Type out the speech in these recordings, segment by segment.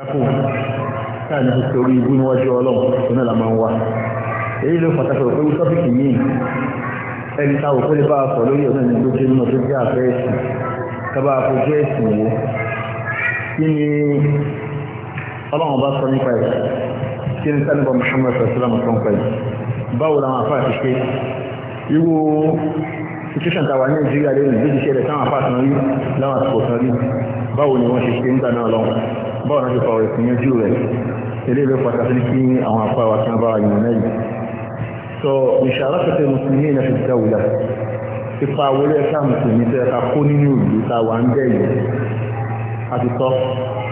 ẹkùn káàní ti torí ibú níwájú ọlọ́run tó náà la máa ń wá èyí ló pàtàkì òpé wí tọ́pìkì yìí ẹni táwọn òpé lè bá a sọ lórí ọ̀nà ìlú tó nínú tó jẹ́ àfẹ́ ẹ̀sìn kábà àfojú ẹ̀sìn wo kí ni ọlọ́run bá sọ nípa ẹ̀ kí ni sálíbà Muhammad sallam sọ nípa ẹ̀ báwo làwọn afá ti ṣe irú situation tàwa ní Nàìjíríà lẹ́nu ìdíje rẹ̀ táwọn afá kan rí láwọn àsìkò kan rí báwo bọ́ọ̀nà ti fọ̀rọ̀ ìpìyànjú rẹ̀ ilé ló pàtàkì kí àwọn apá wa kan bá wà yìí náà yìí sọ ìṣàlọ́sọ̀tẹ̀ mùsùlùmí náà fi dáwùdá ipa wọlé ẹ̀ka mùsùlùmí tẹ́ ká kó nínú ìlú ta wà ń bẹ̀ yìí àti sọ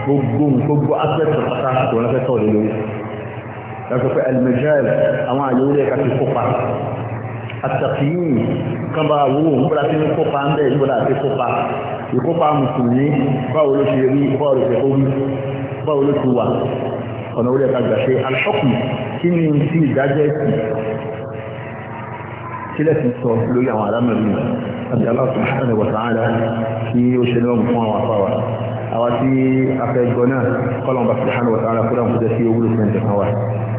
gbogbo gbogbo aspect pátá tó wọn fẹ́ sọ̀rọ̀ pé ẹlẹ́mẹ̀jẹ́ àwọn àyẹ̀wò lẹ́ka ti kópa àtàkìyìn kan bá wò ó nígbà tí ń kópa ń bẹ̀ nígbà tí kópa ìkópa mùsùlùmí báwo ló ṣe rí báwo ló ṣe ó rí báwo ló ti wà ọ̀nà orí ẹ̀ka gbà ṣe alṣọ́kù kí ni ti ìdájọ́ ẹ̀sìn kílẹ̀ ti sọ lórí àwọn alámọ̀lú àti aláàtún ṣẹlẹ̀ wọ̀tàánlá kí ó ṣe lọ́wọ́ fún àwọn afáwà àwa tí afẹ́gbọ́n náà kọ́lọ̀ bá fi ṣàánú wọ̀tàánlá kó dáhùn kó jẹ́ sí owó lóṣù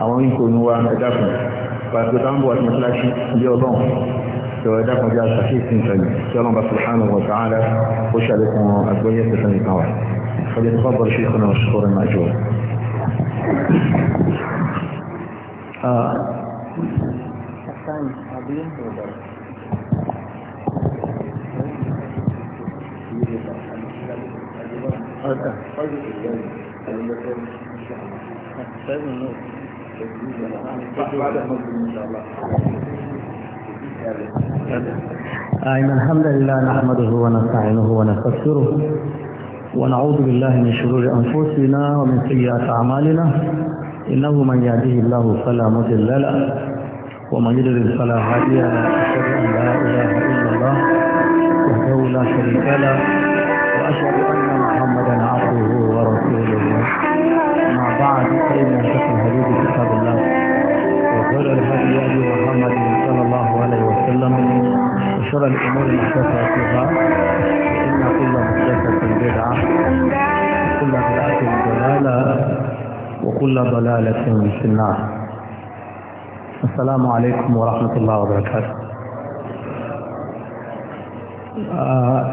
àwọn oníkò ní wa ẹ̀dàkùn pàtàkì tó ń bọ̀ àti mọ́sálásí ilé ọlọ́run tó ẹ̀dàkùn jẹ́ àṣàkíyèsí nǹkan tí ọlọ́run bá subhanahu wa ta'ala ó ṣàlékún àgbọ́yé ẹ̀sẹ̀ nìkan wa فليتفضل شيخنا مشكورا ماجورا Thank you. أيما الحمد لله نحمده ونستعينه ونستغفره ونعوذ بالله من شرور أنفسنا ومن سيئات أعمالنا إنه من يهده الله فلا مضل له ومن يضلل فلا هادي له أشهد أن لا إله إلا الله وحده لا شريك له وأشهد أن محمدا عبده ورسوله ما بعد فإن وشر الأمور محدثاتها فإن كل محدثة بدعة وكل بدعة ضلالة وكل ضلالة في النار السلام عليكم ورحمة الله وبركاته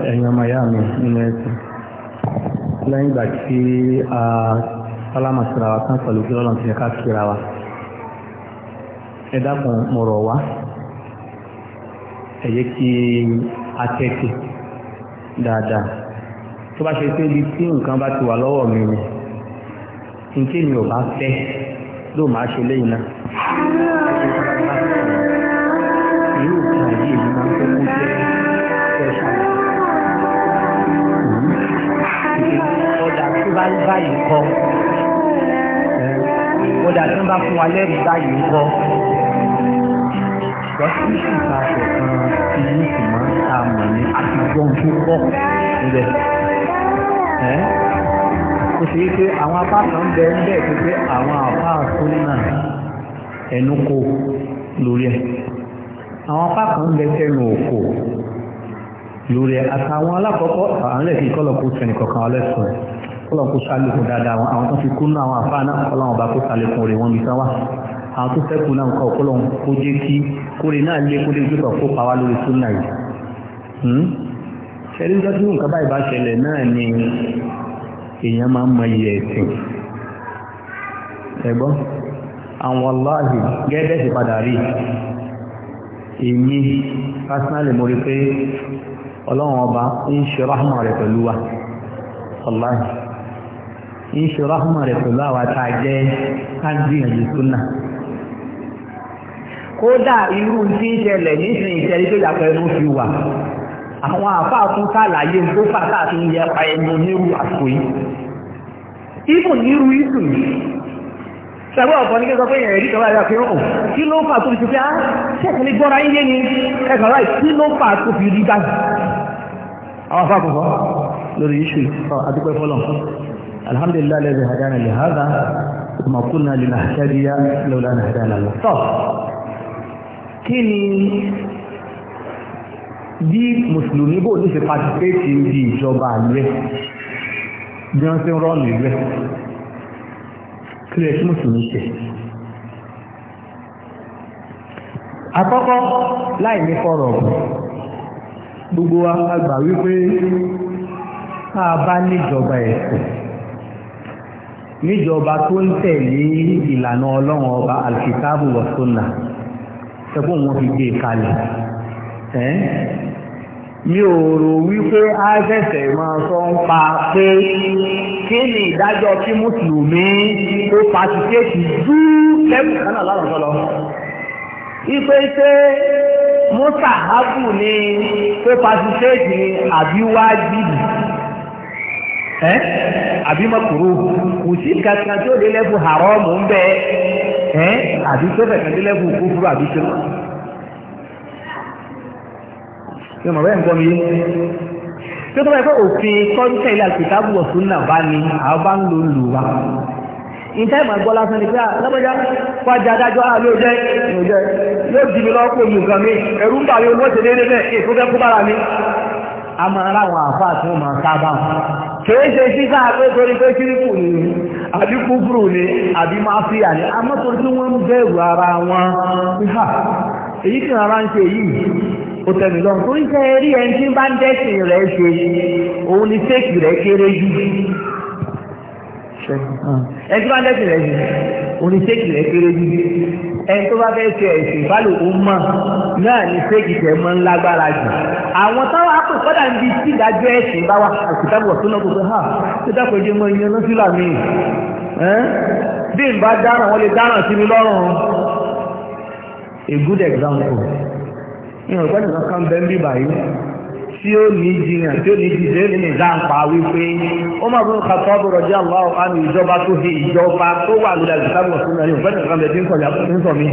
ẹ̀yàn miami nínú ẹ̀sìn lẹ́yìn ìgbà tí a sálámà síra wa tán pẹ̀lú kí lọ́lọ́n ti yẹ ká kíra wa tan pelu ki lolon ti dákun wá ẹ̀yẹ́ kí atẹ́tì dáadáa tó bá ṣe pé ibi tí nǹkan bá ti wà lọ́wọ́ mi ni nké mi ò bá fẹ́ ló máa ṣe lẹ́yìn náà. báyìí kọ́ ọ̀dà tó bá fún wa lẹ́rù báyìí kọ́ ṣùgbọ́n kí ní ìta àtẹ̀kan ti ní ìmọ̀ ta mọ̀ ní àtijọ́ tó pọ̀ níbẹ̀. ó ṣe é pé àwọn apá kan bẹ ń bẹ̀ pé àwọn apá tó náà ẹnu kò lórí ẹ̀ àwọn apá kan bẹ tẹnu òkò lórí ẹ̀ àtàwọn alákọ̀ọ́kọ́ àwọn ẹlẹ́sìn kọ́lọ̀kù tẹnì kọ̀ọ̀kan ọlẹ́sùn kọ́lọ̀kù sálẹ̀kùn dáadáa àwọn tó fi kú náà àwọn àfáà náà kọ́lọ̀ àwọn tó náà nǹkan ọ̀pọ̀lọ́ kó jẹ́ kí kóre náà lé kó lè kó pa lórí súnà yìí. Hmm? ṣẹ́rí nǹkan báyìí bá ṣẹlẹ̀ náà ni èèyàn máa ń mọ ẹ̀sìn ẹ̀gbọ́n àwọn aláàhì gẹ́gẹ́ sì padà rí ọba ń ṣe wa ń ṣe rẹ̀ pẹ̀lú kódà irú tí ń ṣẹlẹ̀ nísìnyí ìṣẹ̀lẹ̀ tó yàtọ̀ ẹnu fi wà àwọn sàlàyé tó fàtà ń yẹpa ẹnu nírú yìí ibùn nírú ìsù ọ̀pọ̀ ní pé fi rán kí ló fà tó fi fi á ṣẹ́kùn ní gbọ́ra yé ni ẹ̀kọ́ láì ndị ló fà tó fi rí báyìí àwọn afá kọ̀kọ́ lórí ìṣù àdúpẹ́ fọlọ́ alhamdulillah lẹ́sẹ̀ hadana lè hádà kí ni bí mùsùlùmí bò ní ṣe patisipéètì di ìjọba àlẹ́ bí wọ́n ti ń rọ́ọ̀nù rẹ̀ kí lè tí mùsùlùmí ṣe. àkọ́kọ́ láì ní fọ̀rọ̀ gbogbo wa gbà wípé tá a bá níjọba ẹ̀sìn níjọba tó ń tẹ̀lé ìlànà ọlọ́run ọba alkitabu wa ẹ̀gbọ́n wọn fi gbé e kalẹ̀ ẹ́ mi ò rò wípé a ṣẹ̀ṣẹ̀ máa sọ ń pa pé kí ni ìdájọ́ kí mùsùlùmí ó pàṣípéèkì dú lẹ́bùn kan náà lọ́rùn tọ́lọ́ ipe ṣe mùsàhábù ni ó pàṣípéèkì àbí wájibì. ẹ́ àbí mọ̀kúrú kò sí kankan tó lé lẹ́bù haramu ń bẹ́ ẹ́ àbí tó fẹ̀ lé lẹ́bù àbí mi yé tí tọ́ báyìí pé òfin kọ́ńtà ilé àkìtàbù ọ̀sùn náà bá ní àwọn ń lò ń wá ìta ìmọ̀ ẹ̀gbọ́ lásán ni pé à ah, adájọ́ ah, jẹ́ yóò mi nǹkan mi ẹ̀rú ń bà mí kìí ṣe sí káà pé torí pé kíríkù ni àbí kúfùrù ni àbí máfíà ni ara wọn níhà èyí tí ara ń ṣe yìí ó tẹ̀mí lọ́rùn torí ṣe rí ẹni tí bá ń dẹ́sìn rẹ̀ ṣe ni rẹ̀ ẹtí bá dẹ́sìn rẹ̀ yìí òní ṣéèkì rẹ̀ kéré yìí ẹni tó bá fẹ́ ṣe ẹ̀sìn ìbálò ó mọ̀ náà ni ṣéèkì rẹ̀ mọ́ ńlágbára jù àwọn táwọn àpò kọ́dà ń bi tí ìdájọ́ ẹ̀sìn bá wà àkùtàbọ̀ tó náà gbogbo ha tó dákọ̀ ẹjẹ́ mọ́ ìyẹn lọ́sílà mi bí n bá dáràn wọ́n lè dáràn sí mi lọ́rùn a good example ìrànlọ́gbọ́n nìkan kan bẹ́ẹ̀ ń bíbà tí ó ní jiyàn tí ó ní jìjẹ́ nínú ìdáǹpa wípé ó máa fún kàtọ́ bọ̀rọ̀ jẹ́ àwọn àmì ìjọba tó fi ìjọba tó wà lórí àgbẹ̀sáàbù ọ̀sùn náà ní òfẹ́ nìkan bẹ̀ tí ń sọ̀yà ń sọ mi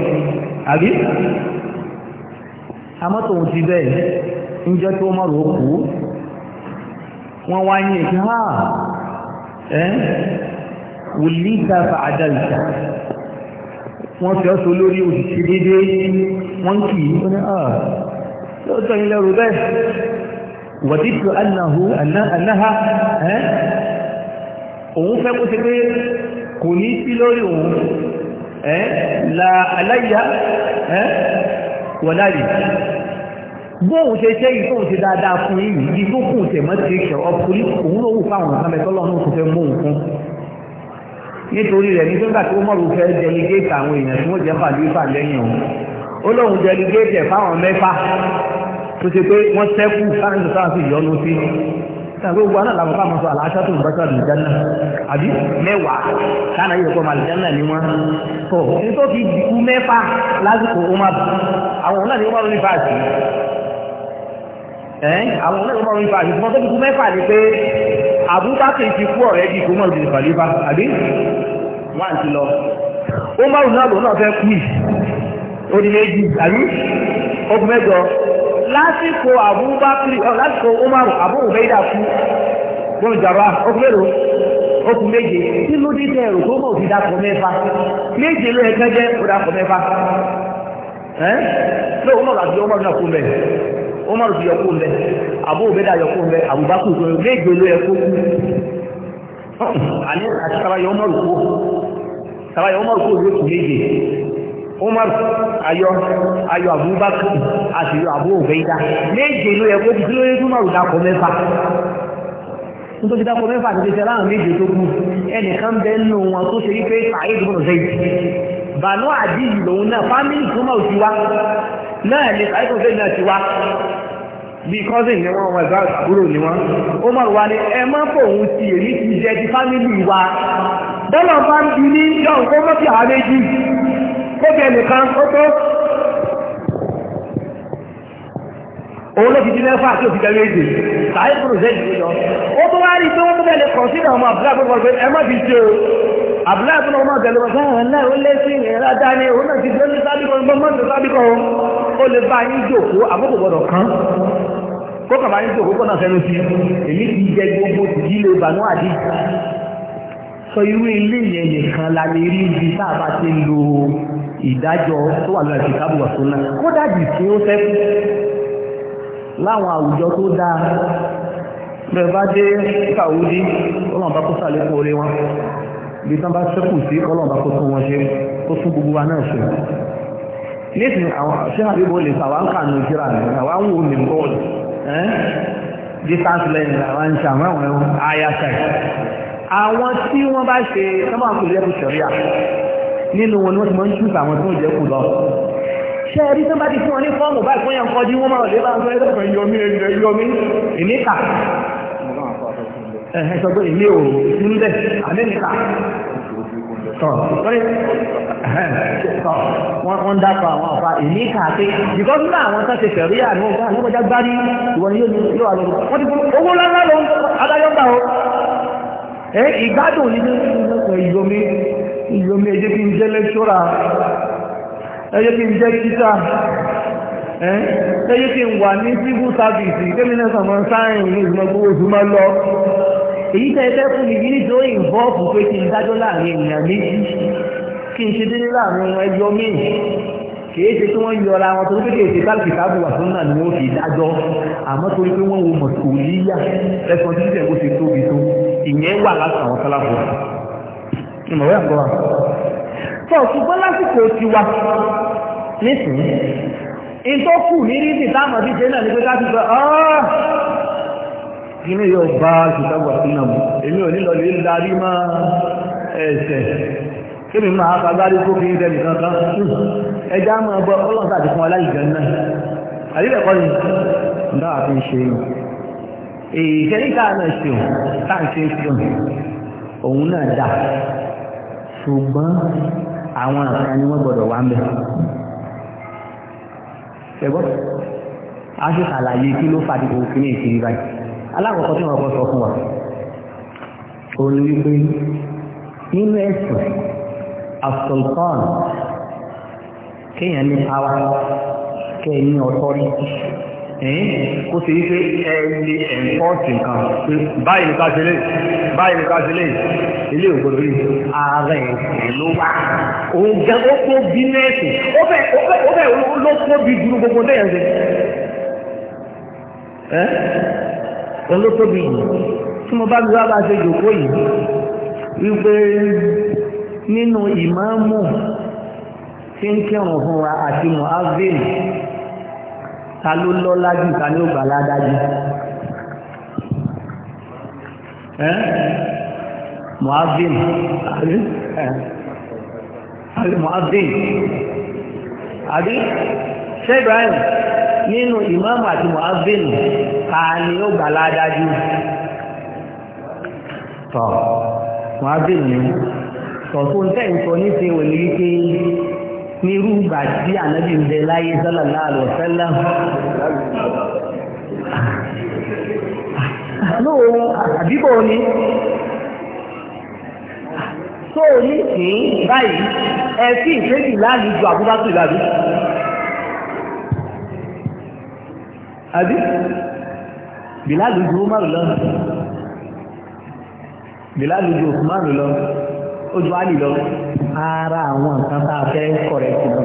àbí. àmọ́ tòun ti bẹ́ẹ̀ ń jẹ́ tó mọ̀rọ̀ ó kú wọ́n wá ní èkì ha ẹ́ wùlí àdáìsà wọ́n fi ọ́sọ lórí òṣìṣẹ́ déédéé wọ́n kì í ó ní وددت أنه أنها òun fẹ́ kó ṣe pé kò ní sí lórí òun ẹ́ la aláyà ẹ́ wọ̀láyì bóòun ṣe ṣe yìí tóun ṣe dáadáa fún yìí yìí tó kùn tẹ̀ mọ́ ti ṣẹ̀ ọkùnrin òun ló wù fáwọn ọ̀sán mẹ́tọ́lọ́ náà tó fẹ́ mú òun fún nítorí rẹ̀ ní nígbà tí ó mọ̀rù fẹ́ dẹligéètì àwọn èèyàn tí wọ́n jẹ́ fàlú lẹ́yìn òun ó lóun dẹligéètì ẹ̀ fáwọn mẹ́fà tó ṣe pé wọ́n sẹ́kù sáàrùn sáàfì ìyọnu sí tàbí ogun aláàlá bàbá àmọ́sọ aláṣà tó ń bá sáàdùn ìjánà àbí mẹ́wàá káàná yìí kọ́ màlìjánà ni wọ́n tọ̀ nítorí ti dìkú mẹ́fà lásìkò ó máa àwọn náà ni ó máa lórí fàásì ẹ́n àwọn náà ni ó máa lórí fàásì tí wọ́n tó dìkú mẹ́fà ni pé àbúkàkì ti kú ọ̀rẹ́ bí kò mọ̀ lórí fàlífà àbí wọ́n ti lọ ó máa lórí náà lòun náà fẹ́ kú lásìkò Abubakar lásìkò Umaru Abu Ubaida kú wọn jàrá ọkùnrin okùn méje tí ló dé tẹ ẹrù tó mọ òfin dàpọ̀ mẹ́fà méje ló yẹ kẹjẹ ó dàpọ̀ mẹ́fà ẹ lọ Umaru àti Umaru náà kú mẹ Umaru ti yọ kú mẹ Abu Ubaida yọ kú mẹ Abubakar méje ló yẹ kú àní àti sábà yọ kú sábà yọ kú ló kù méje umar ayọ ayọ abubakar àti ayọ abu obeida méje ló yẹ kó ti lóyún tó máa rúdà kọ mẹ́fà nítorí dákọ mẹ́fà ti tẹ̀sẹ̀ láwọn méje tó kú ẹnìkan bẹ́ẹ̀ nù wọn tó ṣe wípé sàáyé tó bọ̀nà sẹ́yìn bànú àdìyí lòun náà fámìlì tó máa ti wá náà ní sàáyé tó sẹ́yìn náà ti wá bíi cousin ni wọ́n wọ́n ẹ̀gbá àbúrò ni wọ́n ó máa wá ní ẹ má fòun ti èmi ti jẹ ti fámìlì wa bọ́lá bá ń bi ní yọ̀ǹkọ́ mọ́tì àwọn méjì ó jẹ nìkan ó tó òun ló fi di mẹ́fà tí òfin jẹ́wé èdè sàáyé kúrò zẹ́ẹ̀dì ló lọ ó tó wá rí i pé wọ́n tó bẹ̀rẹ̀ kàn sínú àwọn àbúrò àbúrò pé ẹ má fi ṣe o àbúrò àbúrò ọmọ ọ̀gẹ̀lẹ̀ wọn sáà náà ó lé sí ìrìn rádá òun náà ti gbé ní sábìkọ ní gbọ́n mọ́tò sábìkọ o ó lè bá yín jòkó àkókò gbọdọ̀ kan kó kàbá yín jòkó kó náà fẹ́nu sí èyí ti jẹ gbogbo tìjí lè bànú àdí sọ irú ilé yẹn nìkan la lè rí ibi tá a bá ti lo ìdájọ́ tó wà lórí ìkàbù ọ̀tún náà kódà jù tí ó fẹ́ kú láwọn àwùjọ tó dáa bẹ́ẹ̀ bá dé kàwúdí ọlọ́run bá kó sàlékún orí wọn ibi tán bá ṣẹ́kù sí ọlọ́run bá kó tún wọn ṣe kó tún gbogbo wa náà ṣe nísìn àwọn ṣé àbíbo lè fà wá ń kà ní ìjìrà rẹ̀ àwa ń wò ní bọ́ọ̀lù distance learning àwọn ń ṣe àwọn ẹ̀wọ̀n ayá àwọn tí wọ́n bá ṣe sọ́mọ́ àkùnlẹ́kùn ṣọ̀ríà nínú wọn ni wọ́n ti mọ́ ń jù àwọn tí wọ́n jẹ́ kù lọ ṣe rí tó bá ti fún ọ ní fọ́ọ̀mù báyìí fún yànkọ́ jí wọ́n máa lè bá ń sọ ẹgbẹ́ yọmí ẹgbẹ́ yọmí ìníkà ẹ̀hẹ́ sọ pé ilé òòrùn nílẹ̀ àmẹ́nìkà wọ́n dákọ̀ àwọn ọ̀fà ìníkà pé ìkọ́ nínú àwọn tó ṣe fẹ̀rí àánú ọgbà lọ́gbọ́já gbárí ìwọ̀n yóò ní yóò wà lọ́gbọ́ wọ́n ti fún owó lọ́lọ́ ẹ ìgbádùn nínú ìyomi ìyomi ẹjẹ́ kí n jẹ́ lẹ́ṣọ́ra ẹjẹ́ kí n jẹ́ títà ẹjẹ́ kí n wà ní civil service gómìnà sọmọ sáyẹn ní ìgbàgbọ́ oṣù máa lọ èyí tẹ́ẹ̀tẹ́ fún mi yìí tó ìnvọ́ọ̀fù pé kí n dájọ́ láàrin ènìyàn méjì kí n ṣe délé láàrin ẹjọ́ míì kìí ṣe tí wọ́n yọra wọn tó kéde èsì báàkì tábù wà tó náà ni wọ́n fi dájọ́ àmọ́ torí pé wọ́n wo mọ̀tò yíyá ẹ̀sán títí ẹ̀ kó ṣe tóbi tó ìyẹn wà lásán àwọn sálábù ìmọ̀wé àgbọ̀ wa. sọ ṣùgbọ́n lásìkò tiwa nísìnyí ìtọ́kù ní rídì táwọn ọdún ṣe náà ní pé káàkiri pé inú yóò bá ṣùgbọ́n wà tó náà mú èmi ò ní lọ lè darí máa ẹ̀sẹ̀ kí mi máa kagbárí kó fi ń ẹja máa bọ́ ọlọ́run tàbí fún aláìjọ náà àríwẹ̀kọ́ ni dáwà fi ń ṣe èyí ìṣẹ́ níta náà ṣe táǹṣe ṣe òun náà dà ṣùgbọ́n àwọn àkàrà ni wọ́n gbọ́dọ̀ wá ń bẹ̀ ṣẹgbọ́n a ṣe ṣàlàyé kí ló fàdí òfin ìṣirí tí wọ́n kọ́ sọ fún wa òun wípé nínú ẹ̀sùn àfọ̀lùkọ́ọ̀nù kéèyàn ní power kéèyàn ní authority kó sì wípé ẹni ẹ̀ǹkọ́ọ̀tì nǹkan báyìí ní káṣílẹ̀ báyìí ní káṣílẹ̀ ilé ògbòdò yìí ààrẹ ẹ̀sìn ló wà òun jẹ́ ó kó bínẹ́ẹ̀sì ó fẹ́ ó fẹ́ ló kó bí dúró gbogbo lẹ́yìn ṣe ẹ́ olótóbi yìí tí mo bá gbé wá bá ṣe jòkó yìí wípé nínú ìmáàmù tí ń kírun fún wa àti ta ló lọ́lá jù ta ní ògbà ládájú muhammed àbí àbí ṣé nínú ìmáàmù àti ta ni ó gbà ládájú tọ̀ muhammed ni sọ̀tún tẹ́ ìsọ ní ti ní irú ìgbà tí ànábì ń bẹ láyé sallallahu alaihi wasallam lóòrùn àbíbò ni tó ní ìsìn báyìí ẹ̀sìn ìfẹ́jì láàrin ju àbúbákù ìlàbí àbí bìláàlù ju Umaru lọ bìláàlù ju Usmanu lọ ó ju lọ ara àwọn nǹkan tá a fẹ́ kọ̀rẹ́tì lọ.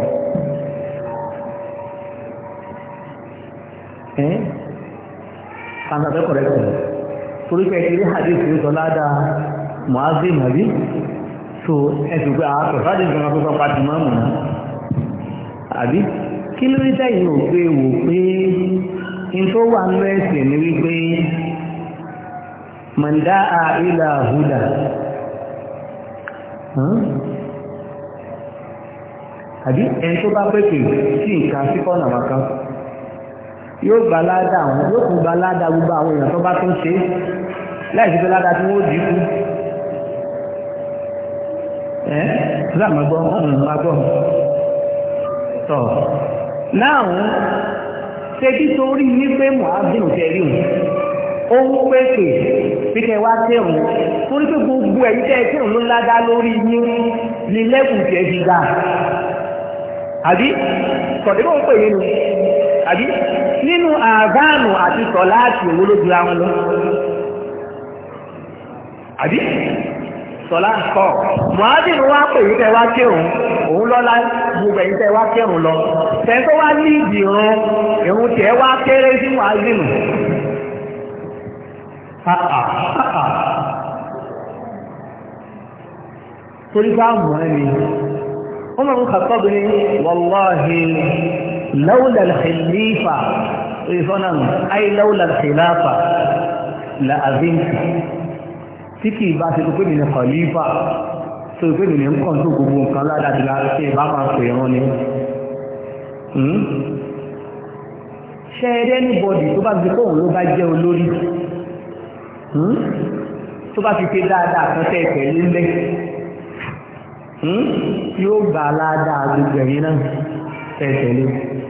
kàńtà fẹ́ kọ̀rẹ́tì lọ torí pé eré hadith yóò sọ ládàá mọ́ázé màbí so ẹ̀sùn pé àátọ̀ sáàdì ìgbìmọ̀ tó sọ pàtì máa mọ̀ náà àbí kí ló rí tẹ́yìn ò pé wò pé in tó wà ní ẹ̀sìn ní wípé mọ̀ndá àìlà húdà àbí ẹni tó bá pèsè sí nǹkan sí kọ́nà wọn kan yóò gba ládà àwọn yóò tún gba ládà gbogbo àwọn èèyàn tó bá tún ṣe láìsí pé ládà tí wọ́n dì í kú ẹ́ láàmú gbọ́ ọ̀hún agbọ́ tọ̀ láàrún ṣe kí torí ní pé mọ̀ á bínú tẹ̀rí ó ń pèsè pípẹ́ wá kírun torí pé gbogbo ẹ̀yí tẹ́ kírun ló ládá lórí yín ní lẹ́kùn tẹ́ fi àbí sọ̀dẹ́ ń pè yín àbí nínú àbáànù àti sọ̀láàtì òwò ló dura wọn lọ àbí sọ̀lá kọ̀ mọ́ádìrú wá pè yín tẹ́ wá kírun òun lọ́lá gbogbo ẹ̀yìn tẹ́ wá kírun lọ tẹ́ tó wá ní ìdìrún ìrún tẹ́ wá kéré sínú àzínù. torí bá mọ̀ ẹni ọmọ ọmọ kàtọ́bù ní wàláhì láúlàlhìlífà ìfọ́nà àì láúlàlhìláfà láàzínkì tí kìí bá ti pípé nìyẹn kọ̀lífà tó pípé nìyẹn kàn tó gbogbo nǹkan ládàdì láti bá máa pè Hmm? tó bá fi ṣe dáadáa kan tẹ́ pẹ̀lú ńlẹ̀ hmm? yóò gbà ládàá gbogbo ẹ̀yìn náà tẹ́ pẹ̀lú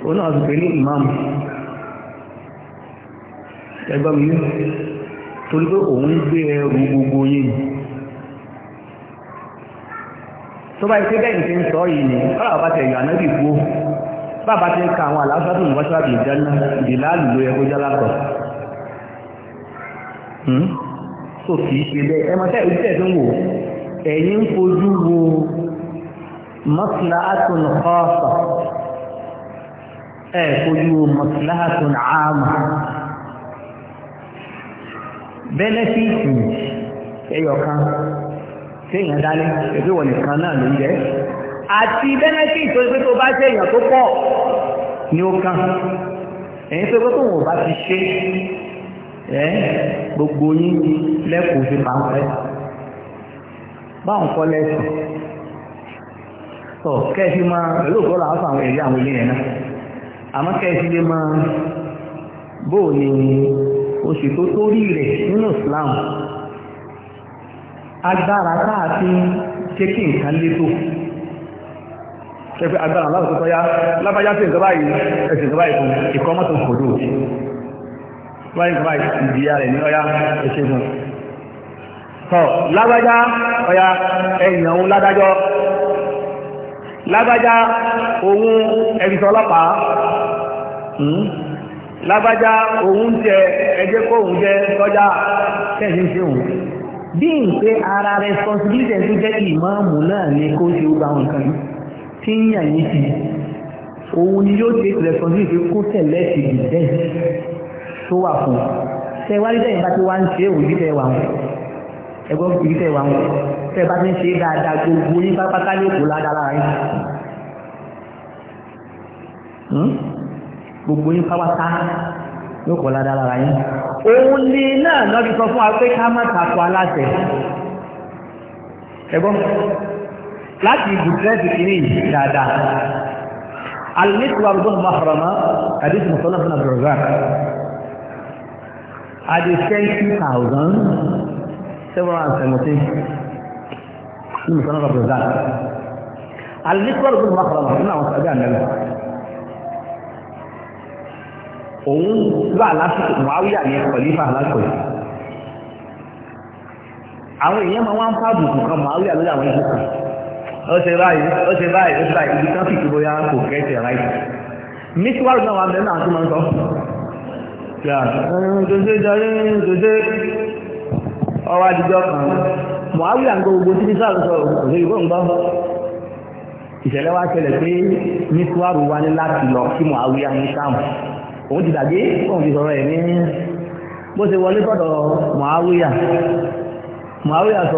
òun náà fi pẹ̀lú ìmáàmù ẹgbọ́n mi torí pé òun gbé ẹrù gbogbo yìí tó bá ṣe bẹ́ẹ̀ ṣe ń sọ yìí ni ọ̀rọ̀ bá tẹ̀yọ̀ ànábì kú bàbá ti ń ka àwọn àlàáfíà tó ń wáṣọ́ àbìjá náà ìdìláàlù ló yẹ kó jálá Hmm? so kìí ṣe bẹ́ẹ̀ ẹ máa tẹ́ ojú tẹ̀sán wò fojú wo maslahatun khassa ẹ̀ fojú wo maslahatun àmà bẹ́nẹ́fíìtì kan tí èèyàn dání ẹgbẹ́ wọn nìkan náà ló ń jẹ́ àti bẹ́nẹ́fíìtì tó ṣe tó bá èèyàn tó pọ̀ ó tó tó bá ti ṣe ẹ́ gbogbo yín lẹ́kùn fi pàǹpẹ́ báwọn kọ́ lẹ́sìn tọ̀ kẹ́ẹ̀sì máa pẹ̀lú òkú ọ̀la àwọn èrè àwọn ilé yẹn àmọ́ kẹ́ẹ̀sì lè máa bóò ni oṣù tó tó rí rẹ̀ nínú Islam agbára táà ń ṣe kí nǹkan ṣe pé agbára láwùjọ tó yá báyìí báyìí ìdíyà rẹ̀ ní ọya ẹ̀ṣẹ́gun tọ́ lágbájá ọya ẹ̀yìn òun ládájọ́ lágbájá òun ẹ̀rìsọ ọlọ́pàá hmm? lágbájá òun jẹ ẹjẹ́ kó òun jẹ sọ́jà tẹ̀sí ń ṣe òun bí n pé ara responsibility tó jẹ́ ìmáàmù náà ni kó ṣe ó gba àwọn nǹkan tí ń yàn yín sí òun ni yóò take responsibility kó tẹ̀lé ti the tó wà fún tẹ wá rí tẹ̀yìn bá ti wá ń ṣe é òbí tẹ̀ wà wọn ẹgbọ́n òbí tẹ̀ wà wọn tẹ bá ti ń ṣe é dáadáa gbogbo yín pátápátá ní òkú ládàá lára yín hmm? gbogbo yín pátápátá ní òkú ládàá lára yín. òun ni náà lọ́bi sọ fún wa pé ká má tako aláṣẹ ẹgbọ́n láti ìbùkẹ́ẹ̀tì kìíní dáadáa. Alìmísìwá gbọ́n máa fọ̀rọ̀ mọ́, àdìsí at the twenty thousand seven hundred and seventeen ní musamman ka brazil alinikor bin makarama nínú àwọn sábẹ́ àndẹ́lẹ̀ òun gbà lásìkò muawiya yẹn kọlífà alákọ̀ọ́ yìí àwọn èèyàn máa wá ń fa àbùkù kan muawiya lórí àwọn ìlú kan ó ṣe báyìí ó ṣe báyìí ó ṣe báyìí ibi kan fìkì bóyá kò kẹ́ẹ̀tì ráìtì mísíwárù náà wà bẹ́ẹ̀ náà tó máa ń sọ ọwọ́ ah, àdìjọ́ kan mọ̀háwí àǹkọ́ gbogbo tí nísàlù sọ òṣèlú ìgbóhùn bá ìṣẹ̀lẹ̀ wá ṣẹlẹ̀ pé ní kúwàrù wá ní láti lọ sí mọ̀háwí àmì sáàmù òun ti dàgbé òun fi sọ̀rọ̀ ẹ̀ bó ṣe wọlé sọ́dọ̀ mọ̀háwíyà mọ̀háwíyà sọ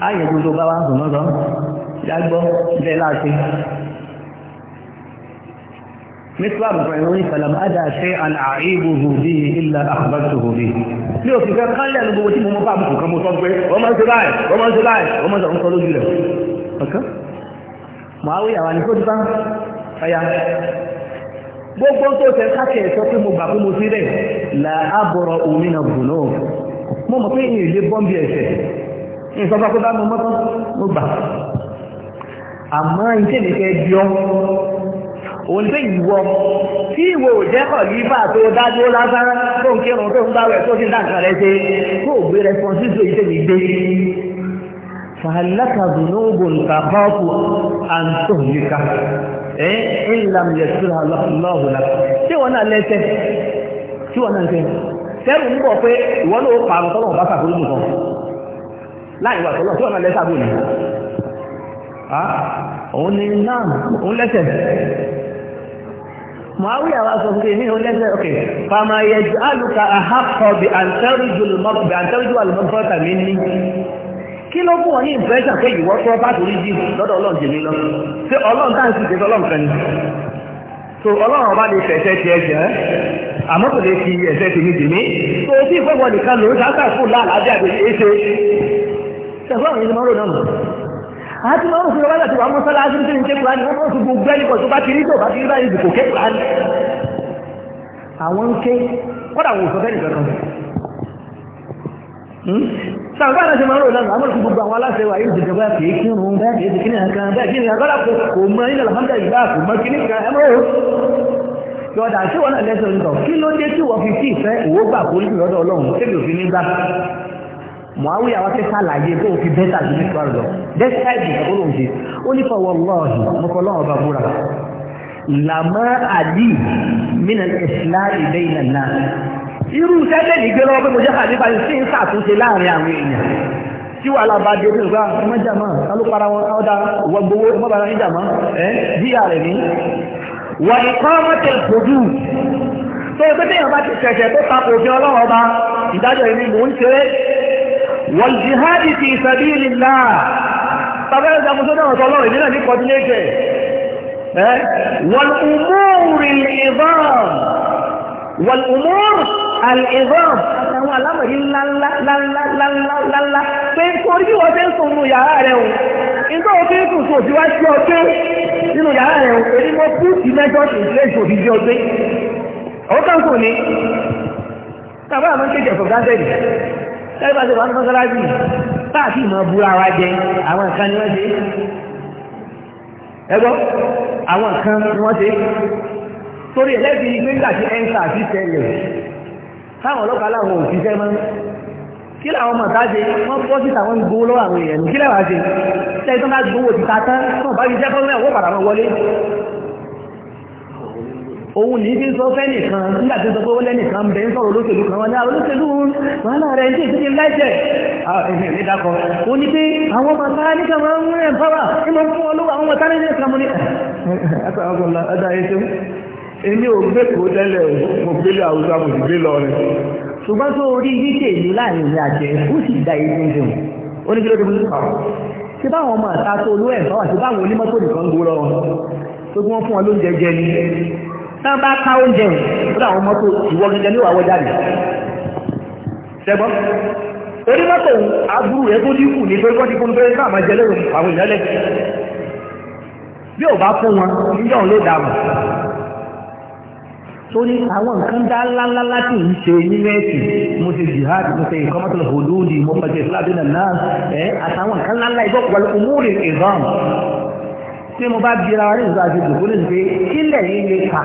ayé gbogbo bá wá ń sùn lọ́sọ̀ọ́ dágbọ́ bẹ́ẹ̀ láti مثل الرعيون فلم أدى شيئا أعيبه به إلا أخبرته به ní òfin kan kan lẹ́nu gbogbo tí mo mọ́ bá àbùkù kan mo sọ pé wọ́n máa ń ṣe wọ́n máa ń ṣe wọ́n máa sí ìsọpá kó dá mọ́ mọ́tọ́ mo gbà àmọ́ ìtẹ́lẹ̀ fẹ́ bí òun pé ìwọ tí ìwọ ò jẹ́ kọ̀lífà tó dájú lásán tó ń kírun tó ń gbáwẹ̀ tó ti dá nǹkan ṣe kó o gbé rẹpọnsíṣò ìtẹ́lẹ̀ gbé fàálàkà dùnúbù tàkọ́ọ̀kù àǹtòǹyíká ẹ̀ ìlànà yẹ̀sùn lọ́ọ̀bùnà tí wọ́n náà lẹ́sẹ̀ tí wọ́n náà lẹ́sẹ̀ tẹ́rù ń bọ̀ pé ìwọ́n ló pààrọ̀ tọ́lọ̀ bá sàkóso láì wà tọ́lọ́ tí wọ́n náà lẹ́sà bò ní òun ni náà òun lẹ́sẹ̀ Muawiya wa sọ fún mi òun lẹ́sẹ̀ ok fama yẹ alùka ahakọ bi àǹtẹ́rìjù lùmọ́kù bi àǹtẹ́rìjù àlùmọ́kù tàbí ní kí ló fún ọ ní impression pé ìwọ tó bá torí jù lọ́dọ̀ ọlọ́run jèmi lọ ṣé ọlọ́run táà ń sì tẹ̀sọ́ ọlọ́run kan ni so ọlọ́run ọba lè fẹ̀ẹ́sẹ̀ tiẹ̀ jẹ́ àmọ́ lè fi ẹ̀sẹ̀ tèmi jèmi so tí ìfọwọ́ ẹ̀fọ́ àwọn ìṣẹ́ mọ́rọ̀ náà mọ̀ àti máa ń fi ọwọ́ láti wà mọ́sálásí tí ń ké kúránì wọ́n máa ń fi gbogbo ẹnìkan tó bá ti rí tó bá ti rí báyìí kò ké kúránì àwọn ń ké kọ́dà wò sọ́fẹ́ nìkan kan sàǹkà náà ṣe máa ń rò lánàá àwọn gbogbo àwọn aláṣẹ wa yóò jẹjẹrẹ kì í kírun bẹ́ẹ̀ kì í kí ní nǹkan bẹ́ẹ̀ kí ní agbára kò kò mọ ilẹ̀ làmọ́dà ìgbà kò mọ kí ní nǹkan ẹ̀mọ́ yọ̀dà tí wọ́n náà lẹ́sẹ̀ ń tọ̀ kí ló dé tí wọ́n fi sí ìfẹ́ òwò gbà kó lóṣù lọ́dọ̀ ọlọ́run tẹ́lẹ̀ òfin nígbà muawiya wá fẹ́ sàlàyé tó fi bẹ́tà sí ní sọ́rọ̀ lọ despite the problem ṣe ó ní fọwọ́ lọ́ọ̀hì mọ́kọ́ lọ́wọ́ bá búra làmọ́ àdì mínà ìṣìlá ìbẹ́ ilẹ̀ náà irú sẹ́lẹ̀ ní gbé lọ́wọ́ pé mo jẹ́ kàlífà ní sí ń ṣàtúnṣe láàrin àwọn èèyàn tí wà lába di bá ti ṣẹ̀ṣẹ̀ tó ta òfin ọlọ́wọ́ ọba ìdájọ́ ìní mò ń ṣeré والجهاد في سبيل الله طبعا هذا مسؤولنا وطلعه إننا دي قدليك والأمور العظام والأمور العظام àwọn alámọ̀dé ńláńláńláńláńlá pé nítorí bí wọ́n ṣe ń sùn nínú yàrá rẹ̀ o nígbà wọ́n fi ń sùn sòsì wá sí ọgbẹ́ nínú yàrá rẹ̀ o èyí mo púùtì mẹ́jọ sí ilé ìsòsì sí ọgbẹ́ ọ̀kan kò ní. tàbá àmọ́ ń kéde ọ̀sán gáńtẹ́ẹ̀dì lẹ́gbàá tó wà ní mọ́sálásì táàfì mọ́ búra wa jẹ àwọn nǹkan ni wọ́n ṣe ẹgbọ́ àwọn nǹkan ni wọ́n ṣe torí ẹlẹ́bi gbéńgà tí ẹ̀ńsà ti tẹ̀lẹ̀ táwọn ọlọ́pàá láwọn ò ṣiṣẹ́ mọ́ kí làwọn ọmọ ta ṣe wọ́n bọ́ síta wọ́n ń gbowó lọ́wọ́ àwọn èèyàn kí làwọn ṣe tẹ́lẹ̀ tó bá gbowó ti ta tán tó bá fi jẹ́ fọ́nmẹ́ òun ní bí sọ fẹ́ nìkan nígbàtí sọ pé ó lẹ́nìkan bẹ̀ ń sọ̀rọ̀ olóṣèlú kan wọ́n ní àwọn olóṣèlú wàhálà rẹ̀ ń tèèsí láìjẹ̀ ìdákọ̀ ó ní pé àwọn ọmọ sáà nígbà wọn ń rẹ̀ bára ní mọ́ fún olówó àwọn ọ̀tá nínú ìsìnkà mú ní èmi ò gbé kó tẹ́lẹ̀ mo gbélé àwùjọ mo sì gbé da ìdí ìdùn ó ní kí ló dé bóyá ṣé báwọn ọmọ àta tó olú ẹ̀ fáwọn àti tán bá ká oúnjẹ rẹ̀ fún àwọn mọ́tò ìwọ gẹ́gẹ́ ní ìwàwọ́ jáde ṣẹgbọ́n orí mọ́tò aburú rẹ̀ tó dínkù ní pé kọ́tí fún pé káàmà jẹ lẹ́rù àwọn ìyálẹ̀ bí ò bá fún wọn níjọ́ ló dà mọ̀ torí àwọn nǹkan dá ńláńlá láti ń ṣe nínú ẹ̀sìn mo ṣe jihad mo ṣe nǹkan mọ́tò lọ́wọ́ lóòdì mo pàṣẹ ìfúlàdínà náà ẹ̀ àtàwọn nǹkan ńláńlá ìgbọ́kùnrin ìgbọ́kùnrin tí mo bá bí ara rí ìzọ àti ìdòkó ní ìgbé kílẹ̀ yìí lè kà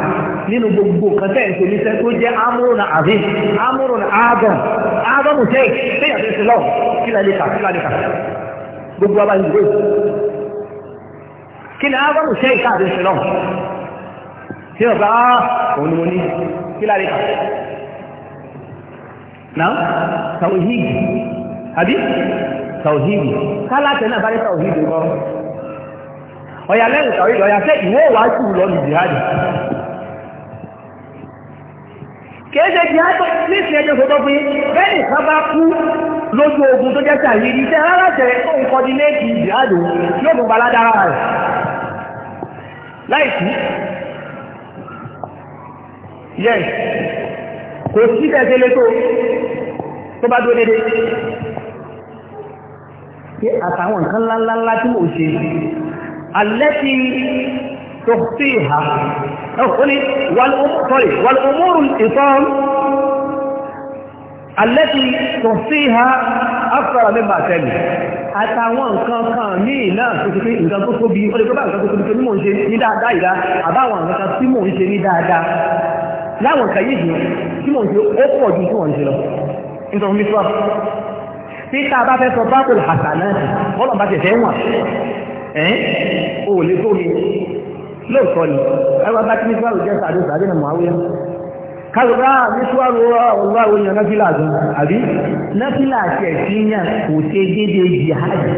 nínú gbogbo nǹkan tẹ̀ ń ṣe ní sẹ́kó jẹ́ amúrùn àbí amúrùn àádọ́n àádọ́n tẹ̀ kéèyàn tó ṣe lọ kílẹ̀ lè kà kílẹ̀ lè kà gbogbo abá ìgbé kílẹ̀ àádọ́n tẹ̀ ká àti ṣe lọ tí wọ́n bá ah, òun ni mo ní kílẹ̀ lè kà náà tàwíhìdì àbí tàwíhìdì kálá tẹ̀ náà bá rí tàwíhìdì kọ́ ọ̀yà lẹ́rù tàwí ọ̀yà tẹ́ ìwọ́ wájú lọ ní jihadi kéèṣe jihadi ní ìsìn ẹjọ́ tó tọ́gbé bẹ́ẹ̀ni ká bá kú lójú ogun tó jẹ́ta yìí iṣẹ́ rárá jẹ́ tó ń kọ́ dílé ti jihadi yóò mú baladára rẹ̀ láìsí yes kò sí tẹ́sẹ̀ lẹ́tọ́ tó bá dúró dédé pé àtàwọn nǹkan ńláńlá tí mò ṣe التي تخفيها طيب والأمور الإطام التي تخفيها أكثر مما تلي àtàwọn nǹkan kan míì náà tó ti pé nǹkan tó tóbi ó lè gbọ́bá nǹkan tó tóbi tó ní mò ń ṣe ní dáadáa ìdá àbáwọn nǹkan tí mò ń ṣe ní dáadáa láwọn nǹkan yìí jùlọ tí mò ń ṣe ó pọ̀ ju tí wọ́n ń ṣe lọ nítorí mísọ́ tí tá a bá fẹ́ sọ bábùl hasanati bọ́lọ̀ bá tẹ̀sẹ̀ wọ̀n ẹ́n o lè tó mi lóòkọ́ ni ẹwà bá kí ní sọ́rọ̀ jẹ́ sàdé sàdé nà mọ̀háwíyá kàrùbá ní sọ́rọ̀ ọlọ́rọ̀ yàn náfílà gan àbí náfílà tẹ̀ sí yàn kò ṣe dédé jihadi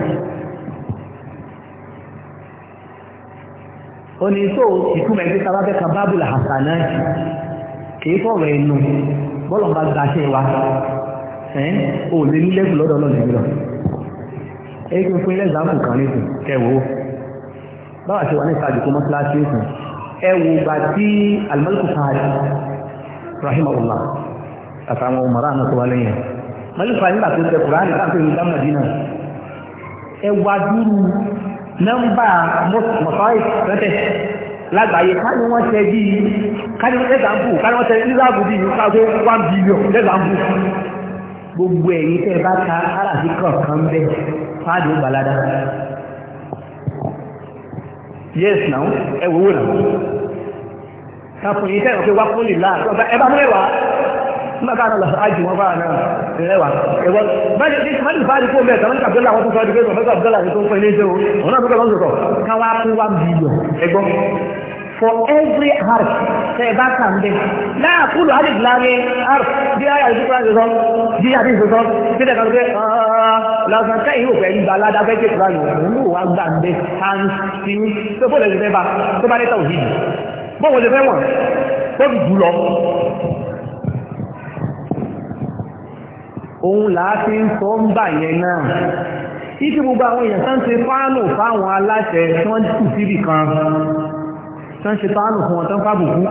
ó ní tó ìtumẹ̀ tí sábà fẹ́ kan bábùlà àsànà kì í fọ̀rọ̀ ẹnu bọ́lọ̀ bá gbaṣẹ́ wa ẹ́n o lè nílẹ̀kùn lọ́dọ̀ ọlọ́run ẹgbẹ́ fún ilé ìzáǹkù kan nìsìn ẹwò báwa ṣe wà ní ìsájú kó mọ́síláṣí nìsìn ẹwò gbà tí alimọ́lùkù fàájì rahimahullah àtàwọn ọmọrá náà tó wà lẹ́yìn mọ́lùkù fàájì nígbà tó tẹ kùránì láti ìlú dámọ̀dínà ẹwà dúró nọ́mbà mọ́sáì rẹ́tẹ̀ lágbàáyé káni wọ́n ṣe bí káni wọ́n ṣẹ́gbàmbù káni wọ́n ṣe ìzáàbù bí i káwọ́ one billion ṣẹ́gbàmbù gbogbo ẹ̀yìn tẹ́ bá ta aláàfin kọ̀ọ̀kan bẹ́ẹ̀ sáàdì ó balada yes now ẹ wòwò náà káfùn yìí tẹ́lẹ̀ pé wá fún ìlà ẹ bá mẹ́wàá nígbàtà náà lọ ájì wọn fáà náà ẹwà ẹwọ báyìí ní sáàdì fáàdì fún mẹ́ta wọn kàbdọ́là wọn tó sọ́ọ́dì pé wọn kàbdọ́là ní tó ń pẹ́ ní ìṣẹ́ wọn náà tó kàbdọ́là ń sọ̀tọ̀ káwá fún wá bílíọ̀ ẹgbọ́n for every harf tẹ ẹ bá kàn dé náà kúlù hali gilari harf bí a yà ìdúkúrà ṣe sọ bí a ti ṣe sọ bí I kàn dé lọ́sàn tẹ ìhò fẹ́ gba aládá fẹ́ ké kúrò àwọn ìlú wa gbà ń dé hàn sí tó fọ́lẹ̀ ṣe fẹ́ bá tó bá dé tàwọn yìí bọ́wọ́ ṣe fẹ́ wọ̀n tó fi jù lọ. òun làá fi ń sọ ń bà yẹn náà títí gbogbo àwọn èèyàn sáńtì fáànù fáwọn aláṣẹ tí wọ́n kù síbì kan tán ṣe tánù fún wọn tán kàn wọ́n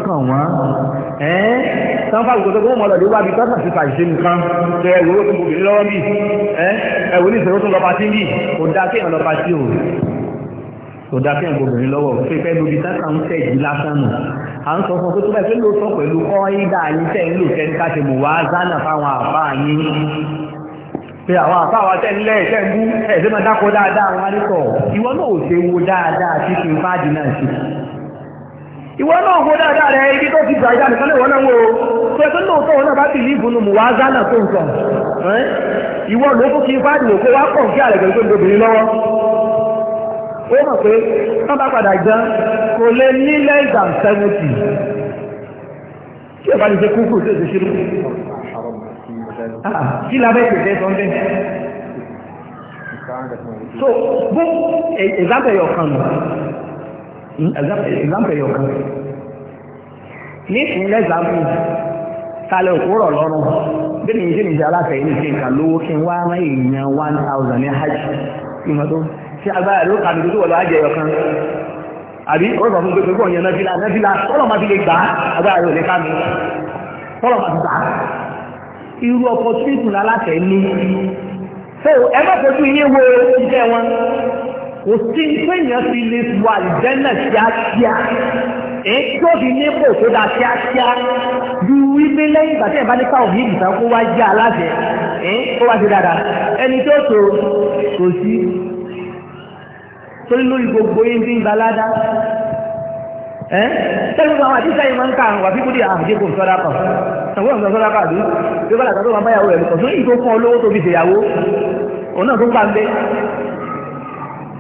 ẹ́n tán fàbùkù tó gbọ́n mọ́lọ̀ lówà bí tán sì ṣàṣìṣe nǹkan tẹ ẹ̀wò tó gbogbo ní lọ́wọ́ bí ẹ̀wò ní ìṣòro tó lọ́pàá sí bí kò dá kí lọ́pàá sí òun kò dá kí gbogbo ní lọ́wọ́ pé fẹ́ lóbi tán ń tẹ̀ yìí lásán nù à ń sọ fún pé tó bá ìpínlẹ̀ sọ pẹ̀lú kọ́ńdà yín tẹ̀ ń lò tẹ́ ká ṣe mò wá zánà fáwọn àbá yín pé àwọn àbáwà tẹ́lẹ̀ tẹ́lú ẹ̀ẹ́dẹ́mọ̀dákọ̀ dáadáa wọn á ní sọ ìwọ náà ò ṣe wo dáadáa títí fáàdì náà ṣe ìwọ náà wo dáadáa rẹ ibi tó ti gbà ìjà nìkan lè wọ́n náà wò ó pé pé lóòótọ́ òun náà bá ti líìbù nù wá gánà tó ń sọ ìwọ ló fún kí fáàdì òkú wá pọ̀ kí àlẹ́ gbẹ̀gbẹ̀ obìnrin lọ́wọ́ ó mọ̀ pé wọ́n bá padà jẹun kò lè ní less than seventy tí ẹ bá lè ṣe kúkú tó ṣe ṣe lókè ah, kí la bẹ́ẹ̀ pèsè sọ́ndé so bó e, example yọ̀ kan nù Hmm, example yóò kan nísìnyí lẹ́gbàmù kalẹ̀ òkúrọ̀ lọ́rùn bí mi ṣe nìjẹ́ aláfẹ́ yìí ṣe nǹkan lówó kí n wá rán èèyàn one thousand ní hajj ìmọ̀ tó ṣe agbára ló kàbí tó wọ̀ lọ́ ajẹ́ yọ̀ kan àbí ó sọ fún pé pẹ̀lú ọ̀yàn náfìlà náfìlà tọ́lọ̀ máa fi lè gbà á agbára rẹ̀ ò lè ká mi tọ́lọ̀ máa fi so ẹ má fojú kò sí péyàn fi lè wà ìjẹ́nà kíákíá èyí tó fi nípò tó da kíákíá ju wípé lẹ́yìn ìgbà tí ẹ̀ bá ní káwọn yìí nìkan kó wá jẹ́ aláṣẹ kó wá ṣe dáadáa ẹni tó tó kò sí torí lórí gbogbo yín bí ń balada ẹ́ tẹ́lifù àwọn àti sẹ́yìn máa ń ka àwọn àfi kúndì àdínkù sọ́dá kan àwọn ọ̀sán sọ́dá kan àbí bí ó bá làtà tó máa báyàwó rẹ̀ lùkọ̀ tó ìgbó fún olówó tó fi ṣèyàwó òun náà tó pa ń bẹ́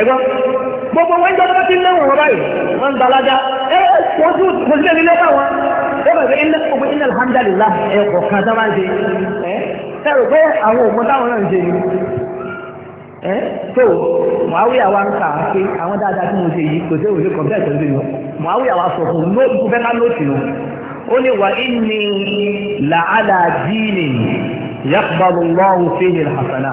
ẹ̀gbọ́n gbogbo wọn jọ tó ti ń lẹ́wọ̀n wọn báyìí wọn ń gbalaja ẹ wọ́n tún mo ti lẹ́ni lẹ́wọ̀n wọn ó bẹ̀rẹ̀ iná gbogbo iná alhamdulilá ẹ kọ̀ọ̀kan tó máa ń ṣe ẹ sẹ́rù pé àwọn òògùn táwọn náà ń ṣe ni ẹ tó mọ̀áwíyà wa ń kà á pé àwọn dáadáa tí mo ṣe yìí kò sí òṣèlú kọ̀ọ̀kan tó ń ṣe yìí mọ̀áwíyà wa sọ fún ló kú fẹ́ ká lóòtì nù ó ní wà ní làálàá díìnì yàgbàlú lọ́hùn fèèyàn hasanà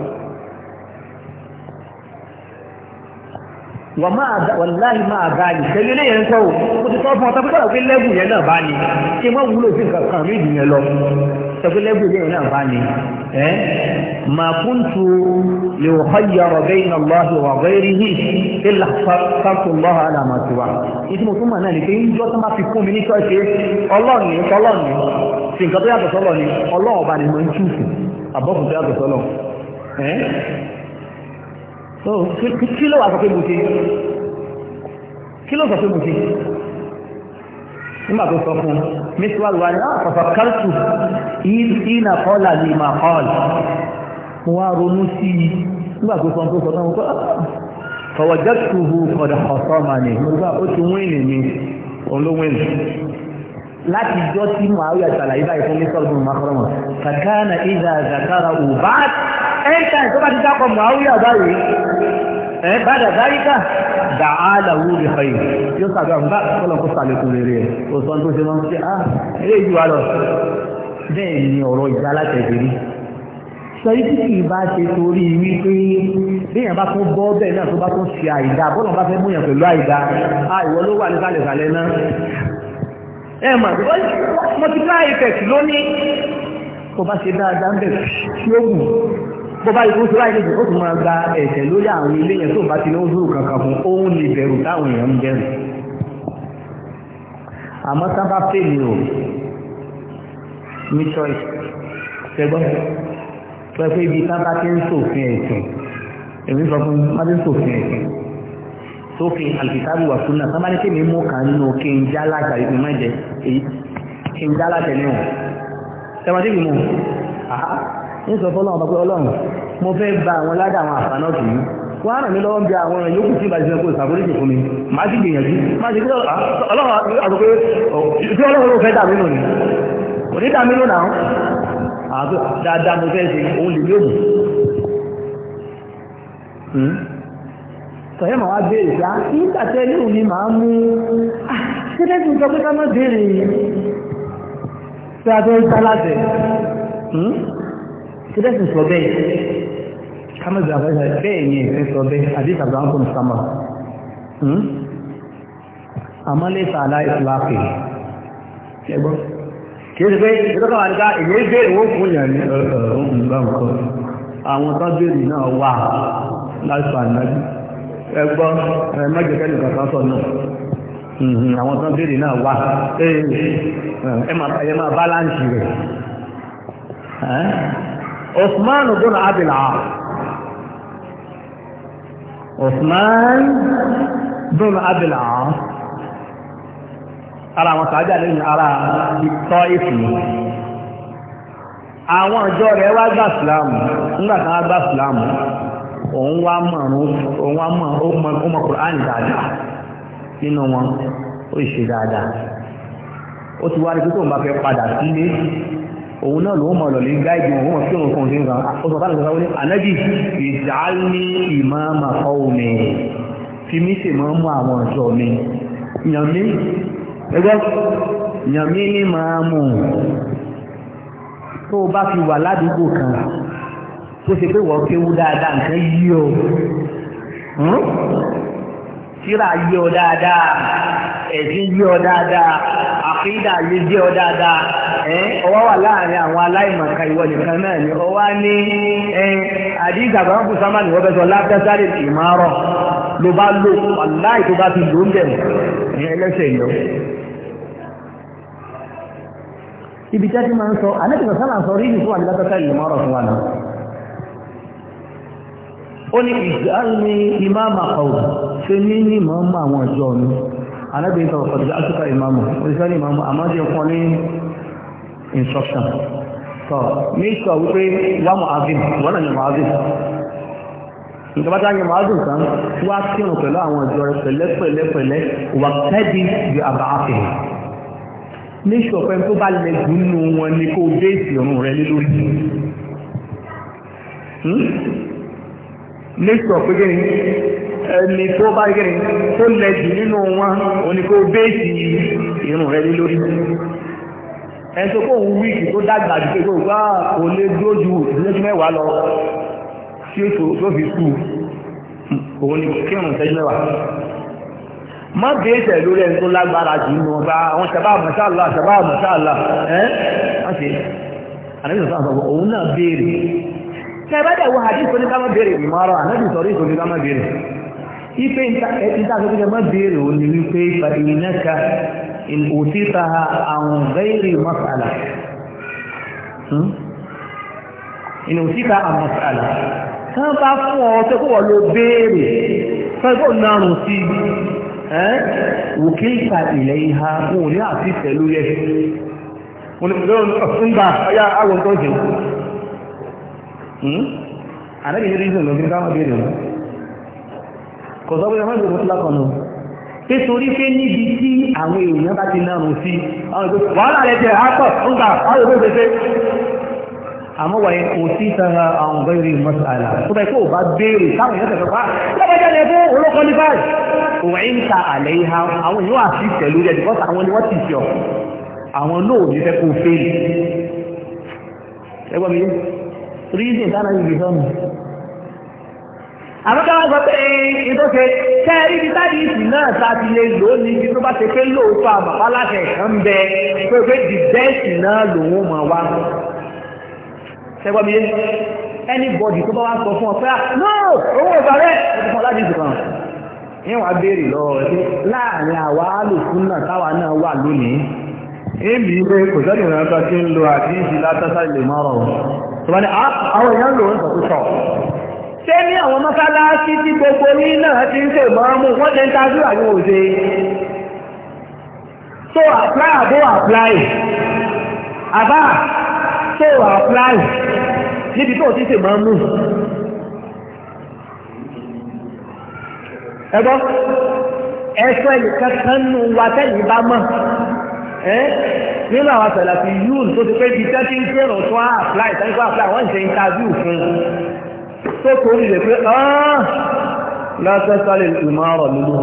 wàláhì máa bá ní ṣẹlẹ̀ ilé yẹn sọ́wọ́ ó ti tọ́ fún ọ̀tọ́ pípọ̀ pé lẹ́gùn yẹn náà bá ní ṣe wọ́n wúlò sí nǹkan kan ní ìdìyẹn lọ sọ pé lẹ́gùn yẹn náà bá ní ẹ́ máa kún tu lè wọ́n yà ọ̀gẹ́ iná lọ́hì wà ọ̀gẹ́ rí hì ilà fàtó lọ́hà àlàmà tó wà. ìdí mo tún mọ̀ náà ni pé ìjọ tó máa fi fún mi ní ṣọ́ọ̀ṣì ọlọ́ọ̀ so kí ló wà sọ pé mo ṣe kí ló sọ pé mo ṣe nígbà tó sọ fún mísíwájú wa ní àfàfà káltù ìnà kọ́là lè máa kọ́ọ̀lù mo wá ronú sí i nígbà tó sọ tó sọ náà mo kọ́ fọwọ́jẹ́ tuhu kọ̀dà ọ̀sọ́ màní mo gbà ah, ó ti wíìnì mi òun láti jọ tí muhawiya ṣàlàyé báyìí fún lẹ́sọ̀rọ̀ bùn makarama kàkánà ìdá zakara ọba ẹ̀ka tó bá ti dákọ̀ muhawiya báyìí ẹ̀ bá dà záríkà dà á làwú rẹ̀ fẹ́yì yóò sàdọ̀ àmúbá kọ́lọ̀ kó sàlékún rere ẹ̀ ó sọ tó ṣe máa ń ṣe á eré ìlú wa lọ bẹ́ẹ̀ ni ọ̀rọ̀ ìjà alátẹ̀jẹ̀rí sọyí tí kì í bá ṣe torí wípé ẹ mà mo ti ká apex lónìí kó bá ṣe dáadáa ń bẹ̀ tí ó wù bó bá ikú síwájú ìdìbò ó tún máa gba ẹ̀jẹ̀ lórí àwọn ilé yẹn tó bá ti ní ó dúró kankan fún òun ní ìbẹ̀rù táwọn èèyàn ń bẹ̀rù àmọ́ sábà fèlè o ní choice ṣẹgbọ́n pẹ̀lú ibi sábà ti ń ṣòfin ẹ̀sìn èmi sọ fún má ti ẹ̀sìn sófin alkitabu wa sunna sábà ní tèmi mú kan nínú kí n já láta ìpín mẹ́jẹ èyí kí n já láta ní wọn tẹmọtí bí mo àá ń sọ fọlọ́run bá pé ọlọ́run mo fẹ́ ba àwọn ládà àwọn àfààní ọ̀tún yìí wọ́n á ràn mí lọ́wọ́ bí àwọn èèyàn yòókù tí ìbá ìṣẹ́ kó ìsàkóríjì fún mi máa ti gbìyànjú máa ti gbé ọlọ́run àtòkè tí ọlọ́run ló fẹ́ dà mí lónìí kò ní dà mí lónìí àwọn àtò dáadáa mo fẹ́ ṣe òun lè ní òògùn hmm? sọ̀yẹ́ màá wá béèrè pé ah, nígbà tẹ́lẹ̀ òní màá mú ah, ṣẹ́lẹ̀ tí ń sọ pé ká má béèrè pé abẹ́ ń sálàtẹ̀ hmm? ṣẹ́lẹ̀ tí ń sọ bẹ́ẹ̀ ká má béèrè abẹ́ bẹ́ẹ̀ ni ẹ̀fẹ́ sọ bẹ́ẹ̀ àbí tàbí hmm? àwọn tó béèrè náà láìpàá náà ẹgbọ́ ẹ̀mọ́jẹ̀kẹ́lì kankan sọ náà mm-hmm. àwọn tán bèèrè náà wà ẹ máa báláǹsì rẹ̀ Osman bin Abdul Aas Osman bin Abdul Aas ara àwọn sàájà lẹ́yìn ara ìtọ́ ìfìyàn àwọn ọjọ́ rẹ̀ wá gbà sílámù nígbàtà wá gbà sílámù òun wá mọ̀rún òun wá mọ̀ ó mọ ó mọ Quran dáadáa nínú wọn ó ṣe dáadáa ó ti wá rí pé tóun bá fẹ́ padà sílé òun náà lòun mọ̀ lọ̀lẹ́ gáìdì òun wọ́n tí òun fún òun kan ó sọ fáwọn ìṣẹ́sáwó ní ànábì ìdáálí ìmáàmà ọ̀hùnmí fi mí sì máa ń mú àwọn ọ̀dọ́ mi yànmí ẹgbẹ́ yànmí ní máa mú tó o bá fi wà ládùúgbò kan tó ṣe pé wọ́n kéwú dáadáa nǹkan yí o síra hmm? yí ọ dáadáa ẹ̀sìn yí ọ dáadáa àfíìdà yí yí ọ dáadáa ọwọ́ wà láàrin àwọn aláìmọ̀ọ́ká ìwọ nìkan náà ni ọwọ́ ní àdìsí àgbàwọn kù sámà ní wọ́n bẹ sọ lábẹ́sáré ìmárọ̀ ló bá lò aláì tó bá fi lò ń bẹ̀rù ní ẹlẹ́sẹ̀ ìlú ibi tí a ti máa ń sọ alẹ́ kìlọ̀ sálà ń sọ rí ìfún àdìlátọ́sáré ìmárọ̀ fún wa náà ó ní ìjáàlì ìmáàmà ọ̀rọ̀ ṣe ní ní ìmọ̀ọ́mà àwọn ọjọ́ mi alábìyí sọ̀rọ̀ pàtàkì àtúkà ìmáàmà oríṣẹ́ ní ìmáàmà àmọ́jẹ́ kan ní instruction sọ ní sọ wípé wà mọ̀ azim wọ́n náà ní mọ̀ azim nǹkan bá tá yẹ mọ̀ azim kan wá kírun pẹ̀lú àwọn ọjọ́ rẹ pẹ̀lẹ́pẹ̀lẹ́pẹ̀lẹ́ wà tẹ́bi yọ àbá àfihàn ní sọ̀pẹ́ tó nẹ́tọ̀ pé kí ni ẹni tó bá kí ni tó lẹ́jù nínú wọn oníkó béèsì irun rẹ̀ lé lórí ẹni tó kó òun wíìkì tó dàgbà jù pé kó gbá kò lè dúró ju ìdílójú mẹ́wàá lọ sí ètò tó fi kú òun ni kí òun tẹ́jú mẹ́wàá má béèsì ẹ̀ lórí ẹni tó lágbára jù nínú ọba àwọn sábà mọ̀sáàlá sábà mọ̀sáàlá ẹ́ àti àdébìsọ̀ sáà sọ̀rọ̀ òun náà béèrè tẹ́bẹ́dẹ̀ wo hadith ní kámọ́ béèrè ìmọ̀ràn ànábì sọ̀rọ̀ ìsọ̀ ní kámọ́ béèrè ife ìtàkùnkẹ́ mọ́ béèrè ò ní wípé fàìlínẹ́ka òtítà àwọn mas'ala ìnà òtítà àwọn mas'ala bá fún ọ tó wọ́n lo fẹ́gbọ́ sí ilẹ̀ ìhà ò ní àti yẹ Hmm? ànábì ní reason ló fi káwọn béèrè wọn kò sọ pé ọmọ ìgbèrè mọ́tò lákan nù pé torí pé níbi tí àwọn èèyàn bá ti nárun sí àwọn ìgbèrè wàhálà rẹ jẹ àpọ̀ ń gbà àwọn ìgbèrè pé àmọ́ wà yẹn kò sí sára àwọn ìgbèrè mọ́tò àlà tó bá yẹ kó o bá béèrè táwọn èèyàn tẹ̀sán pa lọ́wọ́dé ni fún olókọ́ ní báyìí òun ń ta àlẹ́ ìhà àwọn èèyàn àti ìtẹ̀lú rẹ̀ because àwọn ni wọ́n ti fi ọ̀ àwọn rídìn tánà ìgbè sọ́nù àbúkáwà sọ pé ẹ̀yìn eh, tó ṣe kẹ́ẹ̀rí ti táàdì ìsìn náà sáti lè lò ó ní ibi tó bá ṣe pé lóòótọ́ àbàbá láṣẹ ń bẹ pé pé di bẹ́ẹ̀sì náà lòun mọ̀ wá ṣẹgbọ́n mi anybody tó bá wá sọ fún ọ pé à ah, no owó ìbàrẹ́ ó ti fún ọ láti ìsìnkàn ní wàá béèrè lọ́wọ́ rẹ̀ pé láàrin àwa alòfin náà táwa náà wà lónìí èmì ilé kò sẹ́lẹ̀ ìrìnàjò tí ń lo àdíjì látàtà ilẹ̀ mọ́rọ̀ wọn tó bá ní àwọn èèyàn lò ń sọ̀tútọ̀ ṣé ní àwọn mọ́sálásí tí gbogbo ní náà ti ń ṣe mọ́rọ̀mù wọ́n lè ń tajú àyíwò ṣe so apply àbó apply àbá so apply níbi tó ti ṣe mọ́rọ̀mù ẹgbọ́ ẹ̀ṣọ́ ẹnìkan kan nù wa tẹ́lẹ̀ bá mọ̀ ẹ́ nínú àwọn àtàlàfi yún tó ti pé di tẹ́tí ń fẹ́ràn tó á apply tẹ́tí tó apply wọ́n ń ṣe interview fún un tó torí rẹ̀ pé lọ́sẹ̀ sọ́lẹ̀ ìmọ̀ ọ̀rọ̀ nínú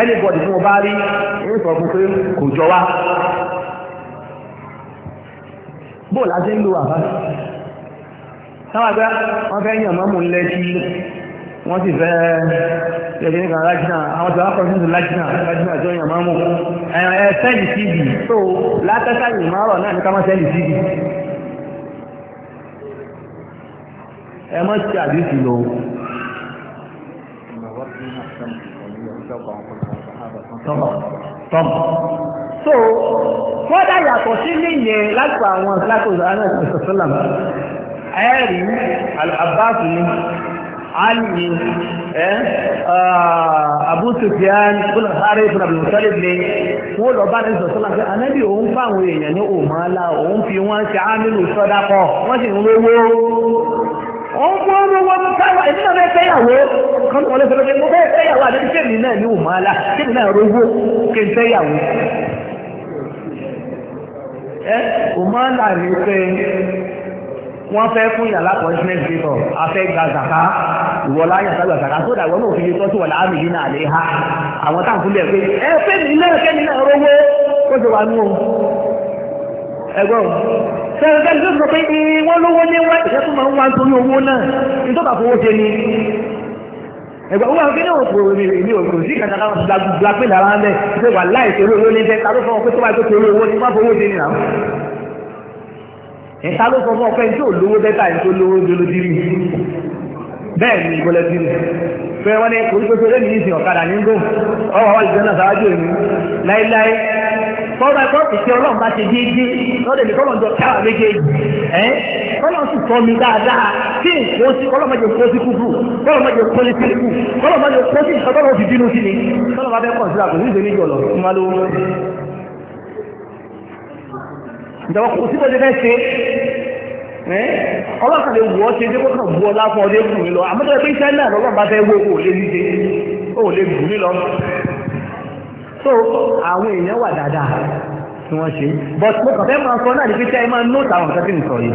anybody tí mo bá rí ń sọ fún pé kò jọ wá bóòlù àti ń lo àbá táwọn àgbà wọn fẹ́ yàn mọ́mú lẹ́sí wọ́n ti fẹ́ ẹgbẹ́ nígbà lájínà àwọn tí wọ́n kọ́ sínú lájínà lájínà tó yàn máa mú ẹ sẹ́ẹ̀lì síbi tó látẹ́sà yìí máa rọ̀ náà ní ká má sẹ́ẹ̀lì síbi ẹ má ti àdìsí lò. tọ́mọ̀ so wọ́n dá yàtọ̀ sí níyẹn láti àwọn láti àwọn ìṣẹ̀sọ́lá ẹ̀rí àbáàfù ni. Ali eh ah, Abu Sufyan ibn Harith ibn Abdul Muttalib ni wọ́n lọ bá ní sọ̀tọ́lá pé anábì òun fáwọn èèyàn ní òmàlá òun fi wọ́n ṣe ámìlù sọ́dápọ̀ wọ́n sì ń rówó òun fún ọmọ wọn mú káwà èmi náà fẹ́ fẹ́yàwó kan wọlé fẹ́lẹ́ pé mo wọ́n fẹ́ fún yàrá punishment paper afẹ́ gba zaka ìwọlá yàtọ̀ gba zaka sódà wọn náà fi yẹtọ́ sí wàlá àmì yìí náà lè ha àwọn táwọn fún bẹ́ẹ̀ pé ẹ fẹ́ mi náà kẹ́mi náà rówó ó ti wà nù o ẹgbọ́n sẹ́yìn kẹ́mi tó sọ pé wọ́n lówó ní wá ìṣẹ́ tó máa ń wá nítorí owó náà nítorí àfọwọ́ ṣe ni ẹgbẹ́ wọn kí ní òkú mi òkú sí kàtàkà gbàgbé lára ń bẹ̀ ṣe wà láì torí owó ní fẹ́ ta ló fọwọ́ pé tó bá tó torí owó ní má fowó ṣe ni náà ẹ̀ta ló sọ fún ọpẹ́ tí ò lówó bẹ́tà ní tó lówó jolódírì bẹ́ẹ̀ ni ìgbọ́lẹ́dírì pé wọ́n ní orí pé pé ní ìsìn ọ̀kadà ní gbò ọwọ́ ọwọ́ ìjọ náà sáwájú èmi láíláí tọ́lá ẹ̀kọ́ ìṣẹ́ ọlọ́run bá ṣe déédéé lọ́dẹ̀ ní kọ́lọ̀ ń jọ káwà méjèèjì ẹ́ kọ́lọ̀ sì sọ mi dáadáa kí nǹkan sí kọ́lọ̀ mọ́jọ kó sí kúkú kọ́lọ̀ mọ́jọ kó sí kúkú kọ́lọ̀ mọ́jọ kó sí ìṣọ́tọ́lọ́ fi bínú sí ni kọ́lọ̀ bá fẹ́ kọ̀ sí àgbò ní ìgbéléjọ lọ ìjọba kò sí pẹ̀lú fẹ́ ṣe ọlọ́kàlẹ̀ wọ́ ṣe dé kókàn bu ọlá fún ọdẹ gùn lọ àmọ́ tẹ́lẹ̀ pé iṣẹ́ náà lọ́gbà bá fẹ́ wó kò lè ní ṣe ó lè gùn lọ so àwọn èèyàn wà dáadáa tí wọ́n ṣe but mo kàn fẹ́ máa sọ náà ní pé tẹ́ ẹ máa nóòtù àwọn nǹkan tí mo sọ yìí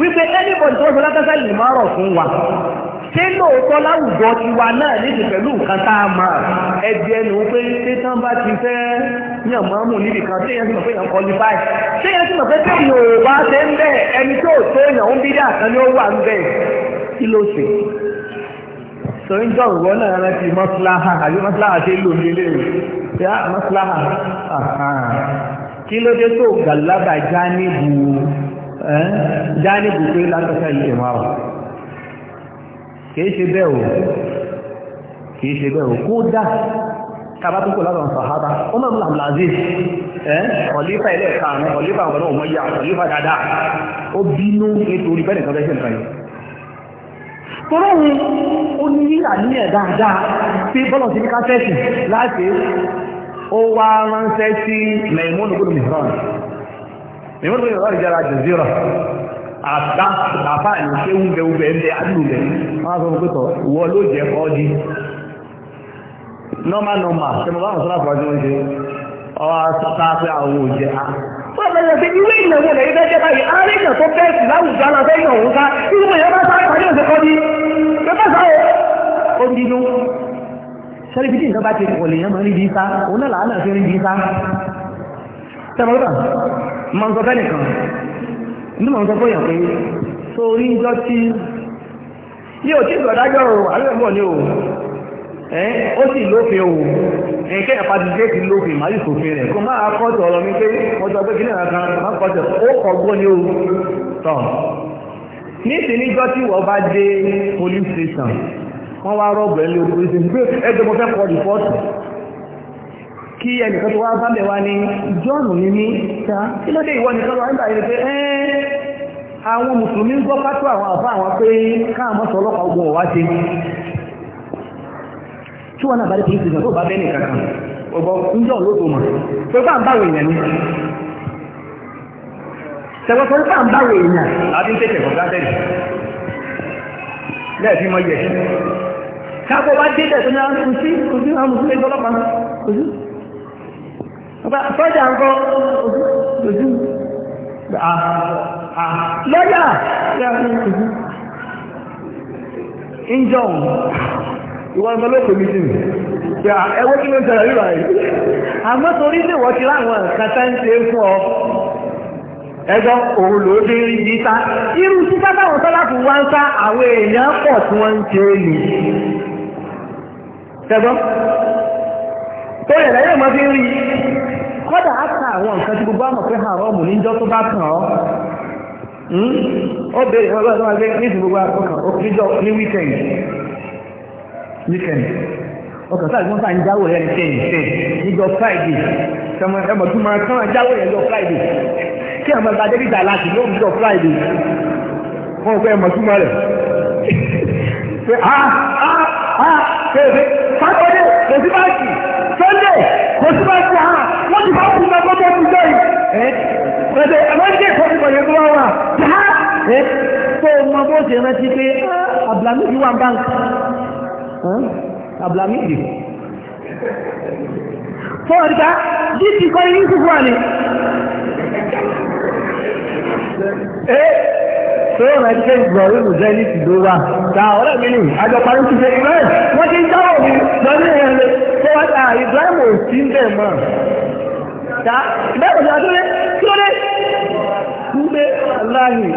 wípé anybody tó ń sọ látàkà lè má rọ̀ fún wa ṣé lóòótọ́ láwùjọ tiwa náà nídìí pẹ̀lú nǹkan tá a mọ̀ ẹ̀dì ẹnu pé ṣé tán bá ti fẹ́ yàn máa mú níbi kan ṣé yẹn sì mọ̀ pé yàn qualify ṣé yẹn sì mọ̀ pé tí èèyàn ò bá ṣe ń bẹ̀ ẹni tó tó èèyàn ń bí dàkan ni ó wà ń bẹ̀ kí ló ṣe. sọ̀rọ̀ ń jọ ìwọ náà rẹ ti mọ́síláhà àbí mọ́síláhà ṣe lò ní ilé rẹ̀ mọ́síláhà kí ló dé tó gàlábà jáníbù jáníbù pé látọ̀ṣẹ́ ìlú kìí se bẹ́ẹ̀ o kìí bẹ́ẹ̀ o kódà tabatukọ̀ lára sàhábà ọmọ ìlú ẹ́ ọ̀lífà ilẹ̀ kàánù ọ̀lífà ọ̀gbọ̀n ọmọ ìyá ọ̀lífà dáadáa ó bínú nítorí bẹ́ẹ̀ nìkan fẹ́ṣẹ̀ nǹkan yìí ó ní dáadáa bọ́lọ̀ sí ká láti ó wá ránṣẹ́ sí gbọ́dọ̀ mìíràn gbọ́dọ̀ mìíràn àtà bàbá ìlú ṣé ń bẹ ubẹ̀ ń bẹ àdúgbò bẹ̀ wọ́n á sọ fún pé tọ̀ wọ́n ló jẹ́ kọ́ di normal normal ṣe mo bá wọn sọ́lá fún ọdún oúnjẹ ọwọ́ sọ́tà pé àwọn òjẹ́ a. Ah. wọ́n bẹ̀rẹ̀ sí ilé ìnáwó lẹ́yìn fẹ́ jẹ́ báyìí arẹ́gbẹ̀ tó bẹ́ẹ̀ sì láwùjọ aláfẹ́yìn ọ̀hún ká irú èèyàn bá sáré pàdé òṣèkọ́ di pépà sáré ó ń dinú. sọ́rí bí nǹkan bá ti pọ̀ lèèyàn máa ń rí bí sá òun náà làánà fi rí bí sá. sẹ́wọ̀n nígbà wọn sọ fún èèyàn pé sórí ìjọ tí ní òtí ìgbàdájọ́ ọ̀rọ̀ àríwẹ̀mọ̀ ni o ó sì lófin o ẹ̀kẹ́ àpàdìdé ti lófin máa yìí rẹ̀ kó máa kọ́tọ̀ ọ̀rọ̀ mi pé wọ́n pé kíní àkàn máa kọ́tọ̀ ó kọ̀gbọ́n ni o tọ̀ ní ìsìnníjọ́ tí wọ́n bá dé police station wọ́n wá rọ́ọ̀bù ẹ̀ lé police pé ẹgbẹ́ mo fẹ́ kọ́ rìpọ́ọ̀tù kí ẹnìkan tó wá bábẹ̀ wá ní jọ́ọ̀nù ní ní ta kí ló dé ìwọ nìkan lọ nígbà yìí pé ẹ́ẹ́ àwọn mùsùlùmí ń gbọ́ pátó àwọn àfa àwọn pé káàmọ́ sọ ọlọ́pàá ogun ọ̀wá ṣe tí wọ́n náà bá dé kí n ṣèjọ tó bá bẹ́ẹ̀ nìkan kan ọ̀bọ̀ ń jọ̀ lóòótọ́ mọ̀ pé bá ń báwo èèyàn ni tẹ̀wọ́ pé bá ń báwo èèyàn àbí ń tẹ̀tẹ̀ kọ̀ọ̀gá tẹ̀lé lẹ́ẹ̀fí mọ yẹ̀ káàkó wá dé tẹ̀ tó ní sọ́jà ń kọ́ ojú ah, ah. lọ́yà ìjọ ìwọ̀n ọmọ lókò mi jìn ẹwọ́ kí ló ń tẹ̀lẹ̀ ríra ẹ̀ àmọ́ torí ní wọ́n ti láwọn kàtà ń ṣe fún ọ ẹjọ́ òun ló dé rí níta irú títà táwọn sọ́láàpù wá ń sá àwọn èèyàn pọ̀ tí wọ́n ń ṣe é lè tẹ́gbọ́n tó yẹ̀ lẹ́yìn ọmọ fi ń rí kọ́dà á ta àwọn nǹkan tí gbogbo àmọ̀ pé haramu níjọ́ tó bá kàn ọ́ ó bèèrè ọlọ́run tó máa gbé ní ìsìn gbogbo àkọ́kàn níjọ́ ní wíkẹ̀ndì wíkẹ̀ndì ọkàn sáà gbọ́n sáà ń jáwó rẹ̀ ní tẹ̀yìn tẹ̀yìn níjọ́ friday ẹmọ̀ tó máa kán jáwó rẹ̀ lọ friday kí àwọn ọba débìtà láti ló ń jọ friday wọn ò fẹ́ ẹmọ̀ tó máa rẹ̀ pé a a a pé pé sátọ́dẹ̀ kò sí báńkì sunday kò sí báńkì a ba ko ta ku dai eh ko dai amma ke ko ko ya ruwa wa ta eh ko mo bo se na ti pe ablami yi wa bank eh ablami yi ko riga diti ko yi ku wa ni eh tó rẹ̀ jẹ́ ìgbọ̀rí ìrùjẹ́ ní ìlú wa ta ọ̀rẹ́ mi nì àjọ parí ti ṣe ìrẹ́ wọ́n ti ń jáwọ́ mi lọ ní ẹ̀rẹ́ tó wá ta ìbúráìmù ò sí ń bẹ̀ mọ́ dá bẹ́ẹ̀ kò sí kí ló dé kúlé aláhì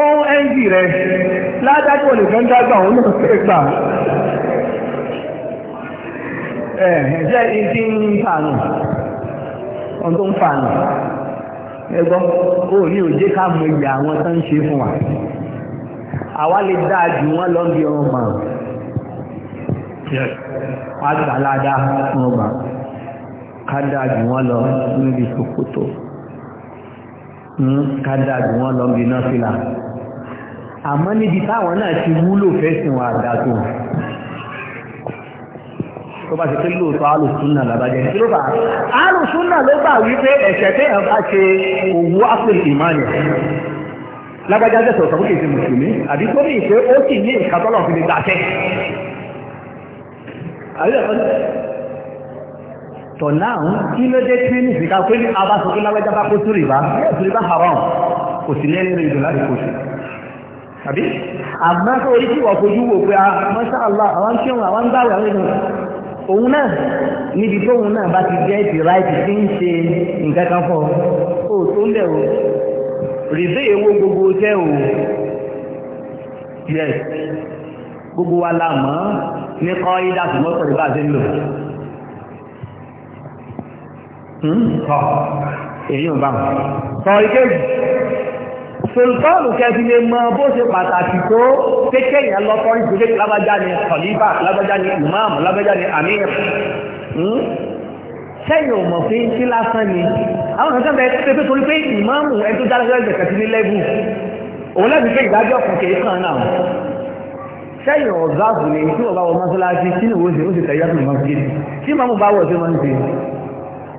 ohun ẹ́ngì rẹ̀ ládájọ́ nìkan dágbà òun náà fẹ́ gbà ẹ̀ẹ́jẹ́ ìdí ń fàánù ọ̀n tó ń fàánù ẹgbọ́n ó ní òjé ká mọ ìyà àwọn tó ń ṣe fún wa àwa lè dáa jù wọ́n lọ bí ọmọ àgbàládá fún ọmọ àgbàládá kádà jù wọ́n lọ níbi ṣòkòtò hmm, kádà jù wọ́n lọ níbi náà fìlà àmọ́ níbi táwọn náà ti wúlò fẹ́sìn wọn àdàtò tó bá ti pé lóòótọ́ alùsùnà làbájẹ́ kí ló bá alùsùnà ló bá wípé ẹ̀ṣẹ̀ tẹ́ ẹ̀ bá ṣe òwú ápèlì ìmáàlì lágbájá jẹ́ sọ̀rọ̀ sọ̀rọ̀ kìí mùsùlùmí àbí tó ní ìpé ó sì ní ìkàtọ́lọ̀ fi lè gbàṣẹ́ tọ̀ náà kí ló dé tí ní ìfìkà pé ní abáṣọ tó lágbẹ́já bá kó sórí bá sórí bá haram kò sí lẹ́rìn rẹ̀ ìdò láti kò sí tàbí orí tí wọ́n fojú wò pé a ah, masha Allah àwọn tí wọn àwọn gbáwé àwọn ènìyàn òun náà níbi tó òun náà bá ti jẹ́ ti ráìtì tí ń ṣe o rìzé èwo o yes gbogbo wa la mọ̀ ní kọ́ ìdásùmọ́sọ̀rọ̀ bá ti ń lò èyí ò bá wọn sọ ìkéjì sultanu kẹfì lè mọ bó ṣe pàtàkì tó kéèké yẹn lọ́tọ́ ìdílé lábájá ni khalifa lábájá ni imam lábájá ni amir sẹ́yìn ò mọ̀ fi ń sí lásán ni àwọn kan sábẹ́ pé pé torí pé ìmáàmù ẹni tó dára lọ́jọ́ ìgbẹ̀kẹ̀ sí ní lẹ́bù òun lẹ́bi pé ìdájọ́ kan kìí kàn náà sẹ́yìn ọ̀gáàbù ni tí wọ́n bá wọ mọ́sálásí sínú ìwé ó sì tẹ̀yẹ́ sí i bá wọ̀ sí wọn ń ṣe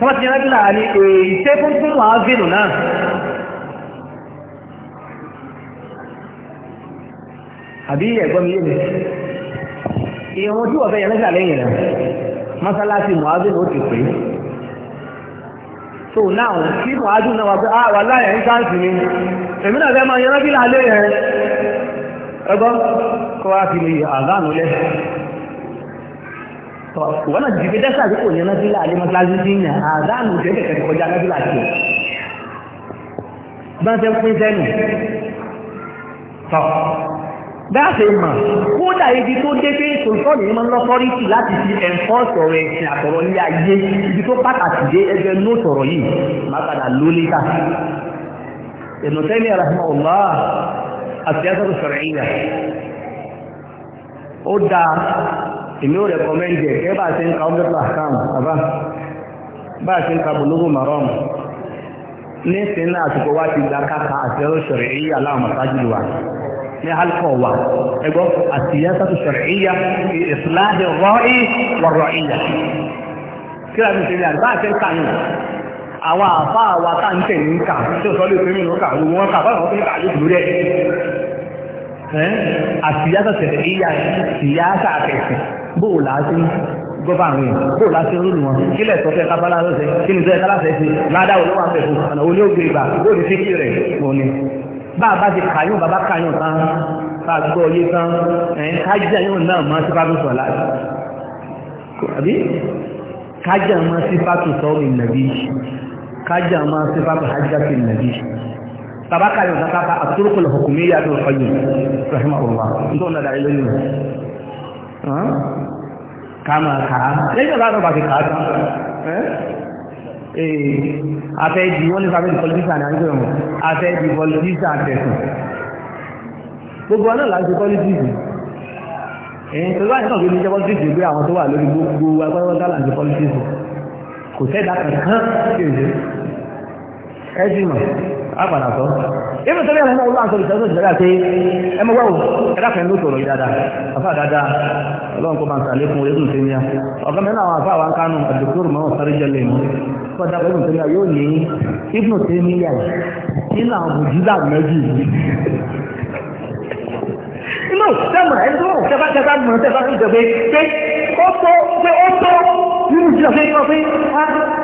tọ́wọ́ ti yẹn náà ní èyí tẹ́ fún fún wàá vínù náà àbí ẹ̀gbọ́n mi yé mi ìwọ̀n tí wọ́n fẹ́ yẹn lẹ́sà lẹ́yìn rẹ̀ mọ́sálásí mọ́ádùn ó ti pè é so now kí mọ́ádùn náà wà pé ah wà láyé ń sáǹsì mi èmi náà fẹ́ máa yẹn náà bí lálẹ́ ẹgbọ́n kọ́ fi lè àgánù tọ́ ìwọ náà jìbìtì dẹ́sẹ̀ àti kò ní náfìlà alẹ́ mọ́sálásí sí yàn àdánù jẹ́ kẹ̀kẹ́ kọjá náfìlà sí bá ń tẹ́ pín sẹ́nu tọ́ bẹ́ẹ̀ ṣe mọ̀ kódà ibi tó dé pé sòlùsọ́ọ̀nù yìí máa ń lọ́sọ́rìtì láti fi ẹ̀ńfọ́ọ̀sì ọ̀rọ̀ ẹ̀sìn àtọ̀rọ̀ ní ayé ibi tó pàtàkì dé ẹgbẹ́ ló sọ̀rọ̀ yìí má padà ló létà ẹ̀nù tẹ́lẹ̀ rahimahullah àti ẹ̀sọ́rọ̀ sọ̀rọ̀ yìí ó dáa èmi ò rẹ̀kọ́mẹ́ndì ẹ̀ kẹ́ bá ti ń ka ọmọdé àkàm àbá bá ti ń ka bùlúgù màrọ́m ní sin náà àsìkò wá ti gba káka àti ẹrọ ṣẹ̀rẹ̀ èyí aláwọ̀ mọ̀sájú wa ní halkọ̀ wa ẹgbọ́ àti yẹn sátú ṣẹ̀rẹ̀ èyí ìsìláàdì rọ́ì wọ̀rọ̀ ìyà bóò láti gbọ́bà àwọn èèyàn bóò láti rúnù wọn kílẹ̀ tó fẹ́ kábàlá lọ́sẹ̀ kí ni sẹ́yìn kálásẹ̀ sí ládàá olówó àfẹ́ fún ọ̀nà olé ògbé ìgbà bóò ní fíkì rẹ̀ mọ̀ ni bá a bá ti kàyún bàbá kàyún tán bá a gbọ́ yé tán ẹ̀ kájà yóò náà máa ti fàtú sọ̀ láti àbí kájà máa ti fàtú sọ̀ mi nàbí kájà máa ti fàtú hajjá ti nàbí bàbá kàyún tán káfà àtúrùkù lọ́kùnmí kàmà kàá lẹ́yìn ọ̀la náà bá ti kàá tán eh, afẹ́jì wọ́n ní sábẹ́ pọlitíṣà ní àjọ ìwọ̀n afẹ́jì pọlitíṣà tẹ̀sán gbogbo ọ̀nà láti pọlitíṣì ẹ̀yìn tó bá nìkan gbogbo pọlitíṣì gbé àwọn tó wà lórí gbogbo agbábọ́dá láti pọlitíṣì kò sẹ́dá kankan sí èdè ẹ̀jìmọ̀ àpàdàtọ́ ibi tó lẹ́yìn ọmọ àṣọ ìṣẹ́sọ́ ìṣẹ́lá pé ẹmọ wọ́wọ́ ẹ̀dàkùnrin ló sọ̀rọ̀ ìdáadáa afá dáadáa ọlọ́run kó máa sàlékún ẹ̀dùn tó ní a ọ̀gá mẹ́rin àwọn afá wa ń kánú àdìkúrò mọ́ sáré jẹ́lẹ̀ mọ́ kọ́dà ẹ̀dùn tó ní a yóò ní ibùn tó ní yà nínú àwọn bùjúdà méjì inú sẹ́mọ̀ ẹni tó wọ́n tẹ́fà tẹ́fà mọ̀ tẹ́fà ń jẹ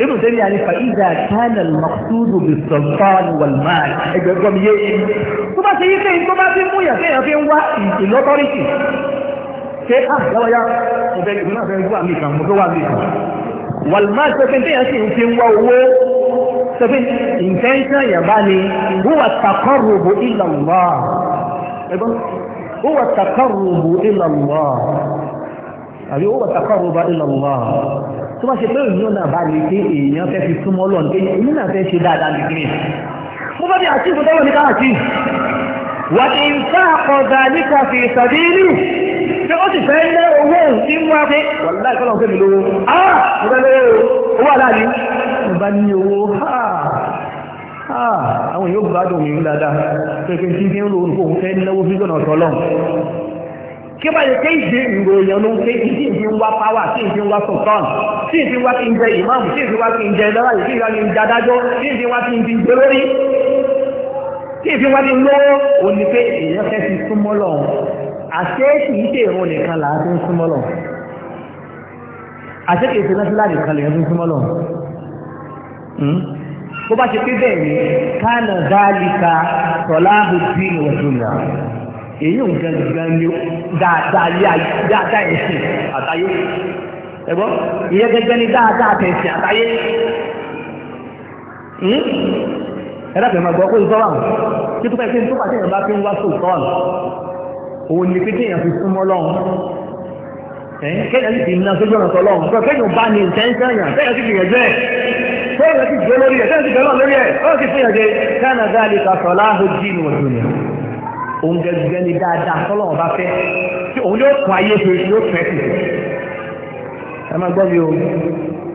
ابن تيمية قال فإذا كان المقصود بالسلطان والمال ابنكم يئن ثم سيئتين ثم سيئتين ثم سيئتين واحد في الأوتوريتي كيف أحد يا والمال سيئتين سيئتين وهو سيئتين إن كان يباني هو التقرب إلى الله هو التقرب إلى الله هو التقرب إلى الله tó bá ṣe pé òyìnbó náà bá lè pé èèyàn fẹ́ fi súnmọ́ lọ ní kéyìn èyí náà fẹ́ ṣe dáadáa lè gbìn mo bá bí àti ìfọ̀tọ́ wọn ní káàkiri wà ní nǹkan àkọ́dà nípa fi ìsàdí rí pé ó sì fẹ́ lé owó ní mú wa pé wà láì kọ́ lọ́n fẹ́ mi lówó ah mo bá lé owó aláàlú mo bá ní owó àwọn yóò gbádùn mi dáadáa pé pé tí ń fi ń ro òun fẹ́ náwó fíjọ́nà ọ̀tọ̀ ọlọ́run kí bá yẹ kí ìdí ìròyìn ló ń ké kí ìdí ń wá pàwà kí ìdí ń wá sultan kí ìdí ń wá kí ń jẹ ìmáàmù kí ìdí ń wá kí ń jẹ ẹlẹ́wà kí ìdí ń wá kí ń jẹ adájọ́ kí ìdí ń wá kí ń di gbé lórí kí ìdí ń wá kí ń lówó ò ní pé èèyàn fẹ́ fi súnmọ́ lọ àṣé kì í ṣe ìrún nìkan là á fi ń súnmọ́ lọ àṣé kì í ṣe lọ́sílá nìkan lè fi súnmọ́ lọ hmm? bó bá ṣe pé bẹ́ẹ̀ ni kánà dáálíka sọ̀lá èyí ò gangan ni dáadáa yé ayé dáadáa ẹ̀sìn àtayé ẹ̀gbọ́ ìyẹn gẹ́gẹ́ ni dáadáa tẹ̀sìn àtayé ẹ̀rọ àgbẹ̀mọ̀ gbọ́ kó ń sọ́wọ́ àwọn títí pẹ́ sí ní tó pàṣẹ ìyàmbá fi ń wá sóòtọ́ ọ̀nà òun ni pé kéèyàn fi súnmọ́ lọ́hùn kéèyàn sì ti ná sójú ọ̀nà tọ́ lọ́hùn pé kéèyàn bá ní ìtẹ́ńsán yàn kéèyàn sì gbìyànjú ẹ̀ kéèyàn sì gbé lórí ẹ̀ kéèyàn sì gbé lọ́ọ̀ lórí ẹ̀ ó sì fìyànjẹ kánà dáàlì kà sọ̀lá òun gẹ́gẹ́ ni dáadáa tọ́lọ́wọ́n bá fẹ́ tí òun yóò tún ayé ṣe yóò tún ẹ̀sìn ṣe. ẹ máa gbọ́ mi o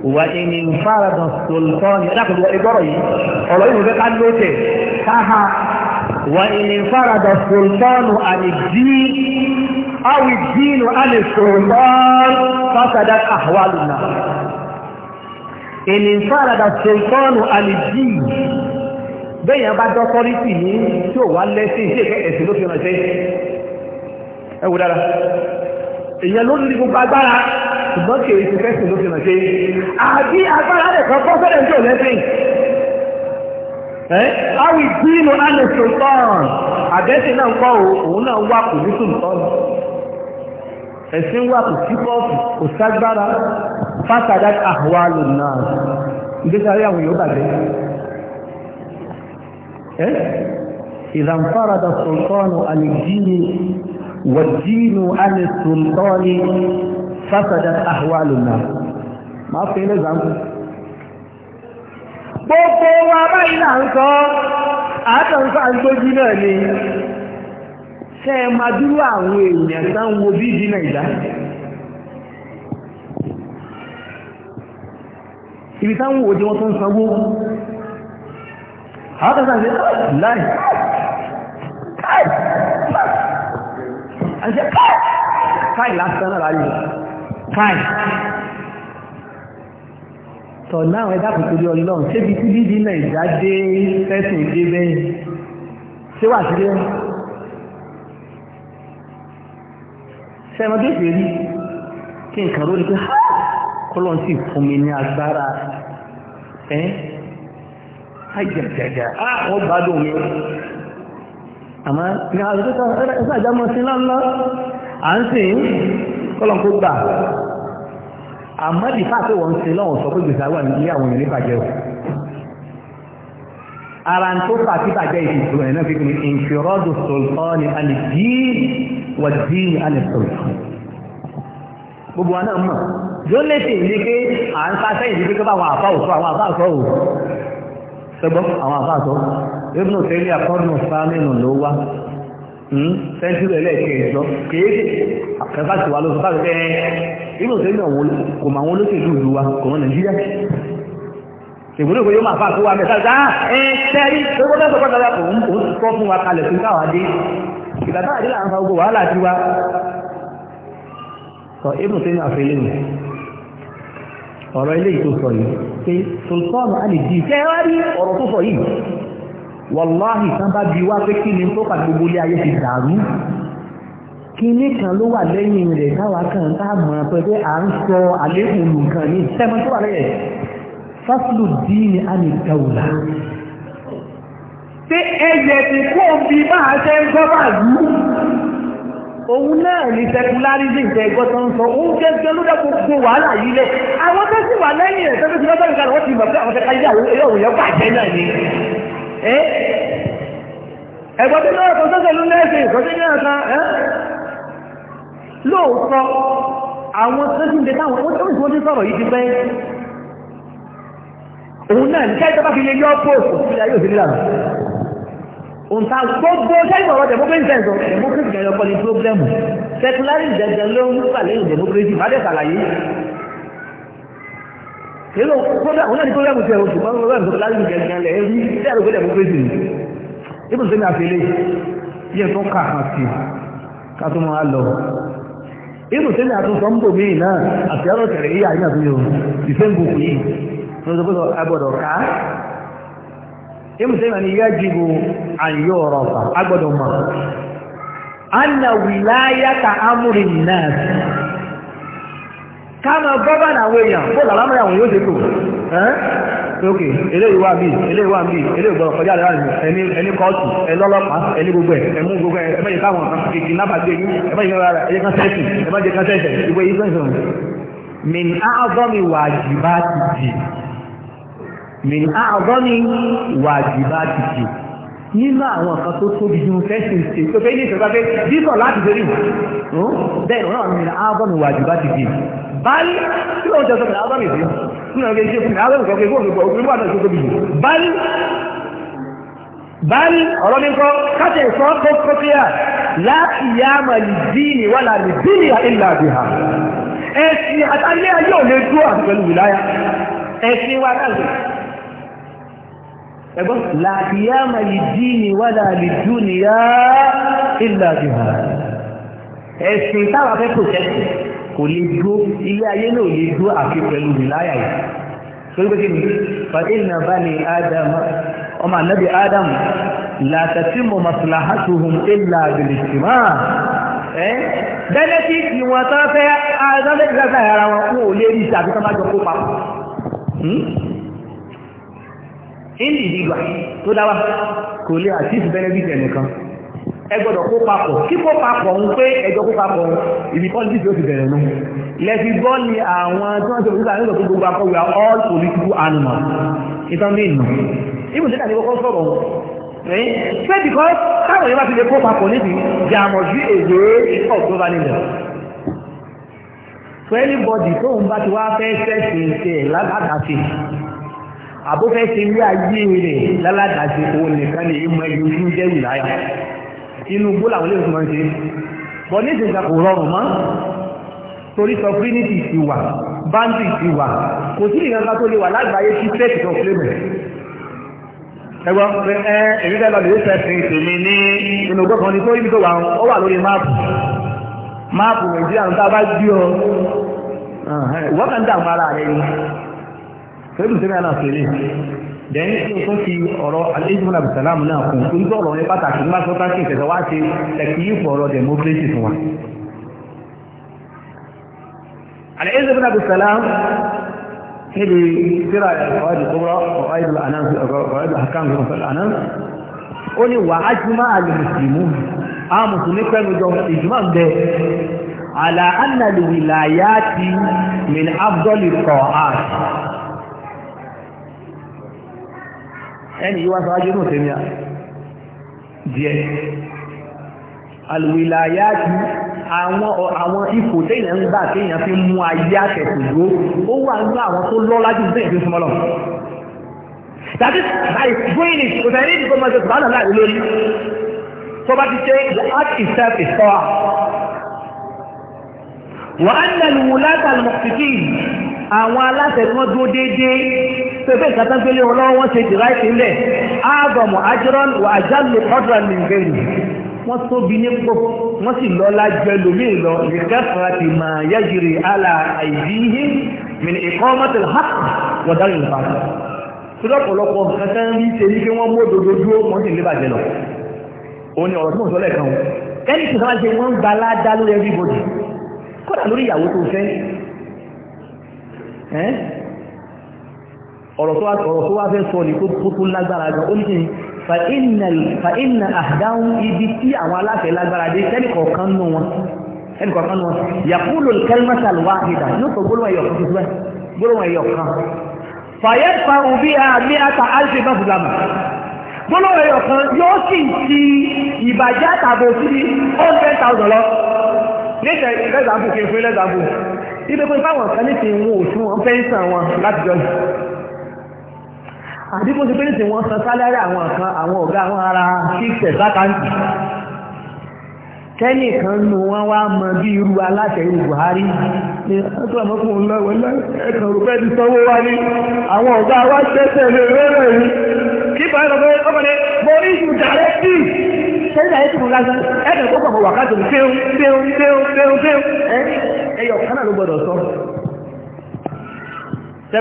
ìwà ẹni ìfaradàn tòlùtọ́ni adákùnrin wọlé gbọ́rọ̀ yìí ọ̀rọ̀ yìí ká ló tẹ̀ káha wà ẹni ìfaradàn tòlùtọ́nu àdìdí àwìdínú àdìsòlùtọ́n fásádà àwàlùnà ẹni ìfaradàn tòlùtọ́nu àdìdí bẹ́yàn bá dọ́kọ́rítì ní tí ò wá lẹ́sìn tí èkẹ́ ẹ̀sìn ló fi ránṣẹ́ ẹ wò dára èèyàn ló ní gbogbo agbára ṣùgbọ́n kì í ti fẹ́sìn ló fi ránṣẹ́ àbí agbára rẹ̀ kan kọ́ fẹ́rẹ̀ tí ò lẹ́sìn ẹ́ láwì dínú alẹ́ sultan àgẹ́sìn náà kọ́ òun náà wà kò ní sultan ẹ̀sìn wà kò sí kọ́ọ̀fù kò ságbára fásádà àwa lò náà ìgbésí ayé àwọn yóò bàjẹ́ Eh? إذا انفرد السلطان عن الدين والدين عن السلطان فسدت أحوال الناس ما في نظام gbogbo wa báyìí náà ń sọ àtàǹkọ́ àgbójí náà ni ṣe ma dúró àwọn èèyàn wo bí di ibi táwọn òjò wọn tó ń sanwó haka sa sai lai kai an ce kai kai lásán náà ráyè kai tọ̀ láwọn ẹ̀dá kòkò rí ọlọ́run ṣébi tí dídí nàìjíríà dé fẹ́sìn dé bẹ́yìn ṣé wà sílé ṣẹ́mọdé ìfèrí kí nǹkan ló ní pé kọ́lọ́n sì fún mi ní agbára ẹ́ àìjẹ̀jẹ̀jẹ̀ àwọn ah, gbádùn mi àmá ní àwọn ẹ̀sà àjámọ́ sí láńlá à ń sìn kọ́lọ̀kó gbà àmọ́dì fàáfẹ́ wọ́n sí lọ́wọ́ sọ pé gbèsè àwọn ilé àwọn ìrìn bàjẹ́ rẹ̀ ara tó fà sí bàjẹ́ ìṣòro ẹ̀ náà fi kún ìṣòrọ́dù sultani alìdíì wà díì alìsọ̀rọ̀ gbogbo wa náà mọ̀ yóò lè ṣe ìdí pé ṣẹgbọ́ àwọn àbáàtọ́ ibùdó tẹ́lẹ̀ àkọ́dùn sáàmìnà ló wá hmm? sẹ́ńtúrẹ̀ lẹ́ẹ̀kẹ́jọ kéèké kẹfà tí wà eh, ló sọ́kà rẹ̀ ibùdó tẹ́lẹ̀ kò máa wọn olóṣèlú ìlú wa kò mọ́ nàìjíríà ṣègùn lóko yóò máa fà tó wa mẹ́ta ah, eh, ṣá ẹ tẹ́rí tó gbọ́dọ̀ tó gbọ́dọ̀ kò ń kọ́ fún wa kalẹ̀ fún káwa dé ìgbà táwa dé là ń fa gbogbo wàhálà tiwa sọ ibùdó tẹ́lẹ̀ àfẹ́lẹ́ ọ̀rọ̀ ilé ìtò sọ yìí pé sultanu alìdí ṣe wá rí ọ̀rọ̀ tó sọ yìí wàláhì tán bá bí wá pé kí ni tó kà gbogbo ilé ayé ti dàrú kí ní kan ló wà lẹ́yìn rẹ̀ táwa kan tá a mọ̀ pé pé à ń sọ àlékún nǹkan ní sẹ́mọ́ tó wà lẹ́yẹ̀ fásilù díìnì àmì dàwùlà ẹ̀yẹ̀ ti kó bí máa ṣe ń gbọ́ bàálù òun náà ní secularism tẹ ẹgbọ́ tó ń sọ òun gẹ́gẹ́ ló dá gbogbo wàhálà yìí lẹ̀ àwọn tó sì wà lẹ́yìn ẹ̀ tẹ́lẹ̀ tí wọ́n bá nìkan wọ́n ti mọ̀ pé àwọn tẹ́ka yíyá òun yẹn bàjẹ́ náà ni ẹgbọ́n tó náà tó sọ́sẹ̀ ló lẹ́sẹ̀ ìkọ́sẹ́ ní ọ̀sán lóòótọ́ àwọn tó sì ń de táwọn tó sì wọ́n ti sọ̀rọ̀ yìí ti pẹ́ òun náà ní káyọ̀ bá fi lè yọ pọ́ọ̀sì òǹta gbogbo sẹ́yìn ọ̀rọ̀ democracy sẹ́yìn sọ democracy kẹyọ kọ́ ni pírọ́blẹ́mù secularism jẹjẹ ló ń pàlẹ́yìn democracy má dẹ̀ sàlàyé èlò pírọ́blẹ́mù náà ni pírọ́blẹ́mù sẹ́yìn oṣù mọ́n pírọ́blẹ́mù secularism jẹjẹ lẹ̀ rí sẹ́yìn ọ̀gbẹ́ democracy ni ibùdó sẹ́yìn àfẹ́lẹ́ yẹ tó kà á sí ká tó máa lọ ibùdó sẹ́yìn àtúntò ń bò mí náà àti ọ̀rọ̀ tẹ̀rẹ̀ yíyà yíyà tó yẹ ibn sẹ́yìn ni yajibu an yu'rafa agbọ́dọ̀ mọ̀ anna wilayata amri nnas káàmà bọ́bá àwọn èèyàn bó làlámọ́ àwọn yóò dẹ́kò ókè eléyìí wà bí eléyìí wà bí eléyìí gbọ́dọ̀ kọjá àlẹ́ àlẹ́ ẹni ẹni kóòtù ẹlọ́lọ́pàá ẹni gbogbo ẹ̀ ẹmú gbogbo ẹ̀ ẹmẹ́yẹ káwọn kìkì náà gbé yín ẹmẹ́yẹ kan rárá kan kan min a'zami wajibati min àádọ́ni wàjìbá ti jù nínú àwọn kan tó tóbi jù fẹ́sìn ṣe tó fẹ́ ní ìṣẹ́gbá pé dísọ̀ láti dorí bẹ́ẹ̀ náà min àádọ́ni wàjìbá ti jù báyìí tí wọ́n jẹ́ sọ́kùnrin àádọ́ni sí nínú ọ̀gẹ́ iṣẹ́ fún mi àádọ́ni sọ pé kó òṣùpọ̀ òṣùpọ̀ àti òṣùpọ̀ tóbi jù báyìí báyìí ọ̀rọ̀ mi kọ́ káṣẹ̀ ìfọ́ kó kó kíyà láti yá mà lè díìnì wà láti díìnì ìlà àbíhà ẹ̀sìn àtàlẹ́ ayé ò ẹgbọ́n láàkíyàmà ìdí ni wà láàrí dúnìyà ìlà ìhà ẹ̀sìn táwà fẹ́ pòtẹ́kì kò lè dúó ilé ayé náà lè dúó àfi pẹ̀lú ìláyà yìí torí pé kí ni fa ìnà bá ní ádámà ọmọ ànábì ádámù látàtímọ̀ maslahatuhum ìlà àbìlìsìmá ẹ́ bẹ́nẹ́tìtì wọn tán fẹ́ ádámẹ́tì individual tó dáwà kò lè àtìsí benefit ẹnìkan ẹ gbọ́dọ̀ kó papọ̀ kíkó papọ̀ ń pé ẹjọ́ kó papọ̀ ibi politics ó ti bẹ̀rẹ̀ nù lẹ́fi gbọ́ ni àwọn tí wọ́n ti wọ́n ti sọ pé gbogbo akọ́wé all political animals ìtàn ní ìnà ibùn tí kàní kọ́kọ́ sọ̀rọ̀ ẹ̀yìn pé bìkọ́ káwọn yẹn bá ti lè kó papọ̀ níbi jàmọ̀ sí èdè ìkọ̀ tó bá nílẹ̀ fún anybody tóun bá ti wá fẹ́ sẹ́sìn ṣe lágbàdàsìn àbúfẹ́ ṣe ilé ayé rẹ̀ lálàdàṣe òun nìkan lè mọ ẹyọ inú jẹ́ ìláyà inú gbó làwọn ilé ìfúnmọ́ ṣe bọ́ ní ìṣẹ̀ṣà kò rọrùn mọ́ torí sọfúrínìtì ti wà báńdì ti wà kò sí ìrìnàká tó lè wà lágbàáyé sí fẹ́ẹ̀tì tó fúlẹ̀mẹ̀ ẹgbọ́n pé ẹ èmi fẹ́ lọ lè fẹ́ fi tèmi ní inú gbọ́kan ní tó ibi tó wà ó wà lórí máàpù máàpù nàìjíríà ń tá a bá gbé ọ wọ́n kàn dààmú ara rẹ̀ ni fẹ́rù sí náà sí ilé dẹ̀yìn tí ó tó fi ọ̀rọ̀ alẹ́jùmọ́lá bùsàlámù náà kún tó ń tọ́ ọ̀rọ̀ ní pàtàkì nígbà tó tàkì ìfẹ̀sẹ̀ wá ṣe tẹ̀kìyìpọ̀ ọ̀rọ̀ democracy fún wa alẹ́jùmọ́lá bùsàlámù níbi síra ọ̀rọ̀ ìkọ́rọ̀ ọ̀rọ̀ àkàǹgọ̀ ọ̀sán ó ní wà ájúmọ́ alìmùsùlùmù a mùsùlùmí pẹ̀lú jọ ìjùmọ̀ ń bẹ àlà annaliwilayati min afdol ta'at ẹni yíwá sáájú náà tẹ́mi à díẹ̀ alùwìláyàtì àwọn àwọn ipò téèyàn ń gbà téèyàn fi mú ayé àtẹ̀kùdó ó wà nínú àwọn tó lọ́lá jù bẹ́ẹ̀ fi súnmọ́ lọ. that is by doing it kò sẹ́yìn ní ìdíkọ́ mọ́tò sùgbọ́n àlá lórí tó bá ti ṣe the art itself is power. wà á nà lùwù látàlùmọ̀sìkì àwọn aláṣẹ tí wọ́n dúró déédéé pépé ìkàtà gbélé wọn lọ́wọ́ wọ́n ṣe dìráìtì ńlẹ̀ áàbọ̀mù ajọ́rán wà ájálù ọ̀dọ̀ ní ìgbẹ́lú wọ́n tóbi nípò wọ́n sì lọ́lá jẹ lómi lọ ìkẹ́fà ti máa yẹ́jìrì àlà àìdíhí mìíràn ìkọ́ mọ́tìlì hàp wọ̀dárì ìbàdàn tó lọ́pọ̀lọpọ̀ kẹta ń rí ṣe ní kí wọ́n mú òdodo dúró wọ́n sì lé bàjẹ́ lọ òun ni ọ̀rọ̀ tí mo sọ lẹ́ẹ̀kan o ẹni tí sábà ṣe wọ́n ń gba aládá lórí everybody kódà lórí ìyàwó tó fẹ́ ọ̀rọ̀ tó wá fẹ́ sọ ní tó tó lágbára gan ó ní kí ni fa inna àdáhùn ibi tí àwọn aláfẹ́ lágbára dé tẹ́nìkọ̀ọ̀kan nù wọn ẹnìkọ̀ọ̀kan nù wọn yàkúlò kẹlmẹ́sà lọ́wọ́ àhìdá yóò sọ gbólóhùn ẹ̀yọ̀ kan tuntun bẹ́ẹ̀ gbólóhùn ẹ̀yọ̀ kan fàyẹ́ fa òbí àmì àtà alfi bàbùdàmù gbólóhùn ẹ̀yọ̀ kan yóò sì ti ìbàjẹ́ àtàbò sí hundred thousand lọ níṣẹ́ àdíkò sí pé nìsín wọ́n san sálárì àwọn kan àwọn ọ̀gá àwọn ará fífẹ̀ sákàǹtì kẹ́nì kan nù wọ́n wá mọ bí irú aláṣẹ Buhari ní ọ̀tọ́mọ́kùnrin lọ́wọ́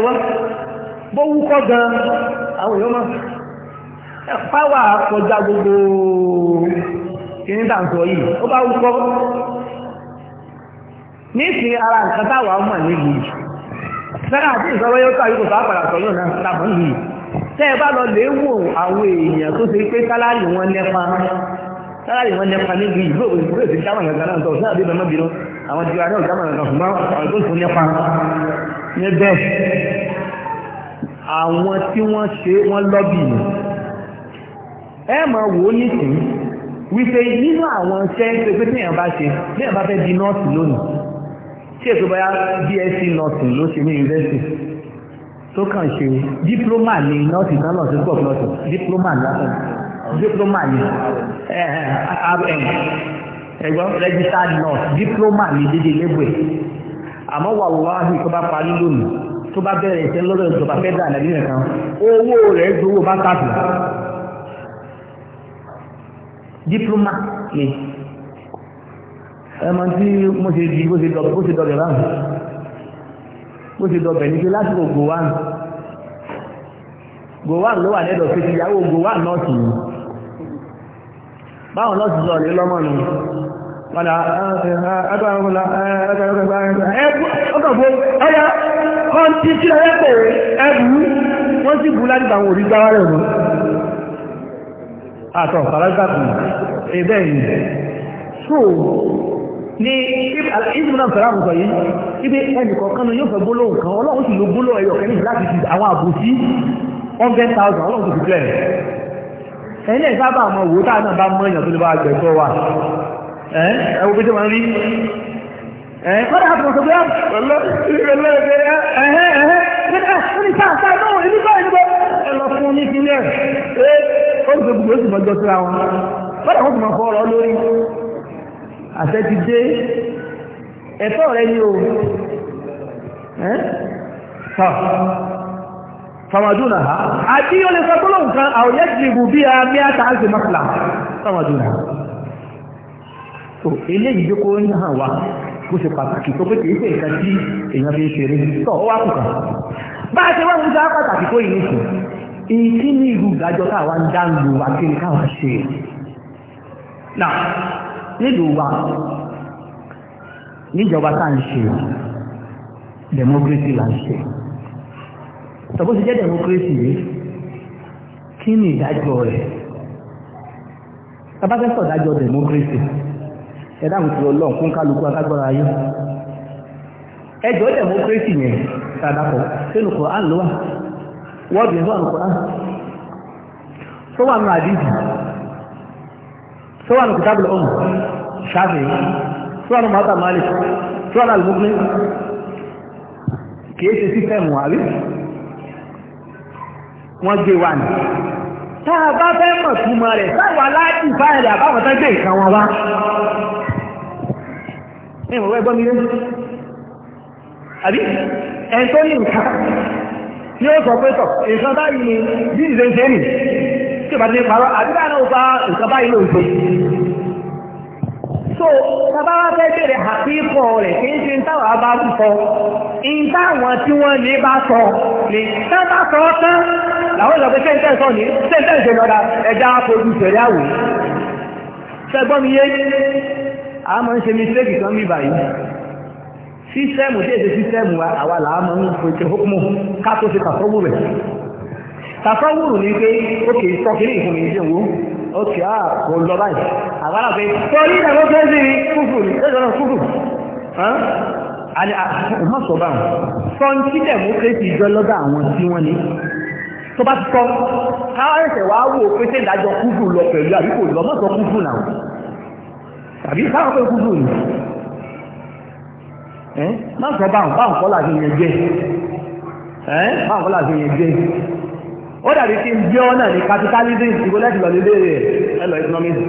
ẹ̀kàn bó wúkọ́ gan àwọn èèyàn máa pàwà kọjá gbogbo kìíní tàǹtọ̀ yìí ó bá wúkọ́ ní ìsìn ara nǹkan táwà ọmọ nílùú yìí fẹ́rẹ́ àti ìsọ̀rọ̀ yóò tàbí kò sáà padà sọ̀rọ̀ náà tàbí nìlùú yìí tẹ́ ẹ bá lọ lè wò àwọn èèyàn tó ṣe pé sálárì wọn lẹ́pa sálárì wọn lẹ́pa níbi ìlú òwe ìlú èdè jámà gàgà náà tọ̀ sí àbí bẹ̀rẹ̀ mọ́bìnrin àwọn ti náà jámà gàgà fún àwọn tó tún lẹ́pa ní bẹ́ẹ̀ àwọn tí wọ́n ṣe wọ́n lọ́bì ni ẹ máa wò ó nísìnyí wípé nínú àwọn iṣẹ́ ṣe pé téèyàn bá ṣe téèyàn bá fẹ́ di nọ́ọ̀sì lónìí tí èso bá yá bsc nọ́ọ̀sì ló ṣe ní yunifásitì tó kàn ṣe dípúlọ́mà ní nọ́ọ̀sì náà lọ́sẹ̀ pọ̀ lọ́sẹ̀ dípúlọ́mà lọ́sẹ̀ dípúlọ́mà ní rm ẹ̀gbọ́n registered nurse dípúlọ́mà ní dédé lẹ́gbẹ̀ẹ́ àmọ́ wàlúwàhí tó bá parí lónìí tó bá bẹ̀rẹ̀ ìṣẹ́ lọ́dọ̀ ìjọba fẹ́dà nàìjíríà kan owó rẹ̀ gbowó bá tàbí diploma ni ẹmọ tí mo ṣe di bó ṣe dọ̀bẹ̀ bó ṣe dọ̀bẹ̀ báwọn bó ṣe dọ̀bẹ̀ ní pé lásìkò gowan gowan ló wà lẹ́dọ̀ pé ti ìyàwó gowan nọ́ọ̀sì ni báwọn nọ́ọ̀sì sọ̀rọ̀ lé lọ́mọ nù padà agbára ọkọ̀ fún ọyá kan tí tí ẹ̀kọ́ ẹ̀bù wọ́n sì bú láti àwọn òrí gbára rẹ̀ mọ́ àtọ̀ fàrágbàkùn ẹ̀bẹ̀ yìí so ní ìsìnkú sọ̀rọ̀ sọ yìí ibi ẹnìkọ̀ọ̀kan yóò fẹ́ gbólóhùn kan ọlọ́run sì ló gbólóhùn ẹyọ kẹ́lì láti fi àwọn àbòsí 100,000 ọlọ́run tó fi bẹ̀rẹ̀ ẹ̀yìn ẹ̀ sábà mọ̀ wò táà náà bá mọ́ èèyàn tó lè bá gbẹ̀tọ́ wa ẹwọ bí tó máa ń rí kọ́dà àti ọ̀sọ̀ bí àṣẹ ti dé ẹ̀tọ́ rẹ ni o ẹ́ sọ fàmàdúnà ha àti yóò lè sọ tó lóǹkan àwọn yẹ́ jìbù bí i a bí a tàà sí mọ́sílá fàmàdúnà ha so eléyìí jókòó ń hàn wá bó ṣe pàtàkì tó pé kìí ṣe so tí èèyàn fi ń ṣeré tọ́ ọ wá kù bá a ṣe wá nígbà pàtàkì tó yìí nìkan èyí ní ìlú ìdájọ́ ń wá kí ni káwa ṣe nà nílùú wa níjọba tá à ń ṣe democracy là ń ṣe tọ́bó jẹ́ democracy yìí kí ni ìdájọ́ rẹ̀ sọ̀dájọ́ ẹ̀dá àwọn ìtura ọlọ́run fún kálukú akágbára ayé ẹjọ́ democracy yẹn sàdápọ̀ sínú Quran ló wà wọ́ọ̀dù yẹn tó wà ní Quran tó wà ní àdìsí tó wà ní kìtàbùlù ọ̀hún ṣáfì tó wà ní mọ́tà malik tó wà ní àlùmọ́gbé kìí ṣe sífẹ̀mù àrí wọ́n gbé wà ní tá bá fẹ́ mọ̀ túmọ̀ rẹ̀ sáwọn aláàdì fáìlì àbáwọn ìkan wọn wá ẹ̀wọ̀n ẹgbọ́n mi lẹ́nu àbí ẹn tó ní nǹkan tí ó sọ pé tọ̀ nǹkan báyìí ni bí ìṣe ń nì tí ìbá ti parọ́ àbí náà fa nǹkan báyìí ló ń ṣe so tàbá wá fẹ́ bèèrè àpíkọ rẹ̀ kí ń ṣe táwọn bá ń sọ in táwọn tí wọ́n ní bá sọ ní tán sọ tán làwọn ìlọ́pẹ́ sẹ́ńtẹ́ sọ ní sẹ́ńtẹ́ ìṣẹ̀lọ́dà ẹja fojú ṣẹ̀rí àwò ṣẹgbọ́n mi yé a máa ń ṣe mistake kan bí báyìí sísẹ́mù tí èdè sísẹ́mù wa àwa làá máa ń pèsè hókùnmù ká tó ṣe tàfọ́wù rẹ̀ tàfọ́wù ní pé ókè tọ́kìlì ìfún mi ṣe wo ókè á kò lọ báyìí àbára pé torí democracy ni fúfù ni ó lọ́nà fúfù ọmọ sọ bá wọn sọ ń tí democracy jọ lọ́dọ̀ àwọn tí wọ́n ní tó bá ti sọ káwọn ẹ̀sẹ̀ wá wò pé ṣé ìdájọ́ kúfù àbí káwọn pé kúrò ní ẹ́ má sọ báwọn báwọn kọ́ láti yẹn jẹ́ ẹ́ báwọn kọ́ láti yẹn jẹ́ ó dàbí kí n jẹ́ ọ́ náà ní capitalism ìgbó lẹ́tì nílé rẹ̀ ẹlọ economics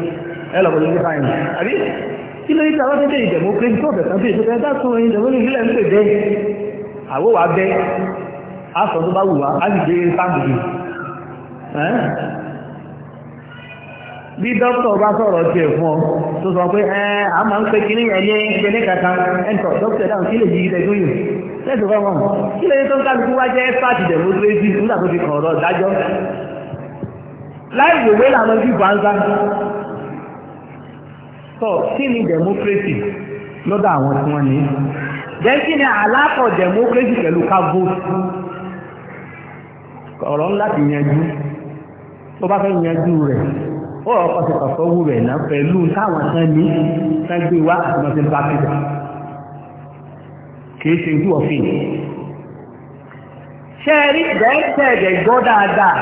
ẹlọ political science àbí kí ló tó bá wù wá sì gbé sáàmù bí dókítà bá sọ̀rọ̀ tiẹ̀ fún ọ tó sọ pé ẹ a máa ń pe kíní yẹn ní ìpele kàkà ẹ̀ńtọ̀ dókítà dáhùn kí lè yí ilẹ̀ tó yìí lẹ́sìn fún wọn kí lè tó ń kálukú wá jẹ́ fáàtì democracy nígbà tó fi kàn ọ̀rọ̀ dájọ́ láì wòwe làwọn bí gbàǹsà sọ kí ni democracy lọ́dọ̀ àwọn tí wọ́n ní jẹ́ kí ni àlákọ̀ democracy pẹ̀lú ká vote ọ̀rọ̀ ńlá ti yanjú tó bá fẹ́ yanjú rẹ̀ ó ọkọ̀ sí kọ̀kọ́ wù rẹ̀ náà pẹ̀lú táwọn tán ní sáájú wá àti wọn ti bá pẹ̀lú kìí ṣe ojú òfin ṣe rí gbẹ́ẹ̀tẹ̀ẹ̀dẹ̀ gbọ́ dáadáa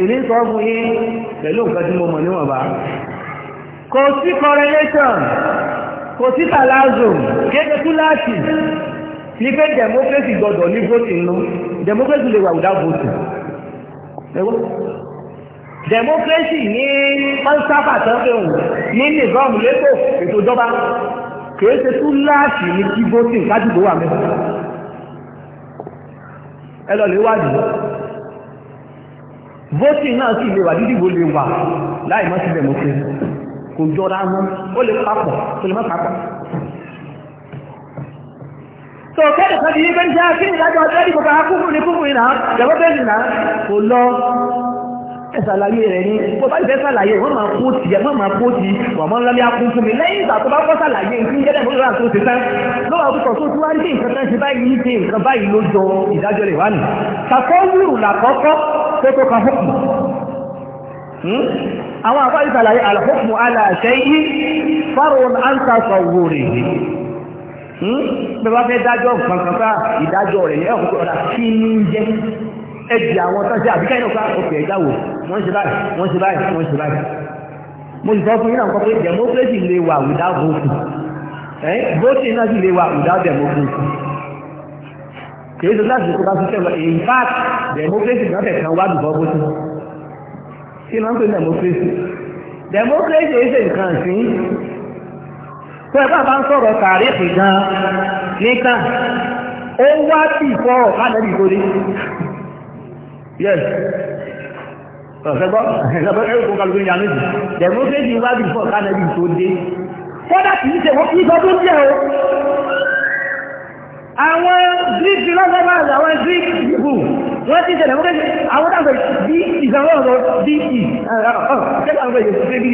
ìní sọ fún yín pẹ̀lú nǹkan tí mo mọ̀ níwọ̀nba kò sí correlation kò sí palazzo kéde kúláàtì ní pé democracy gbọdọ̀ ní voting nù democracy lè wà without voting democracy ní pọ́nsáfà tán fẹ́ wù ní nìkan lẹ́kọ̀ọ́ ètò ìjọba kìí ṣe tún láàṣì ní kí voting kájúgbò wà mẹ́fà ẹ lọ lè wádìí voting náà sì lè wà dídìbò lè wà láì mọ́ sí democracy kò jọra wọn ó lè papọ̀ tó lè má papọ̀ so kẹ́lẹ̀ kan yìí bẹ́ẹ̀ jẹ́ kí ni ìdájọ́ ọjọ́ ìdìbò kan kúkú ní kúkú ìná democracy náà kò lọ ẹ̀sàlàyé rẹ̀ ni bó bá ìfẹ́ sàlàyé wọ́n máa kó ti ẹ̀ wọ́n máa kó ti wàmọ́ ńlá ní akún fún mi lẹ́yìn ìgbà tó bá kọ́ sàlàyé nǹkan jẹ́lẹ̀ mọ́ ìrà tó ti tán lọ́wọ́ àkókò tó tún wá ní nǹkan tán ṣe báyìí ní nǹkan báyìí ló jọ ìdájọ́ rẹ̀ wá nì tàkọ́wùrù làkọ́kọ́ tó tó ka hókùn hmm? àwọn àkọ́yí sàlàyé àlàhókùn aláṣẹ yìí fáwọn àǹtà sọ̀wòrè bẹ́ẹ̀ bá fẹ́ dájọ́ nǹkan kan ìdájọ́ rẹ̀ ní ẹ̀kọ́ wọ́n ṣe báyìí wọ́n ṣe báyìí wọ́n ṣe báyìí mo sì sọ fún yín náà kọ́ pé democracy lè wà without voting ẹ́ voting náà sì lè wà without democracy kì í ṣe láti ṣe bá ṣiṣẹ́ lọ in fact democracy náà tẹ̀sán wá before voting kí náà ń pè democracy democracy ń ṣe nǹkan sí tó ẹ bá bá ń sọ̀rọ̀ tàrífì gan nìkan ó wá before kánẹ́bì tó dé yes ọ̀sẹ̀gbọ́ ẹ̀sẹ̀gbọ́ ẹ̀rù kó kálukú ní àná jù democracy wá bí fọ́ kánẹ́bí tó dé kódà kì í ṣe wọ́n kí sọ tó jẹ́ o àwọn greek lọ́sọ̀rọ̀ àwọn greek people ti ṣe democracy bí ìsanwó ọ̀rọ̀ bí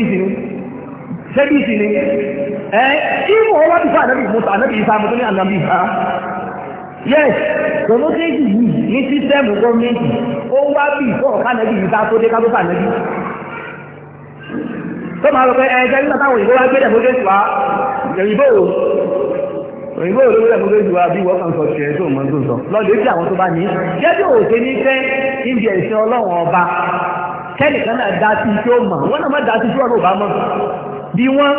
ì yes tòlótéjì yìí ní sísẹ́mù gọ́ọ̀mẹ́ntì ó wá bí ìfọ̀ọ̀ká nẹ́bí yìí bá tó dé kátópà nẹ́bí tó máa lọ pé ẹ̀ẹ́dẹ́ nígbà táwọn òyìnbó wá gbé dẹ̀mọ́gẹ́sì wá òyìnbó òyìnbó òyìnbó dẹ̀mọ́gẹ́sì wá bí wọ́n kàn sọ tiẹ̀ tó mọ́ sọ lọ́dọ̀ èsì àwọn tó bá ní jẹ́bi òòṣe ní fẹ́ ibi ẹ̀sìn ọlọ́run ọba kẹ́nìkan náà dá sí tí ó mọ̀ wọ́n náà má dá sí tí wọ́n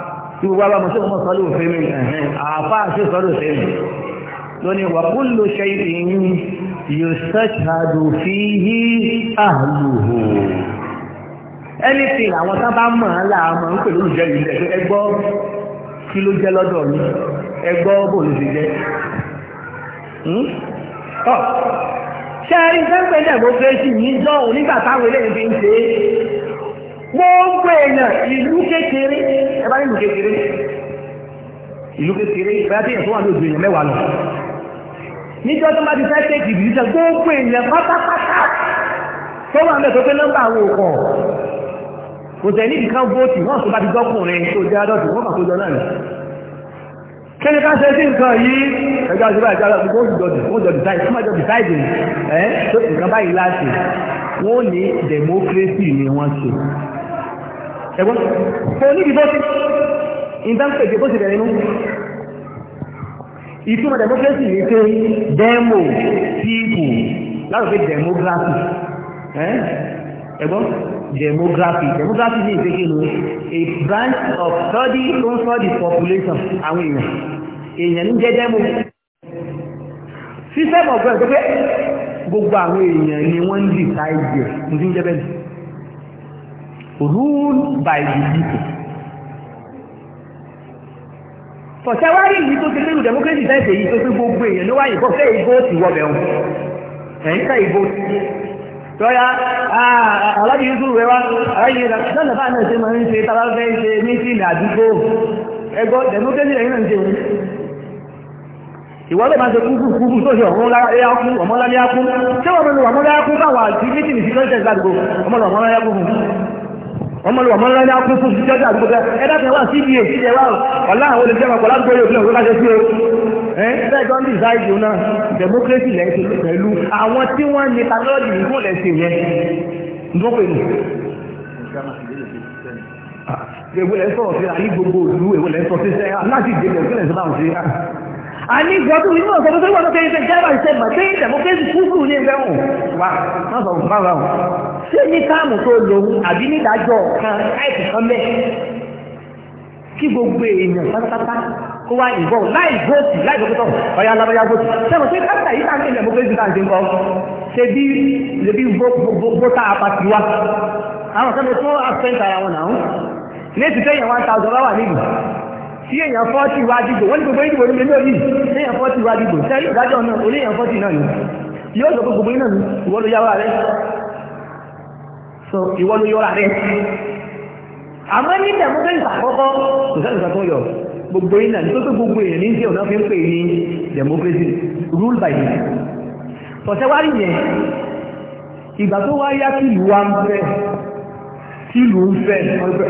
tí gbogbo àwọn ọmọdé ọmọ sọ́lù fèmí àfá àti sọ́lù fèmí lónìí wà kúlù ṣe ìyìn yóò sẹ́ṣàdù fi yí àlùhò ẹni tí àwọn sábà mọ̀ ọ́n láàmú ń pè lóòjẹ́ ilẹ̀ pé ẹgbọ́ kí ló jẹ́ lọ́dọ̀ mi ẹgbọ́ bò ló ti jẹ́ hmm? ṣe ẹni sẹ́ńpẹ́ dẹ̀gbọ́ fẹ́ sí yìí jọ onígbà táwọn eléyìí fi ń ṣe gbogbo èèyàn ìlú kékeré ẹ bá nílùú kékeré ìlú kékeré bẹ́ẹ̀ tí ìyẹ̀fọ́ wà ní òjò èèyàn mẹ́wàá lọ níjọ́ tó bá ti fẹ́ tẹ́kì ìdìbò ìjọ gbogbo èèyàn pátápátá tó wà mẹ́tọ́ pé nọ́mbà àwọn òkọ̀ kò tẹ̀ ní ìkan vóòtù wọ́n tó bá ti dọ́kùnrin tó jẹ́ adọ́tù wọ́n kà tó jọ náà kí ni ká ṣe sí nǹkan yìí ẹjọ́ àti báyìí jára gbogbo wọ́n jọ dìtáì wọ́n jọ dìtáì dì ẹ́ tó nǹkan báyìí láti wọ́n ní democracy ni wọ́n ṣe ẹ̀gbọ́n kò ní ìdíbọ́sí ìdáǹkà ìdíbọ́sí rẹ̀ nínú ìtumọ̀ democracy ní pé demo people láti pé demography ẹ̀gbọ́n demography demography ní ìpékè ló a branch of study tó ń study population àwọn èèyàn èèyàn ní jẹ́ demo system of government. growth pé gbogbo àwọn èèyàn ni wọ́n ń decide ní jẹ́ bẹ́ẹ̀ ruled by the people. Tọ̀tẹ́ wá rí ìyí tó ti lérò democracy tẹ́sẹ̀ yìí tó fi gbogbo èèyàn ló wáyé bọ́ fẹ́ ìbò ti wọbẹ̀ wọn. Ẹ̀yìn fẹ́ ìbò ti. Tọ́ya aláàbí yóò rẹ̀ wá aráyé lọ́nà bá náà ṣe máa ń ṣe tábà fẹ́ ṣe mítìlì àdúgbò. Ẹgbọ́ democracy lẹ́yìn náà ń ṣe wọn. Ìwọ́n lè máa ṣe kúkú kúkú tó ṣe ọ̀mọ́láyákú ọ̀mọ́láyákú. Ṣé wọ́n mọ̀ ọ̀mọ́láyákú báwa àti mítìlì sí lọ́sẹ̀ wọ́n mọ̀ lọ́wọ́ mọ́ lọ́wọ́ ní akún fún ṣíṣẹ́ tí àdúgbò ẹ dákẹ́ wá sí ibi èsì ẹ wá ọ̀la àwọn olè jẹ́wọ̀ pọ̀lá gbé òfin òfin láṣẹ sí o bẹ́ẹ̀ tó ń dì sáì jù náà democracy lẹ́sìn pẹ̀lú àwọn tí wọ́n ní technology nìkú lẹ́sìn yẹn ńdọ́pẹ̀ nù. èwo ah, lẹ́ sọ̀rọ̀ sí àní gbogbo òdu èwo lẹ́ sọ sí sẹ́yà láti dé àní ìgbọ́tú inú ọ̀sẹ̀ tó wọ́n tẹ́lẹ̀ tẹ́lẹ̀ jábà ìṣẹ́ màtí democracy kúkú ní ẹgbẹ́ wọn wà wọ́n sọ fún wa ṣé ní táàmù tó lòun àbí nídàájọ́ kan láìpẹ́ kan bẹ́ẹ̀ kí gbogbo èèyàn pátápátá kó wá ìbọ̀ láì vóòtù láì dókítọ̀ ọ̀yà alábọ́yá vóòtù sẹ́wọ̀n pé káfíńtà yìí táàmù democracy náà ti ń kọ́ ṣe bí ṣe bí vótà apàtì wa àwọn sẹ́wọ̀n tó àfẹ́ǹtà ara wọn náà ní ètùtù èèyàn one thousand wá wà nílùú tí èèyàn fọ́tì wá dìbò wọ́n ní gbogbo ìdìbò ní lélẹ́ yìí èèyàn fọ́tì wá dìbò sẹ́yìn ìdájọ́ náà orí èèyàn fọ́tì náà ni yóò sọ pé gbogbo iná ni ìwọ ló yára rẹ so ìwọ ló yọra rẹ àmọ́ ní democracy àkọ́kọ́ kò sẹ́yìn ìgbà tó yọ gbogbo iná ni tó gbogbo èèyàn ní ìṣe ọ̀nà fi ń pè ní democracy rule by the sọ̀tẹ́ wá rí yẹn ìgbà tó wá yá kí ìlú wa ń fẹ́ kí ìlú ń fẹ́ ọ̀rẹ́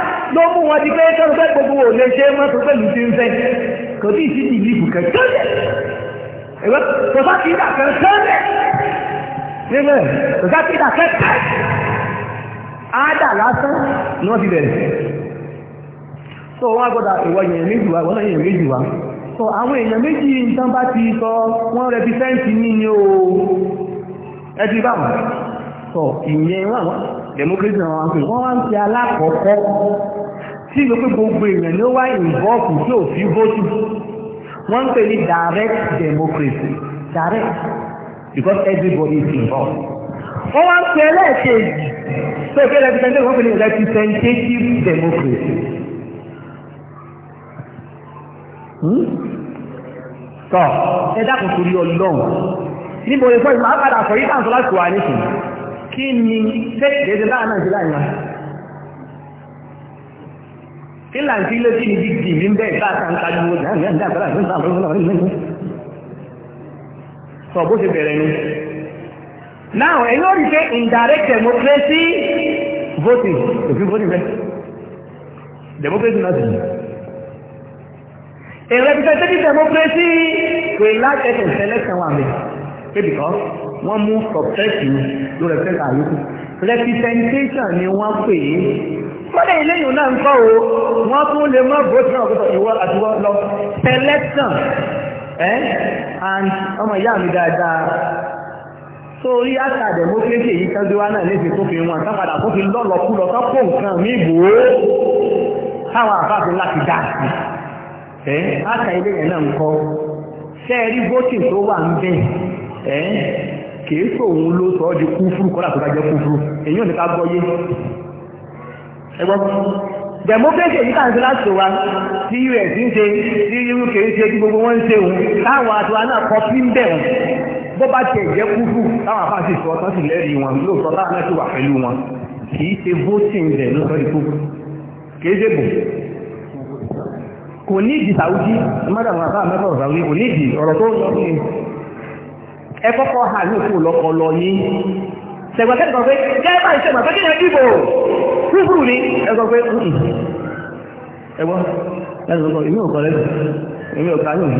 ló mú wọn di pé kẹ́rù pé gbogbo ò lè ṣe mọ́tò pẹ̀lú tí ń fẹ́ kò tí sí ti dà kẹ́kẹ́ níbẹ̀ kò sá ti dà kẹ́kẹ́ méjì wá wọ́n náà méjì wá so àwọn èèyàn méjì nǹkan bá ti sọ wọ́n rẹpítẹ́ǹtì ní ni o ẹ ti bá wọn so ìyẹn wọn democracy àwọn àfihàn wọ́n wá ń ṣe alákọ̀ọ́kọ́ tí ìlú pé gbogbo èèyàn ló wá ìbọ́ọ̀kù tí ò fi vótù wọ́n ń pè ní direct democracy direct because everybody is involved. wọ́n wá ń pè ẹlẹ́ẹ̀kejì pé pé representative wọ́n pè ní representative democracy. Hmm? tọ́ ẹ dákun torí ọlọ́run níbo ìfọ́ ìmọ̀ àpàdà àkọ́yí táwọn sọ láti wà nísìnyí kí ni tẹ́kẹ̀ẹ́dẹ́ láàrín àti láàrín wọn kí láǹtí ilé tí ní dìdì ní bẹ́ẹ̀ sáàtà ń tajú wọn náà ní àjá àgbàrá now ẹ̀yìn ó rí indirect democracy voting òfin voting bẹ́ẹ̀ democracy náà sì a representative democracy to a large extent election wà mí because wọ́n mú subtext ló represent àyókù representation ni wọ́n pè é kọ́lé iléyìn náà ń kọ́ o wọ́n tún lè mọ́ vote náà kọ́tọ̀ ìwọ àtiwọ́ lọ selection ẹ́ and ọmọ ìyá mi dáadáa sórí àṣà democracy èyí kan gbé wá náà léṣe tó fi wọn àtàn padà tó fi lọ́lọ́kú lọ sọ́pọ̀ nǹkan mí bò ó táwọn àfáàfin láti dá sí ẹ́ àṣà iléyìn náà ń kọ́ sẹ́ẹ̀rí voting tó wà ń bẹ̀ ẹ́ kìí sóhun ló sọ ọ́ di kúfúrú kọ́lá tó bá jẹ́ èyí ò ní ká gbọ́ ẹgbọ́n democracy èyí kàn láti wa tí us ń ṣe tí ṣe gbogbo wọn ń ṣe òun táwọn náà kọ sí ń bó bá tiẹ̀ jẹ́ sọ lẹ́rìí wọn náà wà pẹ̀lú wọn ṣe voting rẹ̀ ló di ṣe kò ní ìdí sàwùjí mọ́tàwọn àbá mẹ́fà ọ̀sàwùjí kò ní ẹ kọ́kọ́ hà ní òkú lọ́kọ̀ lọ yín sẹ̀gbọ̀n kẹ́kọ̀ọ́ pé jẹ́ báyìí sẹ̀gbọ̀n pé kéèyàn dìbò fúrufúru ni ẹ sọ pé ẹgbọ́n ẹgbọ́n ẹgbọ́n èmi ò kọ́lẹ́ èmi ò kọ́lẹ́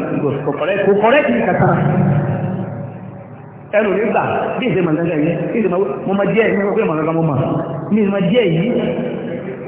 kò kọ́lẹ́ kò kọ́lẹ́ kì í kàtà ẹnu nígbà bí ìṣe màgàgà yìí bí ìṣe màgàgà mo ma díẹ̀ yìí mo ma díẹ̀ yìí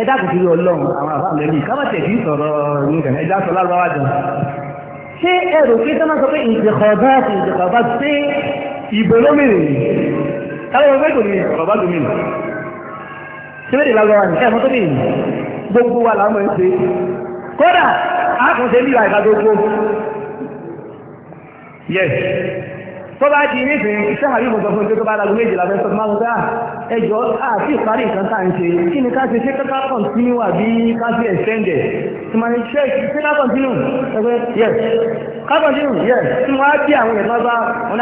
ẹ̀dá kò sí ọlọ́run àwọn àfáàlẹ́ yìí kábàtẹ̀ kì í sọ̀rọ̀ nǹkan ẹ̀dá sọ lárúbáwá jọ. ṣé ẹrù pé tọ́lá sọ pé ìjẹ̀kọ̀ọ́bá ti ìjẹ̀kọ̀ọ́bá ṣé ìbò lómìnir káwọn ọmọ ẹgbẹ́ ní ọ̀rọ̀ bá lómi nù ṣé yes tó bá di nífẹ̀ẹ́ iṣẹ́ àríwọ̀ sọ fún ojú tó bá lágbó méjìlá fẹ́ sọ máa ń gbá ah, ẹjọ́ àti ìparí nǹkan tá à ń ṣe kí ni ká ṣe ṣe ká kọ̀ntínú àbí ká ṣe ẹ̀ṣẹ́ǹdẹ̀ tí máa ń ṣe ṣe ká kọ̀ntínú ẹgbẹ́ yẹ ká kọ̀ntínú yẹ tí wọ́n á bí àwọn èèyàn bá bá wọn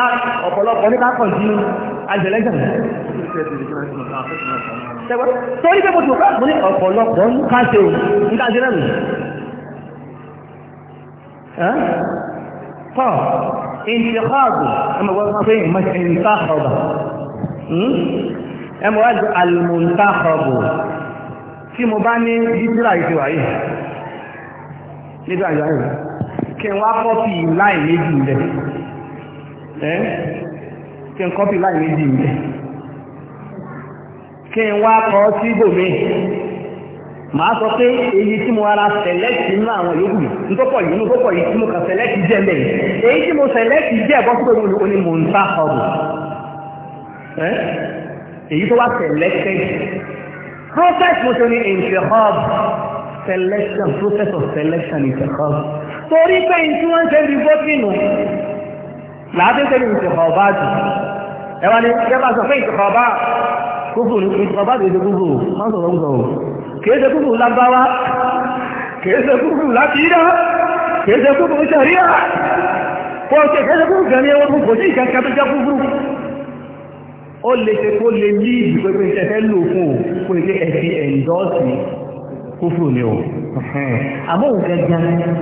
ọ̀pọ̀lọpọ̀ ní ká kọ̀ntínú àjẹlẹ́jẹ̀ torí pé mo tún ká mo ní ọ̀pọ̀lọpọ̀ ń ká ṣe ò ń ká ṣe náà طب انتخاذه اما وصفين مش انتخب اما واد المنتخب tí mo bá ní bíbíra ìṣẹ́ wáyé nígbà ìyá rẹ̀ kí n wá kọ́pì láì méjì ilẹ̀ ẹ́ kí n kọ́pì láì méjì ilẹ̀ kí n wá kọ́ síbòmí màá sọ pé èyí tí mo ara sẹlẹ́tì nínú àwọn yòókù yìí tó pọ̀ yìí tó pọ̀ yìí tí mo kàn sẹlẹ́tì jẹ́ mẹ́yìn èyí tí mo sẹlẹ́tì jẹ́ ẹ̀kọ́ sí pẹ̀lú oní mò ń sá ọ̀rọ̀ èyí tó wá sẹlẹ́tì process mo ṣe ní ìṣẹ̀họ́b selection process of selection ìṣẹ̀họ́b torí pé n tí wọ́n ń ṣe bí gómìnà làádé ṣe ní ìṣẹ̀họ́b àjù ẹ̀wọ̀n ni kẹ́bà sọ pé kèése kúrò lágbáwá kèése kúrò látìrá kèése kúrò sàríà pọ́ọ̀kẹ́ kèése kúrò gẹ̀rẹ́ ẹwọ́n fún kò sí ìkẹ́kẹ́ tó jẹ́ kúrò ó lè ṣe kó lè ní ìgbẹ́gbẹ́ ìṣẹ́fẹ́ lò fún òkú ilé ẹ̀sìn ẹ̀ndọ́ọ̀sì kúfù ni ó àmọ́ gẹ́gẹ́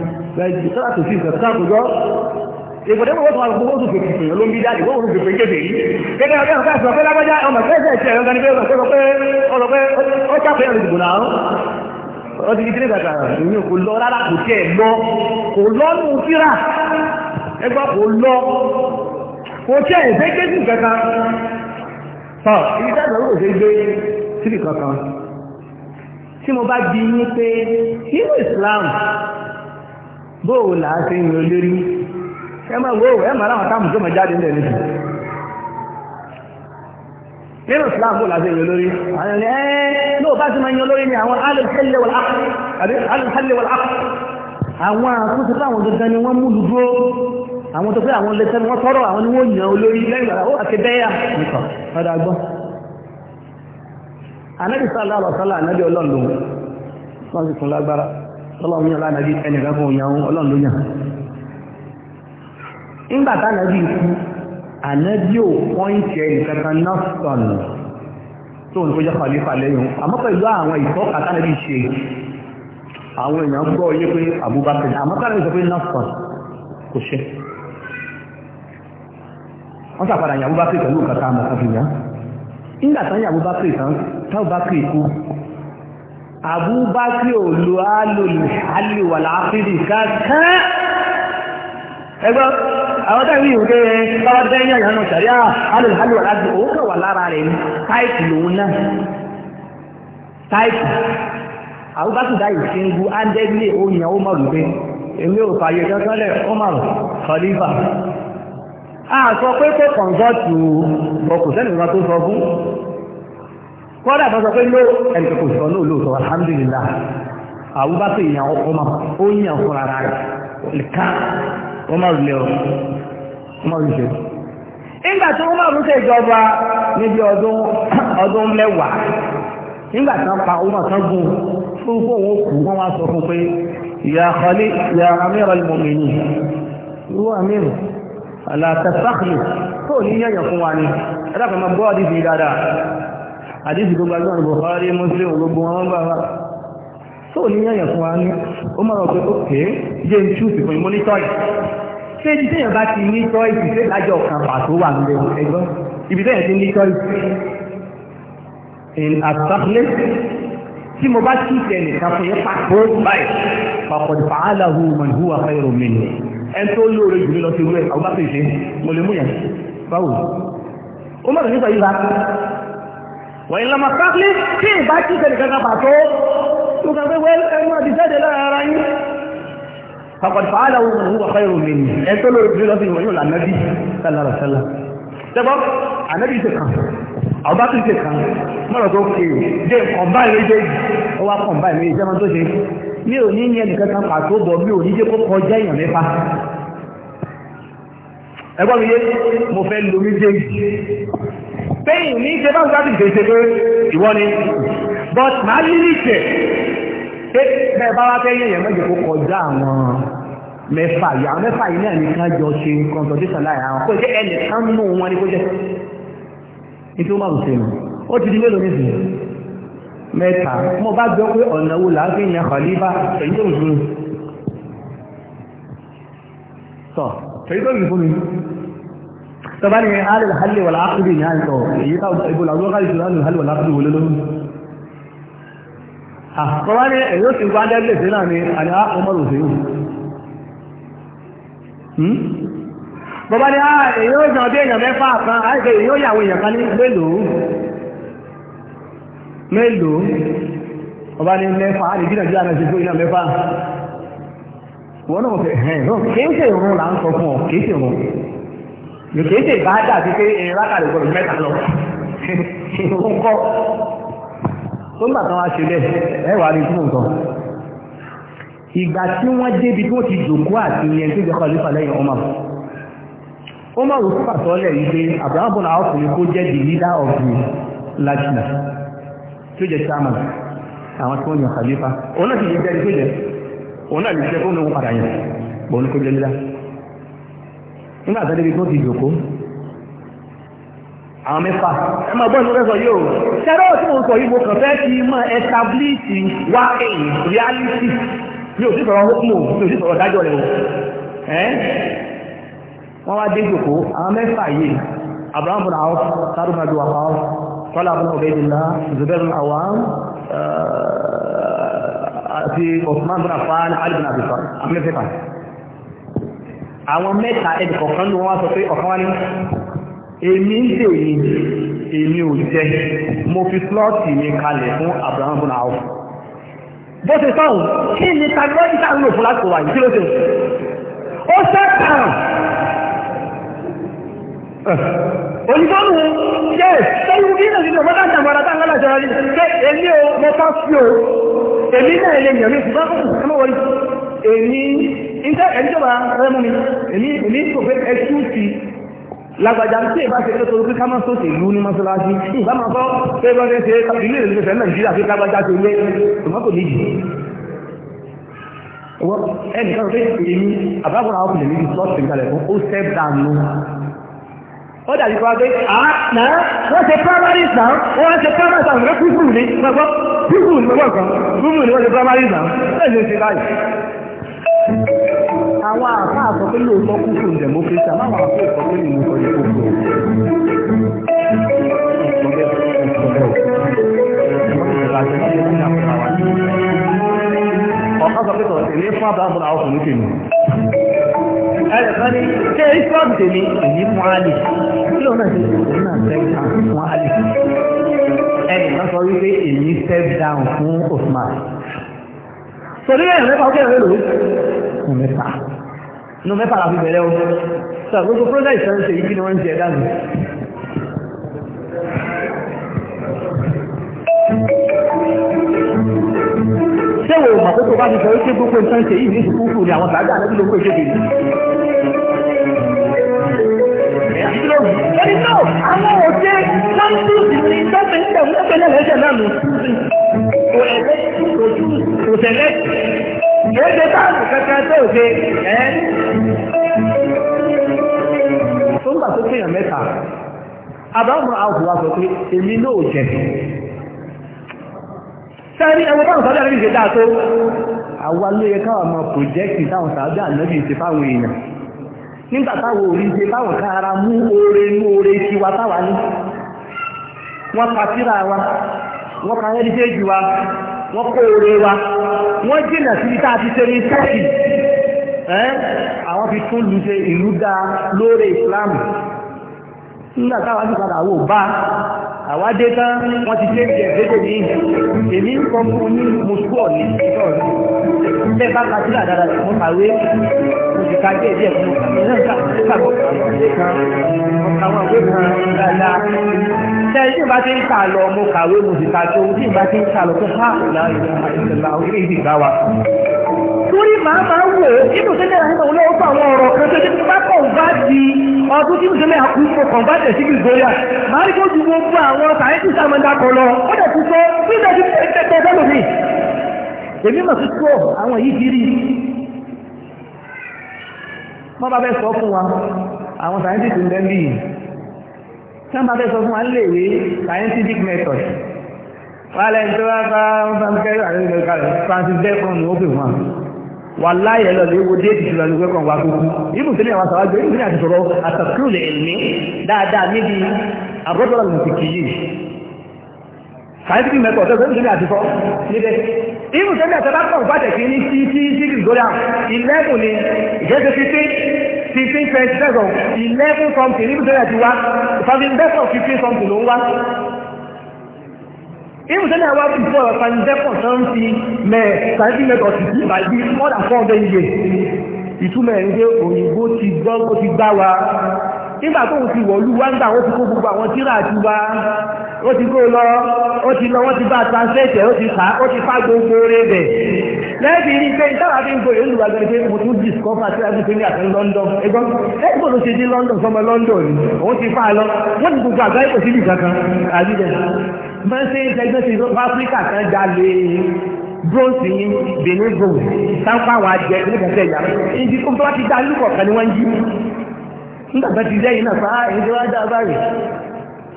ìgbọ̀dẹ́ wọ́n tó wà lọ́wọ́ tó fèkì fèyàn ló ń bí dáàdì wọ́n fèkì fèyàn kéde yìí gẹ́gẹ́ ọjọ́ ọ̀gá sọ pé lágbájá ọmọ ẹ̀sẹ̀ ẹ̀sẹ̀ ẹ̀rọ gani pé ọmọ ẹ̀sẹ̀ pé ọlọ pé ó jápé ẹ̀rọ ìdìbò náà ó ti di kílé gbàgbà ìyẹn kò lọ rárá kò tiẹ̀ lọ kò lọ nù síra ẹgbà kò lọ kò tiẹ̀ ẹ̀sẹ̀ kéjì kankan tọ́ ibi táwọn ọ̀rọ̀ òṣèlú gbé síbì kankan tí mo bá di yín pé nínú ìsìláàmù bóòwò làá ṣe ń lórí ẹ máa wo ẹ máa láwọn táàmù tó máa jáde nílẹ̀ níbi nínú islam bó láti yan lórí àwọn ẹni ẹ́ẹ́ lóò bá ti máa yan lórí ni àwọn alùpẹ̀lẹ̀ wọ̀lá àwọn àtúnṣe táwọn gangan ni wọ́n mú dúró àwọn tó fẹ́ àwọn lẹ́tẹ́ ni wọ́n tọ́rọ̀ àwọn ni wọ́n yàn olórí lẹ́yìn ìgbàlá ó àti bẹ́yà nìkan ọ̀dà gbọ́n anábì sálà àlọ́sálà anábì ọlọ́run nígbà tánàbí ikú ànábí ò pọ́ǹtì ẹnìkan kan náà sọ̀nù tó ń kójọ́ kàlífà lẹ́yìn àmọ́ pẹ̀lú àwọn ìtọ́ka tánàbí ṣe àwọn èèyàn gbọ́ yé pé Abubakar àmọ́ tánàbí sọ pé náà sọ̀nù kò ṣe wọ́n sàpadà yàwó bá pè pẹ̀lú nǹkan tá a mọ̀ àfihàn nígbà tán yàwó bá pè tán táwọn bá pè kú Abubakar ẹgbẹ́ àwọn tẹ́lẹ̀ yìí wípé báwa tẹ́ yẹn yẹn nù sẹ̀ríà alùpàlù aláàbò òun náà wà lára rẹ̀ ní táìpù lòun náà táìpù àwọn dá ìṣe ń gu ándẹ́gbé oyin àwọn ọmọ rẹ̀ èmi ò fààyè a sọ pé kó kọ̀ǹgọ́tù tó sọ fún kọ́dà tó sọ pé ló kò sọ náà lóòótọ́ wọ́n máa rùlẹ̀ ọ̀ wọ́n máa rùṣẹ́ nígbà tí wọ́n máa rúṣẹ́ ìjọba níbi ọdún mẹ́wàá nígbà tí wọ́n pa ọmọ kan gùn fún fún òun kù wọ́n wá sọ fún pé ìyá àkọlé ìyá amírọ̀ ni mo mì ní irú amírọ̀ àlàtàsáàkìlì tó ní yẹ̀yàn fún wa ni ẹ̀dá kan máa gbọ́ àdìsí dáadáa àdìsí gbogbo àgbọ̀n Bukhari Muslim gbogbo wọn bá wa tó ní yẹ̀yẹ̀ fún wa ní ó mọ̀rọ̀ pé ó pé jẹ́ ń tú ìfún ìmú ní tọ́ì ṣé ibi téèyàn bá ti ní tọ́ì sí ṣé lájọ kan pàtó wà nílé ẹgbọ́n ibi téèyàn ti ní tọ́ì in àtàkùnlé tí mo bá tú ìtẹ̀ nìkan fún yẹn pàtó báyìí pàpọ̀ fàálàhù mọ̀nìhù àfẹ́rò mi ni ẹn tó lóore jù lọ sí wúrẹ́ àwọn bá fèsì mo lè mú yẹn báwo ó mọ̀rọ̀ nípa yìí wọ̀nyí lọ́mọ sáfílì tí ìbá tí ìfẹ́ nìkan kan pàtó tó kàn pé wẹ́l ẹnu àti jáde lára ara yín fàkọ̀dì fàálà òun wà fẹ́rù mi ni ẹ tó lórí bí lọ́sìn ìwọ̀nyí ọ̀là nẹ́bí sálàrà sálà tẹ́gbọ́ ànẹ́bí ti kàn ọba tó ti kàn mọ́rọ̀ tó kè dé kọ̀ǹbá méjèèjì ó wá kọ̀ǹbá méjèèjì sẹ́wọ́n tó ṣe pẹ́yìn ní ṣe bá ń sáàtì ìṣẹ́ pé ìwọ ni but máa ní ìṣẹ́ pé bẹ́ẹ̀ bá wá tẹ́yìn èèyàn méje kó kọjá àwọn mẹ́fà yìí àwọn mẹ́fà yìí náà nìkan jọ ṣe consultation láàrin àwọn kó jẹ́ ẹnìkan nù wọn ni kó jẹ́ ní tí ó máa ń ṣe nù ó ti di mélòó nísìnyí mẹ́ta mo bá gbọ́ pé ọ̀nà wo làá fi yan kọ̀lífà èyí tó ń fún mi sọ èyí tó ń fún mi tọ́ba ní alẹ́ halẹ̀ wàlá ákùdì ní àìsọ̀ èyí táwọn ìbò làwọn ọ̀gá ìṣúná ní halẹ̀ wàlá ákùdì wọlé lónìí. tọ́ba ní èyí ó sì wá dẹ́gbẹ̀ sí náà hmm? ní àlẹ́ ọmọdé òṣèlú. tọ́ba ní èyí ó jàn bí èèyàn mẹ́fà kan àìsẹ̀ èyí ó yàwó èèyàn kan ní mélòó mélòó ọba ní mẹ́fà á lè jí nàìjíríà náà ṣe fún yòkéde bá dàbí pé rákàlẹ̀ gbọ́dọ̀ mẹ́ta lọ òun kọ́ tó ń bà tán wá ṣe bẹ́ẹ̀ ẹ wà á rí fún nǹkan ìgbà tí wọ́n débi tí wọ́n ti jòkó àti ìyẹn tó jẹ́ kọ́lífà lẹ́yìn ọmọ ó máa wò fún pàtọ́lẹ̀ yìí pé Abraham bọ́nà àwọn ọkùnrin kó jẹ́ the leader of the lajna tó jẹ́ chairman àwọn tí wọ́n yàn kàlífà òun náà ti jẹ́ jẹ́ tó jẹ́ òun náà lè jẹ́ kó ní nígbà tó débi tó ti jòkó àwọn mẹ́fà ẹ máa gbọ́ ìlú rẹ̀ sọ yìí o ṣẹ́rẹ́ òtí mo sọ yìí mo kàn fẹ́ kí mọ ẹ́tàbílìtì wá èyí reality mi ò sí sọ̀rọ̀ hókùnmò mi ò sí sọ̀rọ̀ dájọ́ rẹ̀ o ẹ́ wọ́n wá dé jòkó àwọn mẹ́fà yìí abraham bin awf saru bin abiwa awf tọ́lá bin ubaydillah zubair bin awam eh, àti osman bin affan ali bin abi talib àwọn mẹ́fà àwọn mẹ́ta ẹni kọ̀ọ̀kan ló wọ́n sọ pé ọ̀kan wá ní èmi ń lè yìn èmi ò jẹ́ mo fi slọ́ọ̀tì mi kalẹ̀ fún Abraham bùnà áwọ̀ bó ṣe sọ́hùn kí ni tàbí tá ń lò fún láti wà yìí kí ló ṣe ó ṣẹ́kàn olùdọ́nù ṣe ṣẹ́yìn bí ìrìnàjò mọ́tà ìjàmbára tá ń lọ́la jọra rí ṣe èmi ò mọ́tà fi èmi náà lè yàn iṣẹ́ ẹ̀ńjọba rẹ́mú mi èmi èmi kò fẹ́ ẹtú ti lágbàjá tí èbá ṣe tó torí ká máa sọ́ọ̀sì ìlú ní mọ́ṣáláṣí ìbá máa sọ pé bá ṣe ṣe ìlú ìlú ìfẹ́ nàìjíríà fi lágbàjá ṣe lé tòmátò méjì ẹnìkan pé èmi àbábọ̀n àwọn ọkùnrin méjì sọ́ọ̀sì ìgbàlẹ̀ fún ó step down nù ó dàbí kọ́ pé àná ah, wọ́n ṣe primary exam wọ́n ṣe primary exam rẹ́ pípù ní gbogbo pípù ní gbogbo kan pípù ní wọ́n ṣe primary exam àwọn àfáà sọ pé lóòótọ́ kú fún democracy àmáwọn àfáà sọ pé nìyí sọ yẹn kó fún ọ̀kan sọ pé sọ̀rọ̀ tèmi fún àbáfọ́lá ọkùnrin tèmi ẹ̀rẹ̀kan ní ṣe islam tèmi èyí fún alì kí lóòótọ́ ṣe òun náà fẹ́ fún alì ẹnìkan sọ wípé èyí step down fún Osman torí ẹ̀yàn mẹ́fà ó kẹ́rẹ̀ lòó nù mẹ́fà nù mẹ́fà la fi bẹ̀rẹ̀ o sọ gbogbo project ìṣẹ́ ń ṣe yìí kí ni wọ́n ń ṣe ẹ̀dá nù. ṣé wo mọ̀ pé tó bá ti sọ wípé gbogbo nǹkan ṣe yìí ní ìsìnkú ni àwọn sàájà àti ló kó èso kejì. náà àwọn òṣèré láńtúùsì ní ìgbẹ́sẹ̀ ìgbẹ̀mú ẹgbẹ́ náà lẹ́sẹ̀ náà nù. kò tẹ̀lé ìgbésẹ̀ táàbù kankan tó ṣe ẹ́ tó ń gbà tó kéèyàn mẹ́ta àbáwọn àwòrán wa sọ pé èmi náà jẹ sẹ́rí ẹwọ báwọn sọ́dọ̀ ànábì ṣe dáa tó àwa ló yẹ káwọn ọmọ pòjẹ́kì táwọn ṣe fáwọn èèyàn nígbà táwọn ṣe fáwọn mú oore mú oore táwa ní wọ́n pa síra wọ́n kó oore wa wọ́n jìnà síbi tá a ti ṣe ní sẹ́ẹ̀kì àwọn fi tún lu ṣe ìlú dáa lóore ìsìláàmù nígbà táwọn ti wò bá àwádé tán wọ́n ti ṣe ìjẹ̀ fẹ́kọ̀ ní èmi ń kọ́ ní mùsùlù ọ̀ní ṣe máa tó kí n sẹ́lẹ̀ àkú mo kàn bá tẹ̀sí Victoria máa rí kójú gbogbo àwọn scientist amanda kan lọ ó dẹ̀ tún sọ bí ìdá ti tẹ̀tẹ̀ sẹ́lẹ̀ mi. èmi mà tún sọ àwọn yìí ti rí i. wọ́n bá fẹ́ sọ fún wa àwọn scientist ń bẹ́ẹ̀ bíi tí wọ́n bá fẹ́ sọ fún wa ń lè wé scientific method. wàhálà ẹni tó bá bá Francis Bacon ni ó pè wọ́n wàláyé lọ lè wo déètì ìṣúra ló gbẹ́kàn wá gbogbo ibù sílẹ̀ àwọn àtàwà gbé ìpínlẹ̀ àti sọ̀rọ̀ àtàkùrù lè ní dáadáa níbi àbọ́dọ̀rọ̀ lùsìkì yìí scientific method ọ̀sẹ̀ sílẹ̀ àti sọ níbẹ̀ ibù sílẹ̀ àti sọ̀rọ̀ bá tẹ̀kí ní tí tí tí gígóra eleven ni ìjẹ́sẹ̀ fifteen fifteen twenty seven eleven something ibù sílẹ̀ àti wá ìfàfin bẹ́sọ̀ fifteen something ló ń wá even then I work before a pandemic something mẹ scientific method ti by be more than four hundred years ìtumọ̀ ẹ̀ ń gbé òyìnbó ti gbọ́ ó ti gbá wa nígbà tóun ti wọ̀lú wá ń gbà wọ́n ti kó gbogbo àwọn tíra àti wa ó ti kó lọ ó ti lọ wọ́n ti bá translate ó ti fà ó ti fà gbogbo rẹ̀ bẹ̀ lẹ́yìn ní pé ìtara fi ń gbòòrò olùwàgbẹ́ pé mo tún discover tí a fi fi ní àtẹ London ẹgbọ́n lẹ́yìn bó ló ṣe dé London sọmọ London òun ti fà lọ wọ́n ti gbogbo àgbáyé kò sí ìgbà kan àbí bẹ́ẹ̀ mẹ́sẹ̀ ẹgbẹ́ sí ìjọba áfíríkà kan jalè bronze yìí benin gold sanfa wa jẹ nígbàtẹ́ ìyá ìdí kó tó wá ti dá ìlú kọ̀ọ̀kan ni wọ́n ń jí nígbà tó ti lẹ́yìn náà fáá èyí tó wá dá báyìí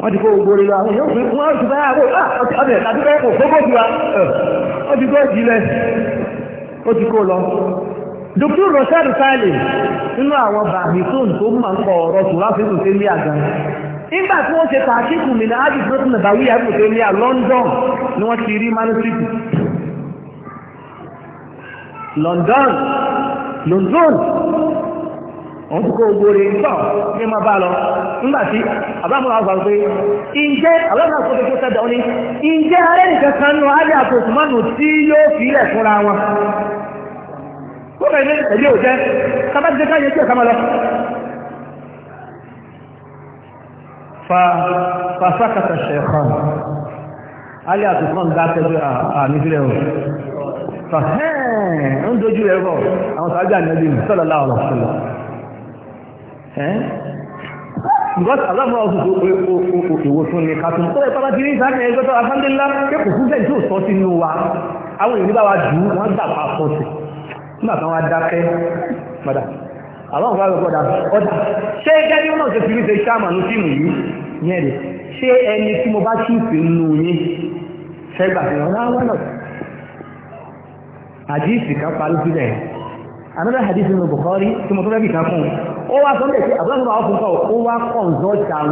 wọ́n ti kó gbogbo rẹ̀ lọ àwọn yóò fún wọn ti báyà kó ọbẹ̀ tàbí bẹ́ẹ̀ kò kókó tiwa ó ti kó ìjìnlẹ̀ ó ti kó lọ dr rosette sale nínú àwọn bàbí tó ń tó máa ń kọ ọ̀rọ̀ tòlásìkò tẹ́lẹ̀ àgbà nígbà tí wọ́n ṣe pàṣípù mi ní ájú tó tún bàwí àbò ní à London ni wọ́n ti rí manuscript London London wọ́n ti kó ogbó rẹ̀ ń ní ma bá lọ nígbà tí àbámúra ọgbà pé ǹjẹ́ àbámúra kò tó tẹ́jọ ní ǹjẹ́ alẹ́ nìkan kan ájú tí yóò fi fúnra wọn فسكت الشيخان علي عثمان ذات نزله فهين عنده جو يبو أما تعجى النبي صلى الله عليه وسلم Because Allah máa ọdún ìwòsàn ní kàtún tó ẹ̀tọ́ bá ti rí ìsáàkì ẹgbẹ́ tó alhamdulillah kẹ́kọ̀ọ́ fún jẹ́ ìjọ́ sọ́sí ní wa. Àwọn ìrìnbá wa jù wọ́n dà pa sọ́sí. Nígbàtán wá dákẹ́, madam. àwọn ọ̀gá rẹ̀ gbọ́dà ọ̀dà ṣé gẹ́gẹ́ ṣe ṣe yìí yẹn rẹ̀ ṣé ẹni tí mo bá nù yín wọn kan parí sílẹ̀ another tí mo tó fẹ́ fún ó wá sọ́ndẹ̀ sí àbúrò àwọn ó wá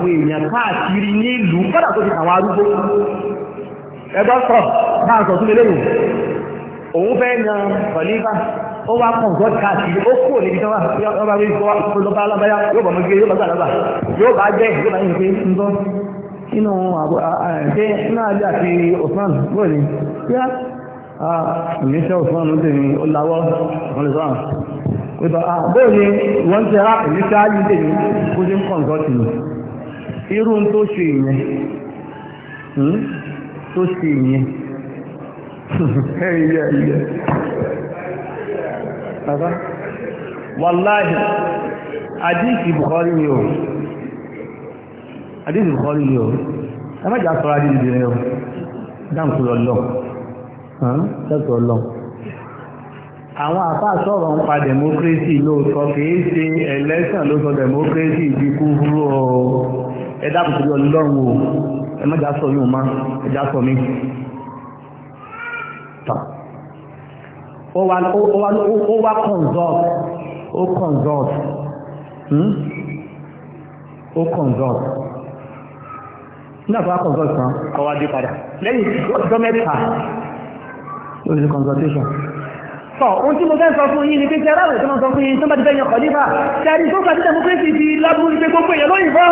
èèyàn káàkiri nílùú kọ́dà tó ti àwọn ó wá kàn god card yìí ó kúrò níbi tí wọ́n bá rí lọ́ba alábáyá yóò bá mọ gbé yóò bá gbàlábà yóò bá jẹ́ yóò bá yẹn pé ń gbọ́ nínú àbọ̀ àṣẹ náà àjọ àti Osman bóyá ni yá àmì iṣẹ́ Osman ló tèmi ó lawọ́ wọn lè sọ àwọn pẹ̀lú àbóyá ni wọ́n ti rá àmì iṣẹ́ ayé tèmi kó sí ń kàn god tèmi irú tó ṣe ìyẹn hmm, tó ṣe ìyẹn wàláhì àdíìsì Bukhari ni o àdíìsì Bukhari ni o ẹ má jà sọ́rọ̀ àdíìsì rẹ̀ o dáǹkù lọ́lọ́ àwọn àfá sọ̀rọ̀ ń pa democracy lóòtọ́ kìí ṣe election ló democracy di kú ọlọ́run o ẹ yóò má mi ó wá consult ó consult hmm? ó consult nígbà tó wá consult tán kọ́ wá dé padà lẹ́yìn ọjọ́ mẹ́ta ló ṣe consultation tọ̀ ohun tí mo fẹ́ sọ fún yín ni pé ṣe aráàlú tí wọ́n sọ fún yín tó bá ti fẹ́ yan kọ̀lífà ṣe àrí tó gbàdúrà mú pé sì fi lábúrú ṣe gbogbo èèyàn lóyìn fọ́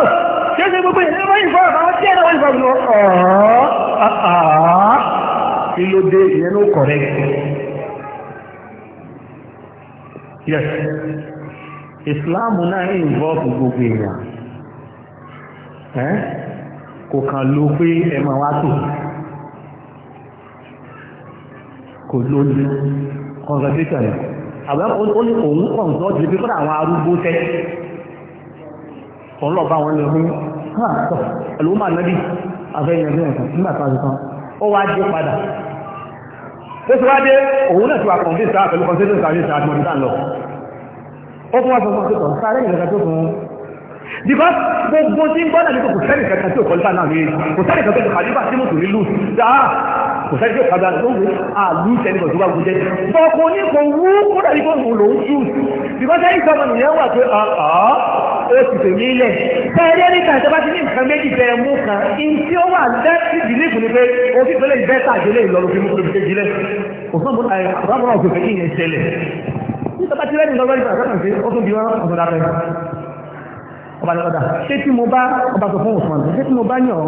ṣe ṣe gbogbo èèyàn lóyìn fọ́ àwọn tí ẹ̀rọ wọ́n fọ́ lọ ọ̀ọ́ kí ló dé ìyẹn ló kọ̀rẹ́ yes islam na involve gbogbo èèyàn kò kàn ló pé ẹ máa wá tò kò lóyún consultation àbẹ́ ó ní òun consult ní pípọ́n àwọn arúgbó tẹ́ òun lọ bá wọn lọ fún ẹ̀lú màá nábì afẹ́yẹ̀fẹ́ ẹ̀kan nígbà tó a ó wá jẹ́ padà ó ti wá dé òun náà ti wà kọ̀ǹdé sáà pẹ̀lú kọ̀ǹdé sáà ní sáà mọ̀dé sáà lọ ó fún wa sọ fún ọkọ̀ sáà lẹ́yìn ìrẹ́ta tó fún un because gbogbo tí ń gbọ́dọ̀ ní kò sẹ́nì kankan tí ò kọ́lífà náà ní kò sẹ́nì kankan tó kàlífà tí mo tò ní lù dáa kò sẹ́ni tó kàgbà lóògbé àlú ìtẹ́lẹ̀ tó bá gúnjẹ́ bọ́kọ ní kò wú kó dàbí kó lò ń jù ìgbọ́jẹ́ ìgbàmọ̀ nìyẹn wà pé àá ó ti tè mí lẹ̀ bẹ́ẹ̀ ní kàṣẹ bá ti ní nǹkan méjì bẹ mú kan in tí o ti tẹ́lẹ̀ ìbẹ́ tàjẹ́lẹ̀ ìlọrù fi mú kó lóbi kéjì lẹ́nu lọ́wọ́ ìgbà kọ́kàn sí ó tún di wọn ọba lọ́dà ṣé tí mo bá ọba sọ fún òsùn àti ṣé tí mo bá yàn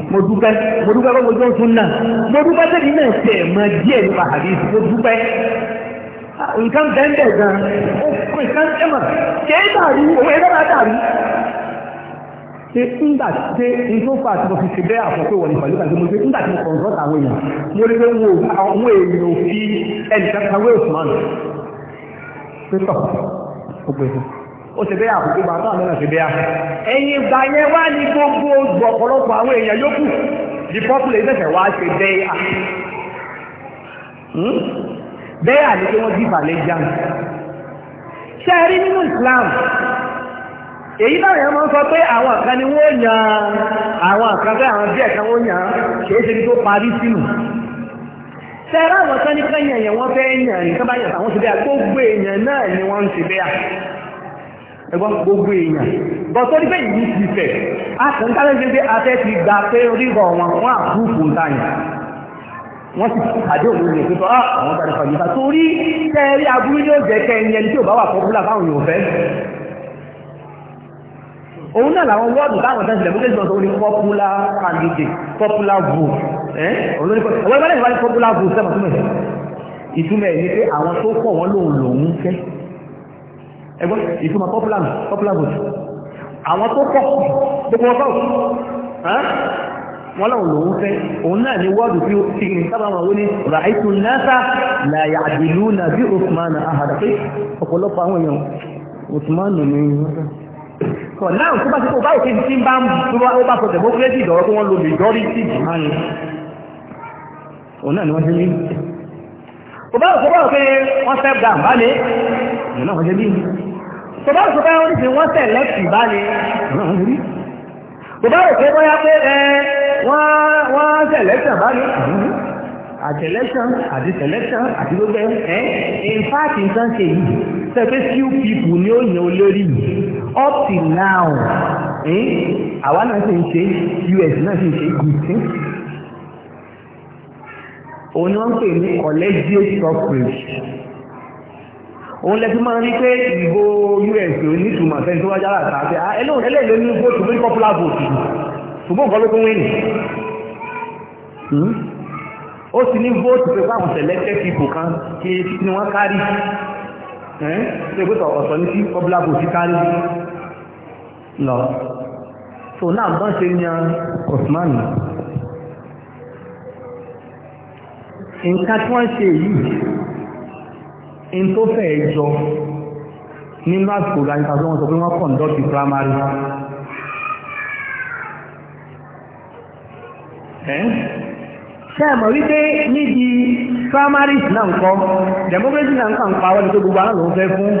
mo dúpẹ́ mo dúpẹ́ bá gbogbo tún náà mo dúpẹ́ tẹ́lẹ̀ náà tẹ̀ mọ díẹ̀ nípa àdìsí mo dúpẹ́ ah, nǹkan bẹ́ẹ̀ gan nǹkan ẹ̀mọ̀ kẹ́ẹ́ dàrú òun ẹ̀rọ bá dàrú ṣe ńgbà ṣe ìtòfà tí mo fi ṣe bẹ́ẹ̀ àfọ̀pẹ́ wọ̀ ní pàlú kàdé mo ṣe ńgbà tí mo kọ̀ǹtọ́ àwọn èèyàn mo rí pé wo àwọn èèyàn ò fi ẹnìkan ó ti bẹ́yà àkókò bàtà àmẹ́nà ti bẹ́yà ẹ̀yìn ìgbà yẹn wá ní gbogbo ojú ọ̀pọ̀lọpọ̀ àwọn èèyàn yókù di pọ́pùlẹ̀ ìdẹ́sẹ̀ wá ṣe bẹ́yà hmm? bẹ́yà ní kí wọ́n dìbà lé jàm ṣe rí nínú Islam èyí náà yẹn máa ń sọ pé àwọn kan ni wọ́n yàn àwọn kan pé àwọn díẹ̀ kan wọ́n yàn kìí ṣe ní tó parí sínú tẹ́rẹ́ àwọn kan ní kan yẹ̀yẹ̀ wọ́n fẹ́ yàn ní kábàyàn àwọn ṣe bẹ́yà gbogbo èèyàn náà ni wọ́n ń ṣe bẹ́yà ẹgbọ́n gbogbo èèyàn bọ́ tó dípẹ́ yìí ti fẹ̀ àtúntàlẹ́gbẹ́gbẹ́ afẹ́ ti gba pé orígbọ̀ wọn wọ́n àbúkù táyà wọ́n sì pàdé òun ní ìpínpọ̀ ah, àwọn tàbí fàyíká torí tẹ́ẹ̀rí aburú ní òjẹ́ kẹ́yìn ẹni tí ò bá wà pọ́pùlà fáwọn yóò fẹ́ òun náà làwọn wọ́ọ̀dù táwọn tẹ́sílẹ̀ méjèèjì lọ́sọ̀ orí pọ́pùlà kàndìdì pọ́pùlà vù ẹ́ olórí pọ́pùlà vù sẹ́mọ̀túnmẹ̀ ìtumẹ̀ ní pé àwọn tó pọ̀ wọ́n lòun lòun fẹ́ ẹgbọ́n ìtumọ̀ popular popular vote àwọn tó pọ̀ gbogbo ọgbọ́ wọ́n láwọn lòun fẹ́ òun náà ni wọ́ọ̀dù tí ó ti ní sábà wọn ní ràìtù náà láyà àdìlú na bí osman ahàdà pé ọ̀pọ̀lọpọ̀ àwọn èèyàn osman ní ọ̀sán náà tó bá ti kó bá òfin tí bá ń bá ó bá sọ democracy ìdọ̀rọ̀ tó wọ́n lo majority jìmánì òun ni wọ́n ṣe ní wọ́n step ní tó bá rò pé wọ́n ti wọ́n sẹ̀lẹ́tì bá ní rí tó bá rò pé wọ́n yá pé ẹ wọ́n sẹ̀lẹ́tì bá ní rí àtẹ̀lẹ́tàn àdìsẹ̀lẹ́tàn àti gbogbo in fact nǹkan ṣe yìí sẹ́pẹ́ few people ni ó yàn olórí yìí up till now àwa náà sì ń ṣe us náà sì ń ṣe gbèsè òun ni wọ́n ń pè ní collegiate suffrage òun lẹ́tí máa rí pé ìbò us ò ní ìtumọ̀ sẹ́ni tó wájú aláàtà àti ẹlẹ́ẹ̀lẹ́ ní vóòtù lórí popular vote ṣùgbọ́n nǹkan ló tún wí nì hmm? ó sì ní vóòtù pé fáwọn selected people kan kí ni wọ́n kárí ṣe pé ọ̀sọ̀ ní sí popular vote kárí lọ so náà bọ́n ṣe yan Osman nǹkan tí wọ́n ṣe yìí in tó fẹ́ jọ nínú àsìkò ìdájúta tó wọ́n sọ pé wọ́n kọ̀ǹdọ́tì primary ṣẹ́ẹ̀mọ̀ wípé níbi primaries náà ń kọ́ democracy náà ń kà ń pa wọ́n ní tó gbogbo aná ló ń fẹ́ fún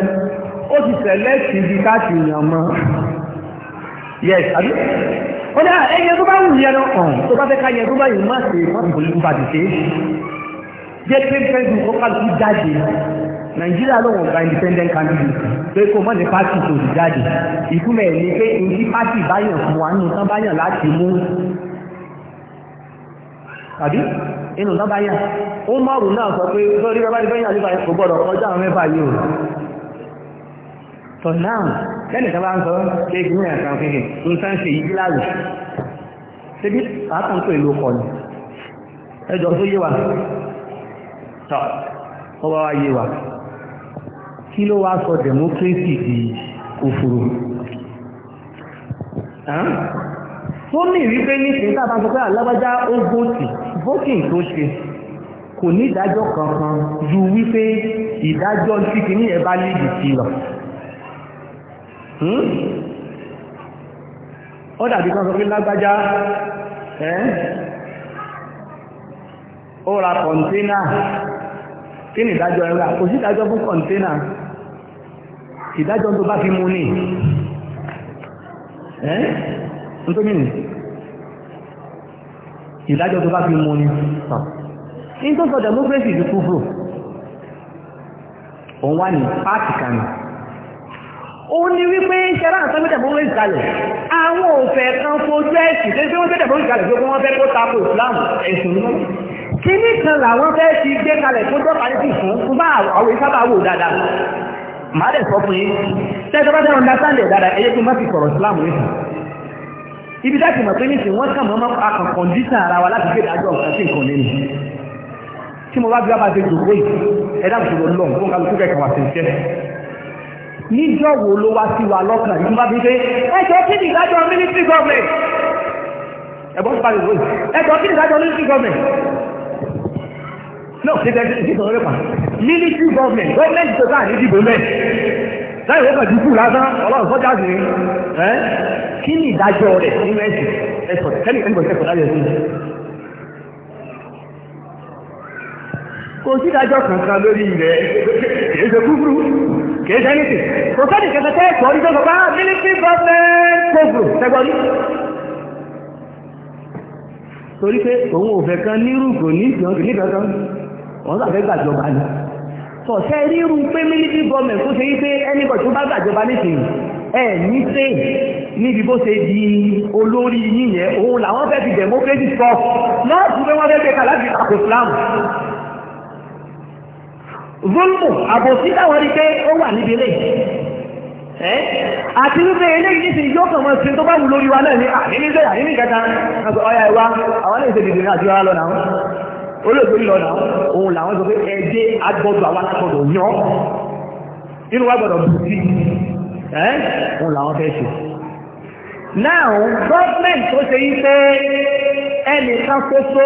ó ti sẹ̀lẹ́tì ibi káàkiri èèyàn mọ́ yes àbí ó dá ẹyẹ tó bá wù yẹn lọ hàn tó bá fẹ́ ká yẹn tó bá yìí má ṣe má ṣe kò lè fún bàtì ṣe jẹ́ pé fẹ́ẹ́ nàìjíríà lòun ọ̀gá independent candidate pé kò mọ̀ ní pátì tó ti jáde ìtumọ̀ ẹ̀ ni pé ìdí pátì báyàn fún wa nínú tán báyàn láti mú tàbí inú tán báyàn ó mọ̀rù náà sọ pé lórí bàbá ìbẹ́yìn àlébà kò gbọ́dọ̀ kọjá àwọn mẹ́fà yìí o for now lẹ́nìí kan bá ń sọ pé ìgbìmọ̀ ẹ̀kan kéèké nǹkan ṣe yìí láàrù ṣébí pàápàá ń pè ló kọ ni ẹjọ́ tó yé wa tọ́ wa yé wa kí ló wá sọ democracy di òfòrò tó ní ìrípé ní ìpínlẹ̀ àbájọ pé alágbájá ó vóòtì vóòtì tó ṣe kò ní ìdájọ́ kankan ju wípé ìdájọ́ tí kìíní ẹ̀ bá lè dìtì lọ ó dàbí kan sọ pé lágbájá ó ra kọ̀ǹténà kí ni ìdájọ́ ẹ̀rọ kò sí ìdájọ́ fún kọ̀ǹtẹ́nà ìdájọ́ tó bá fi mú ní ẹ́ ń tó mìíràn ìdájọ́ tó bá fi mú ní ní tó sọ democracy ti kúrò òun wá ní pàtì kan ó ní wípé ṣẹ́rá àtọ́gbẹ́ democracy kalẹ̀ àwọn òfẹ́ kan fojú ẹ̀sìn tó ń gbé democracy kalẹ̀ tó wọ́n fẹ́ kó tako kíní kan làwọn fẹ́ ti gbé kalẹ̀ fún dọ́kà ní fífún fún bá àwọn ìsábà wò dáadáa màá dẹ̀ sọ fún yín tẹ́tọ́ bá tẹ́ understand ẹ̀ dáadáa ẹ̀yẹ́ tó má fi sọ̀rọ̀ Islam nìkan ibi láti mọ̀ pé ní sìn wọ́n kà mọ́ akàn kọ̀ǹdíṣà ara wa láti gbé ìdájọ́ nǹkan sí nǹkan nínú tí mo bá bí wàá ṣe jòkó yìí ẹ̀dá ìṣòro lọ fún kálukú kẹ̀kẹ́ wà sí iṣẹ́ níjọ́ wo ló wá sí wa lọ́kàn yìí bá fi ṣe ẹjọ́ kí ni ìdájọ́ ministry government ẹ̀bọ́n ti parí ìwé ẹjọ́ kí ni ìdájọ́ ministry government náà ṣe tẹ́tí ṣe tọ̀rọ̀ lẹ́pàá military government gọ́ọ̀mẹ̀ntì tó sáà ní ìdìbò mẹ́ láì wọ́n kàdúkù lásán ọlọ́run sọ́jà sí ni ẹ́ kí ni ìdájọ́ rẹ̀ nínú ẹ̀sìn ẹ̀sọ̀ tẹ́lì ẹ̀nìbọ̀ ṣẹ̀kọ̀ láyé sí kò sí ìdájọ́ kankan lórí rẹ̀ kìí ṣe kúkúrú kìí ṣe nìtì kò sẹ́ni kẹsẹ̀kẹ́ ẹ̀kọ́ orí tó bá ah, military government program tẹ́gbọ́rí torí pé òun ò fẹ́ kan nírúgbò ní ìjọ́ wọ́n sàfẹ́ gbàjọba ni sọ̀tẹ́ ríru pé military government tó ṣe yí pé anybody tó bá gbàjọba nísìnyí ẹ̀ ní ṣe níbi bó ṣe di olórí yíyẹn òun làwọn fẹ́ fi democracy sọ lọ́ọ̀tún pé wọ́n fẹ́ gbé kàláàbì àpò Islam zulmu àbòsí táwọn rí pé ó wà níbi ilé àti wípé eléyìí ti yóò kàn mọ́ sí tó bá wù lórí wa náà ní àníníṣẹ́ àníníkẹta ọ̀yà ìwà àwọn ilé ìṣèdìdì náà ti wá lọ náà olóògbé lọ́nà òun làwọn sọ pé ẹdẹ agbọ́dọ̀ àwọn alágbọ́dọ̀ yọ inú wa gbọ́dọ̀ bù sí ẹ́ òun làwọn fẹ́ ṣe náà gọ́ọ̀mẹ̀ntì tó ṣe yí pé ẹnìkan ṣoṣo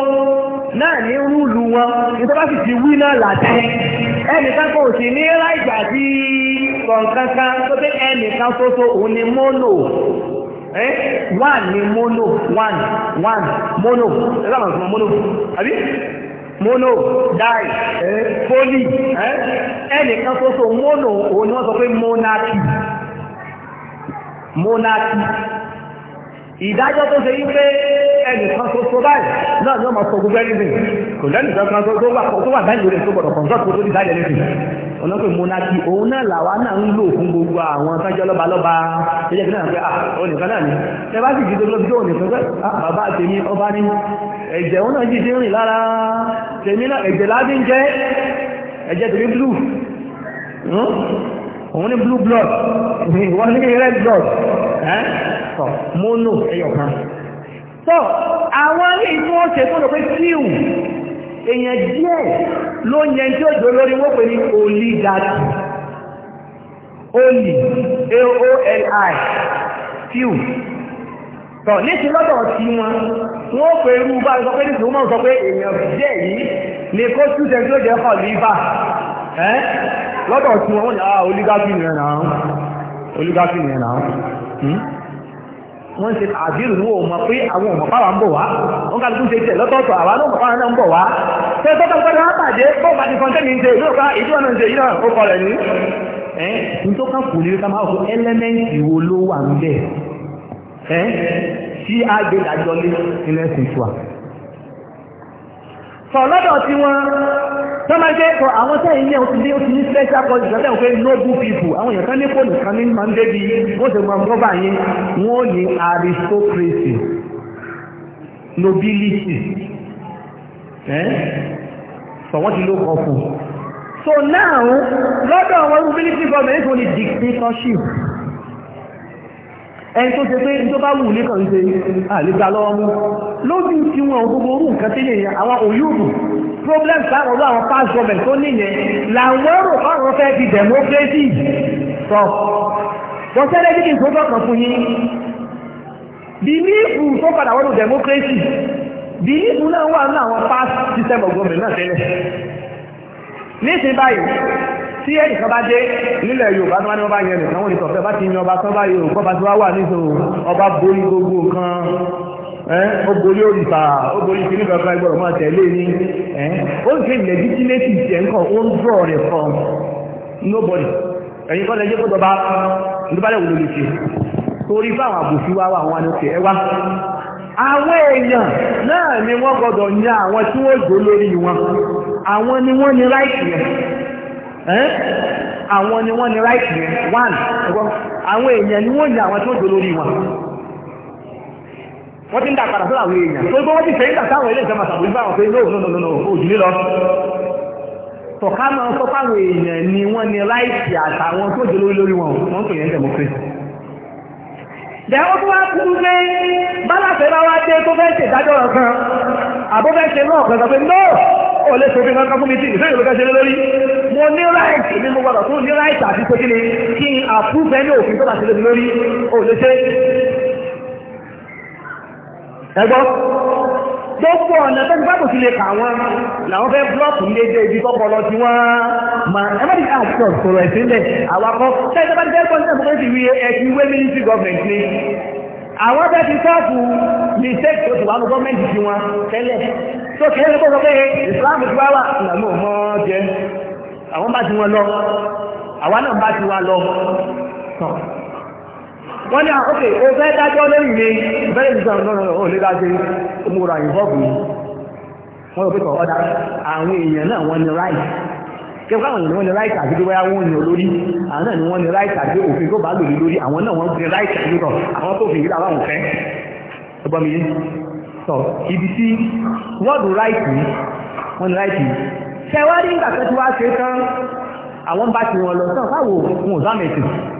náà ní rúùlù wọn nígbà bá sì ti wí náà làtẹ́ ẹnìkan kò sì ní ráìjà sí kọ̀ǹkankan tó pé ẹnìkan ṣoṣo òun ni mọ́nò one ni mono one one mono ẹ sábà sọ mono àbí mono dai eh, poli eh, ẹnìkan ṣoṣo mono òun ni wọ́n sọ pé monarchy monarchy ìdájọ́ tó ṣe wípé ẹnìkan ṣoṣo báyìí náà ni ó máa sọ gbogbo ẹni bì kò lẹ́nìkan kan tó wà tó wà báyìí lórí tó gbọdọ̀ kọ̀ǹtọ́tù tó ti dájọ́ lẹ́sìn ọlọ́pẹ̀ monarchy òun náà làwa náà ń lò fún gbogbo àwọn sájọ́ lọ́ba lọ́ba ẹjẹ́ fi náà pé ọ̀nìkan náà ni ẹ bá sì jí tó lọ́bí tó ọ̀nìkan pé bàbá tèmi ọba ní ẹ̀jẹ̀ òun náà jí ti rìn lára tèmi náà ẹ̀jẹ̀ láti ń jẹ́ ẹ̀jẹ̀ tèmi blue hmm? òun ní blue blood wọ́n ní red blood yàtọ̀ mono ẹyọkan so àwọn ilé tí wọ́n ṣe tó lọ pé tíù èèyàn díẹ̀ ló yẹn tí ó jò lórí wọ́n pè ní oligarchy oli aoli tíù tọ̀ ní ti lọ́dọ̀ tí wọn wọ́n pè irú bá sọ pé nítorí wọ́n sọ pé èèyàn díẹ̀ yìí ni kó túnṣe tí ó jẹ́ kọ̀ lífà lọ́dọ̀ tí wọ́n wọ́n ní ah, oligarchy nìyẹn nìyẹn náà wọ́n ṣe àdírù ní òun pé àwọn ọmọ pàwà ń bọ̀ wá wọ́n kàlùkù ṣe tẹ̀ lọ́tọ̀ọ̀tọ̀ àwa náà pàwà ń bọ̀ wá ṣe tọ́tọ̀ pẹ́lú àpàdé bọ́ọ̀bà ti fọ́n tẹ́mi ṣe ìlú ní. ẹ n tó kù ní ká máa fọ a lé sọ lọ́dọ̀ tí wọ́n tó máa jẹ́ sọ àwọn tẹ́ ilé ó ti ní ó ti ní special college ọ̀dẹ́ òfin noble people àwọn èèyàn kan ní kò nìkan ní máa ń débi wọ́n ti máa ń gọ́bà yín wọ́n ní aristocracy nobility sọ wọ́n ti ló kọ so now lọ́dọ̀ àwọn nobility government ó ní dictatorship ẹni tó ṣe pé ní tó bá wù nìkan ṣe àlébà lọ́wọ́ mú lójú tí wọn ò gbogbo orú nǹkan tẹ́lẹ̀ yẹn àwọn òyìnbó problem sáwọn ọlọ́ àwọn past government tó níyẹn làwọn rò fáwọn fẹ́ di democracy sọ bọ́sẹ́lẹ̀ dídì tó tọkàn fún yín bìlífù tó padà wọ́n democracy bìlífù náà wà ní àwọn past system of government náà tẹ́lẹ̀ nísìn báyìí tí ẹnìkan bá dé nílẹ̀ yorùbá tó bá ní wọ́n bá yẹn nìkan wọ́n ní sọ̀fẹ́ bá ti yan ọba tán báyìí o kọ́ba tí wọ́n wà níṣòro ọba borí gbogbo nǹkan ó borí òrìṣà ó borí kíní kankan ẹgbọ̀rún máa tẹ̀lé ní ó ń ṣe lẹ́gítímẹ́tì jẹ́ nǹkan ó ń draw rẹ̀ from nobody ẹ̀yin kọ́lẹ̀ jẹ́ kótó bá nígbàlẹ̀ wò ló lè ṣe torí báwọn àbòsí wá wà wọn ni ó ṣe ẹwà àwọn èèyàn náà ni wọ́n gbọ́dọ̀ ní àwọn tí wọ́n jò lórí wọn àwọn ni wọ́n ní ráìtì yẹn àwọn ni wọ́n ní ráìtì yẹn one àwọn èèyàn ni wọ́n ní àwọn tí wọ́n jò lórí wọn wọ́n ti ń dà padà sọ́dọ̀ àwọn èèyàn tó gbọ́ wọ́n ti fẹ́ ń dà sáwọn ilé ìjọba sàbójú bá wọn pé no no no no òjìlé lọ tọ̀ká máa ń sọ fáwọn èèyàn ni wọ́n ní ráìtì àtàwọn tó jò lórí wọn wọ́n pè yẹn democracy dẹ̀wọ́n tó wá kúrú pé bálàfẹ́ bá wá dé tó fẹ́ ṣe ìdájọ́ ọ̀rọ̀ kan àbó fẹ́ ṣe náà pẹ̀lú pé no ò lè sọ fún kankan fún mi tí ìfẹ́ ìlú kẹ́ṣe lórí mo ní ráìtì ní mo gbọdọ̀ fún ní ráìtì àti pé ni kí n àfúfẹ́ ní òfin tó bá ṣe lórí ò lè ṣe ẹgbọ́n gbogbo ọ̀nà tó ti bábò sí lè kà wọ́n làwọn fẹ́ búlọ́ọ̀kì ilé dé ibi tọ́kọ lọ sí wọ́n mà ẹ má ti àti ọ̀sọ̀rọ̀ ẹ̀sìn lẹ̀ àwakọ́ tẹ́lẹ̀ tó bá ti fẹ́ kọ́ nígbà tó ti wí ẹ̀sìn wé mínísítì gọ́ọ̀mẹ̀ntì ni àwọn fẹ́ ti sọ́ọ̀kù mistake tó ti wà ní gọ́ọ̀mẹ̀ntì ti wọn tẹ́lẹ̀ tó kẹ́ ló sọ pé Islam ti wá wà làwọn ò mọ jẹ àwọn bá ti wọn lọ àwa náà bá ti wa lọ wọ́n ní àkókè ah, o fẹ́ dájọ́ lẹ́yìn mi bẹ́ẹ̀ ní sọ̀rọ̀ náà ò lè dájọ́ múra ìbọ́ọ̀bù yìí wọ́n rò pé kọ̀ ọ́dá àwọn èèyàn náà wọ́n ní ráì kẹfà àwọn èèyàn wọ́n ní ráì tàbí tó bá wọ́n ní olórí àwọn náà ni wọ́n ní ráì tàbí òfin tó bá lò lé lórí àwọn náà wọ́n ní ráì tàbí tọ̀ àwọn tó fi ìgbà láwọn fẹ́ ẹgbọ́n mi yé sọ ibi tí wọ́ọ̀dù ráìtì wọ́n ní ráìtì tẹwárí ìgbà tó ti wá ṣe tán àwọn bá ti wọn lọ sọ fáwọn òkun ò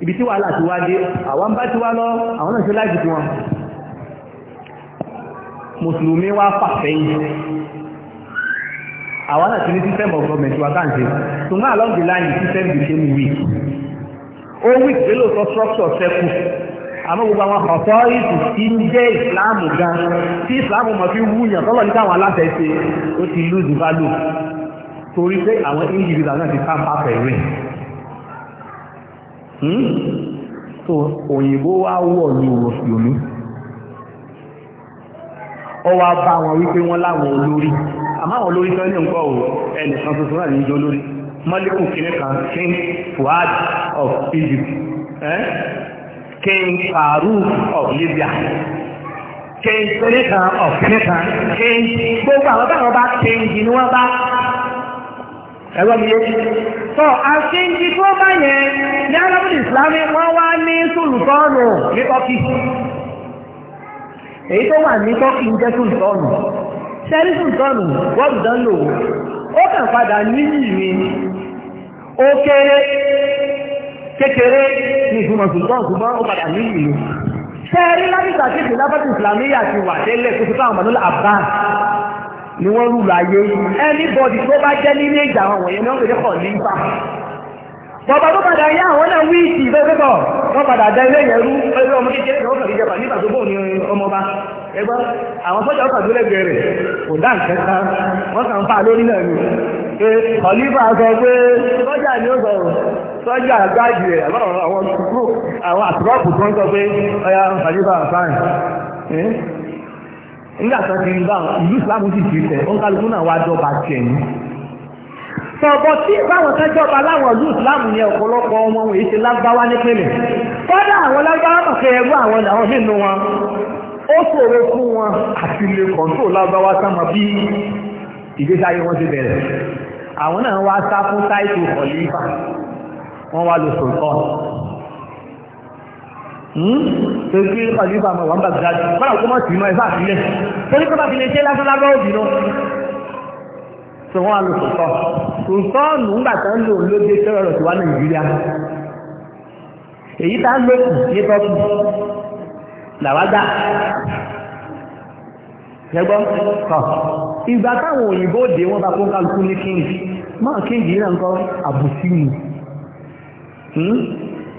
ibi tí wàhálà ti wá dé àwọn bá ti wá lọ àwọn náà ṣe láìsí fún wọn mùsùlùmí wá fàfẹ́yìn àwọn náà ti ní system of government wa káàkiri tó náà along the line system became weak ó weak pé lóòótọ́ structure sẹ́kù àmọ́ gbogbo àwọn authority ti ń jẹ́ ìsìláàmù gan tí ìsìláàmù mọ̀ fi wúyàn tọ́lọ̀ ní káwọn aláṣẹ ṣe ó ti lose value torí pé àwọn individual náà ti fà pàpẹ̀ rẹ̀ so òyìnbó wá wọ̀ ní mùsùlùmí ó wá bá wọn wípé wọ́n láwọn olórí àmọ́ àwọn olórí tọ́lẹ̀ ń kọ́ ò ẹnìkan tuntun náà ní ìjọ olórí mọ́lẹ́kù kìíní kan king fuad of Egypt eh? king Farouk of Libya king kìíní kan of kìíní kan king gbogbo àwọn báwọn bá king ni wọ́n bá ẹ̀rọ mi yé. sọ àṣeyìí tó bá yẹn ní arábìnrin ìsìlámì wọ́n wá ní sùlùtọ́ọ̀nù ní tọ́kì èyí tó wà ní tọ́kì ń jẹ́ sùlùtọ́ọ̀nù sẹ́rí sùlùtọ́ọ̀nù wọ́ọ̀dù dán lò ó kàn padà níyì mi ó kéré kékeré ní ìfúnmọ̀ sùlùtọ́ọ̀nù ṣùgbọ́n ó padà níyì mi sẹ́rí lábìsà kéèké lábàtì ìsìlámì yà ti wà tẹ́lẹ̀ tó ni wọ́n rú láyé anybody tó bá jẹ́ nílé ìjà àwọn wọ̀nyẹn ni wọ́n lè kọ̀ ní ipa bọ̀bá tó padà yá àwọn náà wí ìtì ìfẹ́fẹ́fọ̀ wọ́n padà da ilé yẹn rú ẹgbẹ́ ọmọ kékeré kan kàrí jẹba nígbà tó bóun ní ọmọba ẹgbẹ́ àwọn sọ́jà ọkà tó lẹ́gbẹ̀ẹ́ rẹ̀ kò dá nǹkan kan wọ́n kàn ń fa lórí náà ni pé kọ̀lífà sọ pé sọ́jà ni ó sọ sọ́jà gáàjì rẹ̀ àwọn àtúrọ̀pù tó ń sọ pé ọya kọ̀lífà fáìn nígbà tó ti rí bá ìlú ìsìlámù sì ti tẹ̀ wọn kálukú náà wá jọba tiẹ̀ ní. sọ̀bọ̀ tí báwọn kan jọba láwọn ìlú ìsìlámù yẹn ọ̀pọ̀lọpọ̀ ọmọ wọn èyí ṣe lágbáwá nípínlẹ̀ kọ́dà àwọn lágbáwá mọ̀kẹ́ ẹrú àwọn làwọn nínú wọn ó ṣòro fún wọn àti lè kọ̀ǹtò lágbáwá sáma bí ìgbésí ayé wọn ti bẹ̀rẹ̀ àwọn náà wá sá fún táìtù ọ̀lífà wọ́n wá lọ sọ̀tọ́ tó hmm? kí ọ̀lẹ́fà máa wà ń bàgbà bára kó mọ̀ sí mọ́ ẹ̀fà sílẹ̀ torí kọ́ bá fi lè ṣe lásán òbí lọ sọ wọn lo sọ̀tọ̀ sọ̀tọ̀ nù ń ń lò lóde tẹ́rọ rẹ̀ tó wá nàìjíríà èyí tá ń lò kù ní tọ́kù làwádà ẹgbọ́n kọ̀ ìgbà táwọn òyìnbó dé wọn bá kún kálukú ní kíngì máa kíngì náà ń kọ́ àbùsí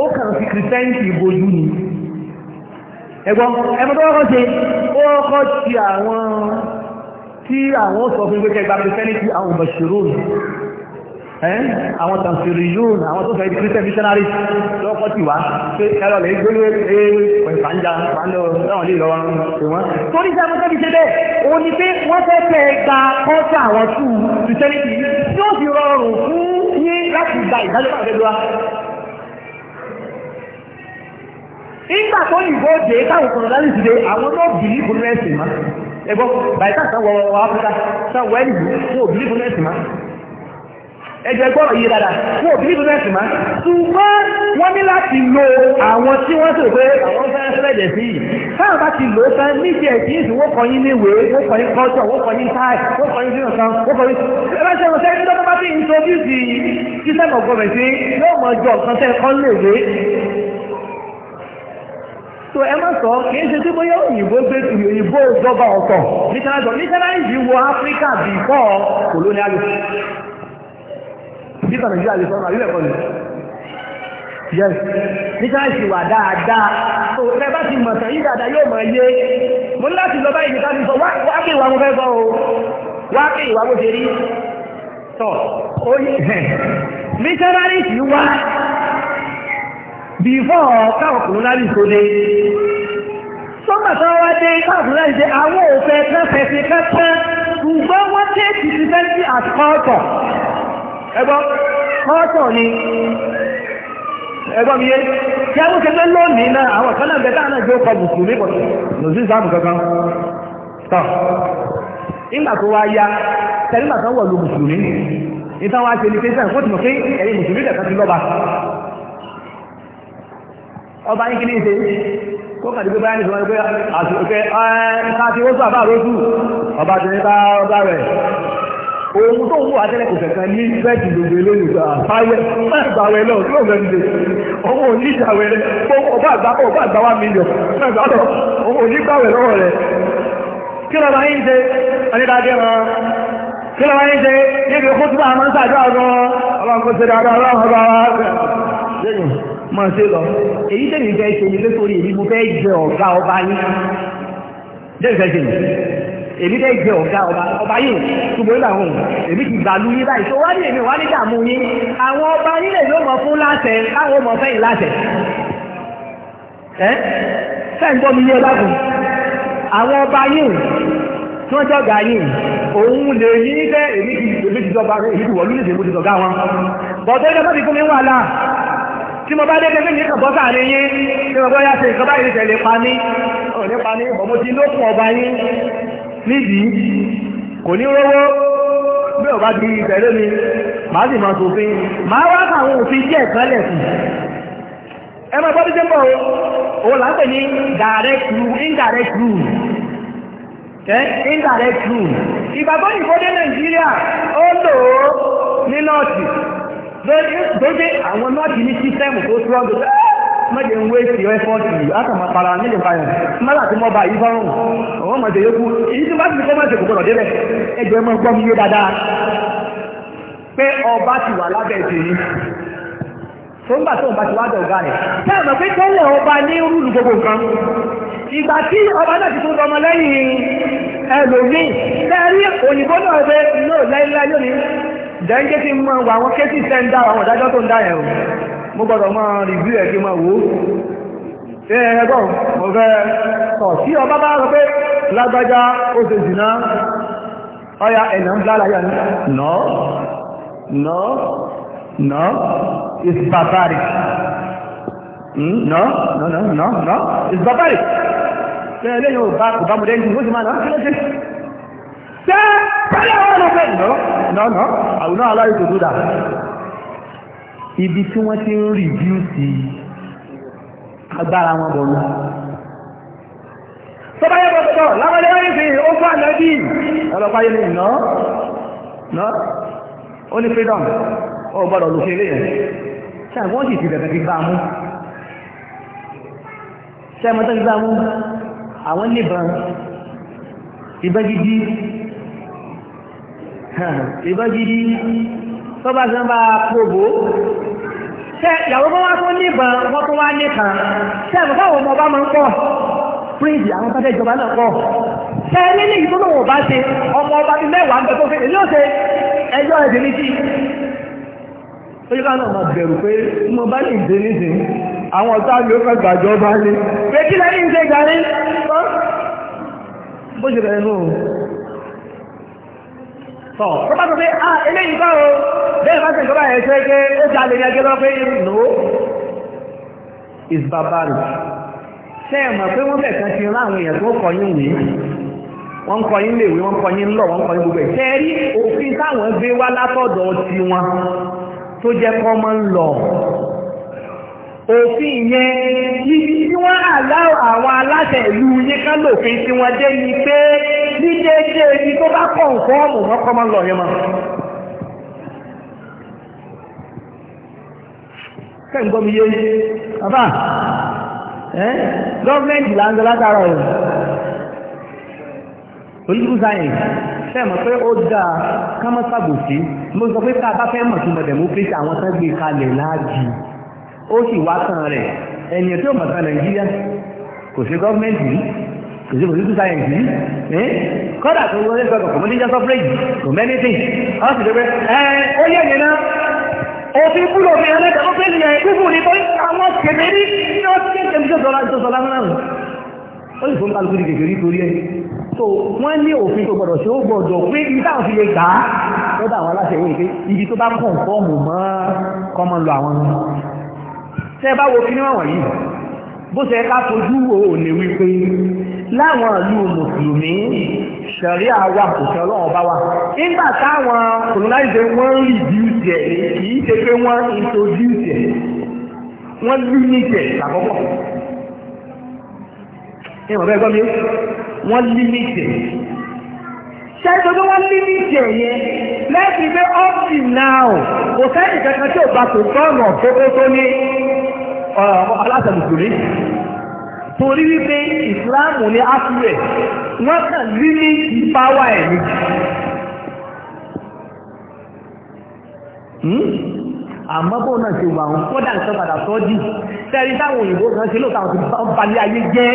ó kàn fi kìrìsẹ́ǹtì bojú ni ẹgbọ́n ẹmọ tó kọ́kọ́ ṣe ó kọ́ ti àwọn tí àwọn sọ fún ìwé kẹgbà kìrìsẹ́ǹtì àwọn bàṣírò àwọn tàǹsìrì yóò àwọn tó fẹ́ kìrìsẹ́ missionary lọ́kọ́ ti wá pé ẹlọ lè gbélé ewé pẹ̀fàǹjà pàlọ́ láwọn lè lọ́wọ́ ìwọ́n tó ní sẹ́wọ́n tẹ́bi ṣe bẹ́ẹ̀ o ní pé wọ́n fẹ́ fẹ́ gba kọ́ńtà àwọn tù kìrìsẹ́nìtì yóò fi rọrùn fún yín láti gba ìdájọ́ àfẹ́lúwa nígbà tó yìnbó dé táwọn kan lálẹ́ ìdílé àwọn náà bì í bùnú ẹ̀sìn má ẹgbọ́ bàìtà sáwọ ọwọ́ áfíríkà sáwọ ẹ̀lì fún òbí bùnú ẹ̀sìn má ẹjọ́ gbọ́rọ̀ yìí dáadáa fún òbí bùnú ẹ̀sìn má ṣùgbọ́n wọ́n ní láti lo àwọn tí wọ́n sì pé àwọn fẹ́ẹ́ fẹ́ẹ́ dẹ̀ sí yìí táwọn bá ti lò ó tán ní ìṣe ẹ̀sìn ìṣìn wọ́n kọ́ yín léwé wọ́n kọ́ yín kọ́tọ̀ wọ́n kọ́ yín táì wọ́n kọ́ yín sínú kan wọ́n kọ́ yín ẹlẹ́sẹ̀ wọn sẹ́yìn tó bá ti ń tó bí ìsìn ìṣẹ́ mọ̀gbọ́n rẹ̀ sí yóò mọ̀ jọ nǹkan tẹ́ ẹ so ẹ má sọ kìí ṣe tí bóyá òyìnbó gbé òyìnbó gbọ́gbà ọ̀tọ̀ nítorí nítorí yìí wọ áfíríkà before colonialism bíkọ̀ nàìjíríà lè sọ̀rọ̀ àbí ẹ̀kọ́ ni yes nítorí sì wà dáadáa so ẹ bá ti mọ̀ sàn yí dáadáa yóò mọ̀ yé mo ní láti lọ báyìí nítorí sọ wá kí ìwà mo fẹ́ sọ o wá kí ìwà mo ṣe rí tọ̀ ó yẹ wá bífọ́ káàkùnrin láti tó dé sọ́gbà tó wá dé káàkùnrin láti dé àwọn òfẹ́ kan fẹ̀sẹ̀ kan tán ṣùgbọ́n wọ́n tẹ́ẹ̀tì ti fẹ́ sí àkọ́ọ̀tọ̀ ẹgbọ́ kọ́ọ̀tọ̀ ni ẹgbọ́ mi yé kí àwọn kẹfẹ́ lónìí náà àwọn kan náà bẹ̀rẹ̀ náà jó kọ mùsùlùmí pọ̀ lòsí ìsáàmù kankan tọ̀ nígbà tó wá ya tẹ̀lé màtán wọ̀ lu mùsùlùmí nítorí wá ṣe ní pé sẹ́yìn kó tì mọ̀ pé ẹ̀yin mùsùlùmí kẹ̀kẹ́ ti lọ́ba ọba ní kíní ṣe kó kàdé pé báyìí nìkan pé àṣìkẹ́ ó ọba ti ní ọba rẹ̀ ohun tó ń wà tẹ́lẹ̀ kò ní gbogbo eléyìí àbáwẹ̀ àgbàwẹ̀ lọ tí ó fẹ́ ṣe ọmọ oníjàwẹ̀ rẹ̀ ọba àgbàkọ̀ ọba ọmọ mọ̀ ṣe lọ èyí tẹ̀mí fẹ́ ṣe ní lẹ́sọ̀rí èmi mo fẹ́ jẹ ọ̀gá ọba yín jẹ́rìí fẹ́ ṣe nù èmi jẹ ọ̀gá ọba yìí ṣùgbọ́n nígbà wọn èmi ti gbàlú yín báyìí tó wá ní èmi wá ní dààmú yín àwọn ọba yín lè yóò mọ̀ fún láṣẹ káwọn ọmọ fẹ́yìn láṣẹ ẹ́ fẹ́ ń gbọ́ mi yé ọlágùn àwọn ọba yìí tí wọ́n jọ́gà yìí òun lè ní fẹ́ èmi ti dọ̀gá wọn bọ̀dọ̀ ìjọba ti fún mi wà láà tí mo bá dé kẹ́kẹ́ ní kàn bọ́ sáàrin yín tí mo bọ́ yá ṣe nǹkan báyìí ní tẹ̀lé pa ní ò ní pa ní ọmọ tí ló kún ọba yín nídìí kò ní rówó bí ọba di ìtẹ̀lé mi màá sì máa ṣòfin màá wá káwọn òfin díẹ̀ kálẹ̀ sí ẹ máa gbọ́ bí ṣe o là ní direct rule indirect rule indirect rule ìgbàgbọ́ ìfọdé Nàìjíríà ó lò ó ní nọ́ọ̀tì dédé àwọn nọ́ọ̀tì ní sísẹ́mù tó tọ́jú mẹ́jẹ ń wé sí ẹ́fọ́ọ̀tì látàmà para nílùú báyọ̀ mọ́lá tí wọ́n bá yí fọ́rùn àwọn mọ̀jẹ̀ yókù èyí tí wọ́n ti kọ́ mọ̀jẹ̀ kòkòrò débẹ̀ ẹgbẹ́ mọ́ gbọ́ mi yé dáadáa pé ọba ti wà lábẹ́ tó ń bà tó ń bá ti wá rẹ̀ pé tẹ́lẹ̀ ọba ní ọba náà ti dọmọ lẹ́yìn ẹlòmíì lẹ́rí òyìnbó náà dẹ́ńké tí mo wà àwọn kéésì tẹ́ ń dá àwọn ìdájọ́ tó ń dá yẹn o mo gbọ́dọ̀ mọ rìbí ẹ̀ kí máa wò ó ṣé ẹ gbọ́ mo sí ọba bá rọ pé lágbájá ó ṣe jìnnà ọya ẹ̀nà ń lára ní no no no is barbaric hmm? no no no no no is barbaric ṣe eléyìí ò bá kò bá mo ó sì máa náà kí ló ṣe Say, pray all of them. No, no, no. I will not allow you to do that. Ibi tí wọ́n ti ń rìvíù sí agbára wọn bọ̀lú. Sọ́bá yẹ́ bọ̀ tọ́, lábọ́lé wọ́n fi ó fà lẹ́bí. Ọlọ́pàá yẹ́ ní ìná. Ná, ó ní freedom, ó gbọ́dọ̀ lókè ilé yẹn. Ṣé àwọn sì ti bẹ̀rẹ̀ fi gbá mú? Ṣé ẹmọ tó ti gbá mú? Àwọn níbọn, ìbọn jíjí, ìbọn gidi tó bá sọ bá pòbó tẹ́ ìyàwó bá wá tó níbọn wọ́n tó wá nìkan tẹ́ ẹ̀mọ́ káwọn ọmọ ọba máa ń pọ̀ príǹsì àwọn tọ́jẹ́ ìjọba náà pọ̀ tẹ́ ẹ nílé ìtọ́nà wọn bá ṣe ọmọ ọba bíi mẹ́wàá ń bẹ tó fẹ́ èyí ó ṣe ẹjọ́ ẹ̀dẹ̀ méjì ó yẹ káwọn ọmọ bẹ̀rù pé mo bá lè dé nísìn àwọn ọ̀tá mi ó fẹ́ gbàjọ bá ní pé kí lẹ́yìn ń ṣe gàrí bó ṣe bẹ̀rẹ̀ nù tọ̀ tó bá tó pé à ah, eléyìí kọ́ o lẹ́yìn bá tẹ̀síwá ẹ̀ ṣe pé ó ti alẹ́ ní ẹgbẹ́ lọ pé no is barbaric ṣe é mọ̀ pé wọ́n bẹ̀ kan ti rán àwọn èèyàn tó kọ yín wèé wọ́n kọ yín léèwé wọ́n kọ yín lọ wọ́n kọ yín gbogbo ẹ̀ ṣe rí òfin táwọn gbé wá látọ̀dọ̀ tiwọn tó jẹ́ common law òfin ìyẹn ní wọ́n àláwọ̀ àwọn aláṣẹ ìlú yín ká lòfin tí wọ́n dé ni pé ní déédé ibi tó bá kọ̀ fọ́ọ̀mù wọ́n kọ́ máa ń lọ yẹn mọ́. kẹ́ǹgbọ́n mi yé bàbá gọ́ọ̀mẹ́ntì là ń lọ látara o onídùú sáyẹ̀nsì fẹ́ẹ̀mọ̀ pé ó dáa ká mọ́ sàbòsí mo sọ pé ká bá fẹ́ mọ̀ sí mọ̀dẹ̀mú pé àwọn tẹ́gbẹ̀ẹ́ kalẹ̀ láàjì ó sì wá tán rẹ̀ ẹni tí ó mọ̀ tán nàìjíríà kò sí gọ́ọ̀mẹ́ntì rí kò sí pòlítù sáyẹ̀nsì rí kọ́dà tó wọlé sọ́kọ̀ kò mọ́lẹ́jà sọ́fúrẹ́jì kò mẹ́nìtì ó sì dẹ́gbẹ́ ẹ ó yẹ̀ yẹn náà òfin búlò mi ẹlẹ́dàá ó fẹ́ nìyẹn ìkúkú ní bọ́ àwọn kèmẹ́rí ní ọdún kẹ́kẹ́ ní sọ́sọ́lá ní sọ́sọ́lá náà ó sì fún kálukú ní kékeré torí ẹ̀ so wọ́n ní òfin tó gbọ́dọ̀ ṣe ó gbọ́dọ̀ pé ibi táwọn fi lè gbà á lọ́dọ̀ àwọn aláṣẹ ìwé ìpé ibi tó bá kọ̀ǹfọ́ọ̀mù mọ́ kọ́mọ lọ àwọn tẹ́ bá wo kíní wọ̀nyí bó ṣe ká fojú wo òní wípé láwọn ìlú mùsùlùmí ṣẹ̀ríà wa kò ṣe ọlọ́run bá wa nígbà táwọn colonizer wọ́n rí ìdíúsì ẹ̀ ṣe pé wọ́n introduce ẹ̀ wọ́n lú ní ìjẹ̀ àkọ́kọ́ ìwọ̀n bẹ́ẹ̀ tó wọ́n lé ní ìjẹ̀ yẹn lẹ́sìn pé up till now kò sẹ́yìn kankan tí ò bá tó tọ́nà kókó tó ní aláṣẹ mùsùlùmí torí wípé ìsìláàmù ní áfíwẹ̀ wọ́n kàn rí ní ìpáwà ẹ̀ ní. Hmm? àmọ́ bó náà ṣe wà wọn kódà nǹkan padà sọ dì tẹ́rí táwọn òyìnbó kan ṣe lóòótọ́ àwọn tó ń balẹ̀ ayé jẹ́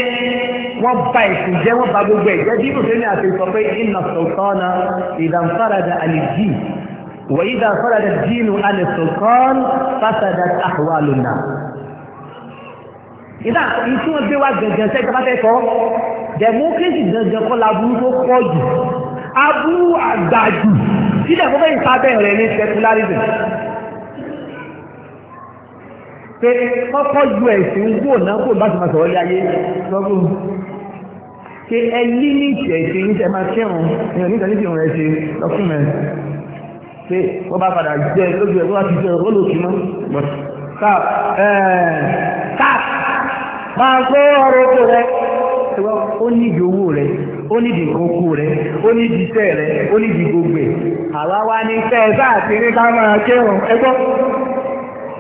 wọ́n ba ẹ̀sìn jẹ́ wọ́n ba gbogbo ẹ̀ bí ibùsùn ní àti sọ pé iná sọ̀tọ́nà ìdánfàràdà àlejì wọ́n ìdánfàràdà dínú alẹ́ sọ̀tọ́n fásádà ìdá ìtú wọn gbé wá gẹ̀gẹ̀ sẹ́ ìjọba fẹ́ kọ́ democracy gẹ̀gẹ̀ kọ́ la burú tó pọ̀ jù aburú àgbà jù tí dẹ̀ fọ́fẹ́ ìsábẹ́ rẹ̀ ní secularism pé kọ́kọ́ ju ẹ̀sìn ń gbò náà kó bá ti máa sọ̀rọ̀ lé ayé lọ́gbọ̀n ṣe ẹ límìtì ẹ̀sìn ní ẹ̀ma kírun ní oníta ní ìrìn ẹ̀sìn lọ́kùnrin pé wọ́n bá padà jẹ́ lójú ẹ̀ tó wá ti jẹ́ olókìmọ́ máa gbọ́ ọ̀rọ̀ oko rẹ̀ ó ní ìdí owó rẹ̀ ó ní ìdí oko rẹ̀ ó ní ìdí iṣẹ́ rẹ̀ ó ní ìdí gbogbo ẹ̀ àwa wá ní iṣẹ́ ẹ̀sà àti ní ká máa kírun ẹgbọ́n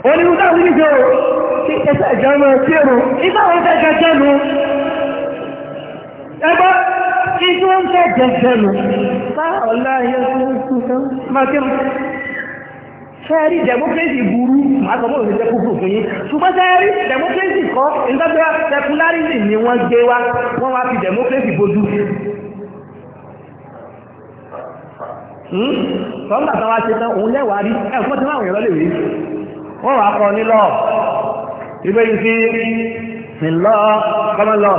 onírú táwọn oníṣẹ́ o kí ẹsẹ̀ ìjọ máa nígbà wọn fẹ́ jẹjẹ sẹ́ẹ̀rí democracy burú máa sọ mọ́rọ̀ ìjẹ́kú fún fún yín ṣùgbọ́n sẹ́ẹ̀rí democracy kọ́ ìjọba secularism ni wọ́n gbé wá wọ́n wá fi democracy bojú hmm? sọ́ńgbà tán wá ṣe tán òun lẹ́wàá rí ẹ̀kọ́ tí wọ́n rẹ̀ lè wọ́n wá kọ nílọ ìgbé yìí sí ńlọ kọ́mọ́ lọ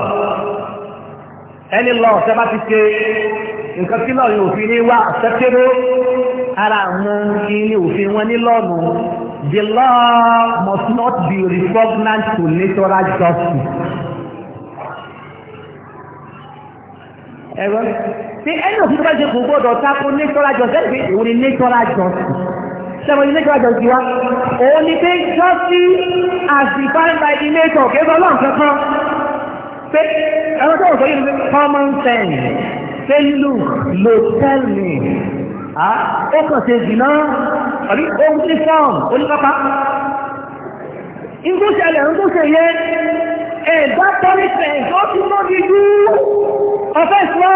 ẹni lọ ṣẹ́ bá ti ṣe nǹkan tí lọ́ọ̀ni òfin ní wá àṣẹ́kéré ara àwọn ilé òfin wọn ní lọ́ọ̀nù the law must not be repugnant to natural justice. ẹ̀rọ tí ẹni òfin tó bá ṣe kò gbọ́dọ̀ tako natural justice ẹ̀rọ ìwé ni natural justice sẹ́wọ̀n ilé ìjọba ìjọba wa òun ni pé justice as defined by the nature kí ẹ bá lọ́n kankan pé ẹ̀rọ tó sọ yìí ni common sense sẹ́lù ló tẹ́lì ó kàn ṣe jìnà ọ̀rí ohun tí fọ́ọ̀mù onípápá ìgbó ṣẹlẹ̀ ń tó ṣe yẹ ẹ̀dá pọ́nìṣẹ̀ ìjọ́ tí mọ́ bí jú ọ̀fẹ́ ìṣọ́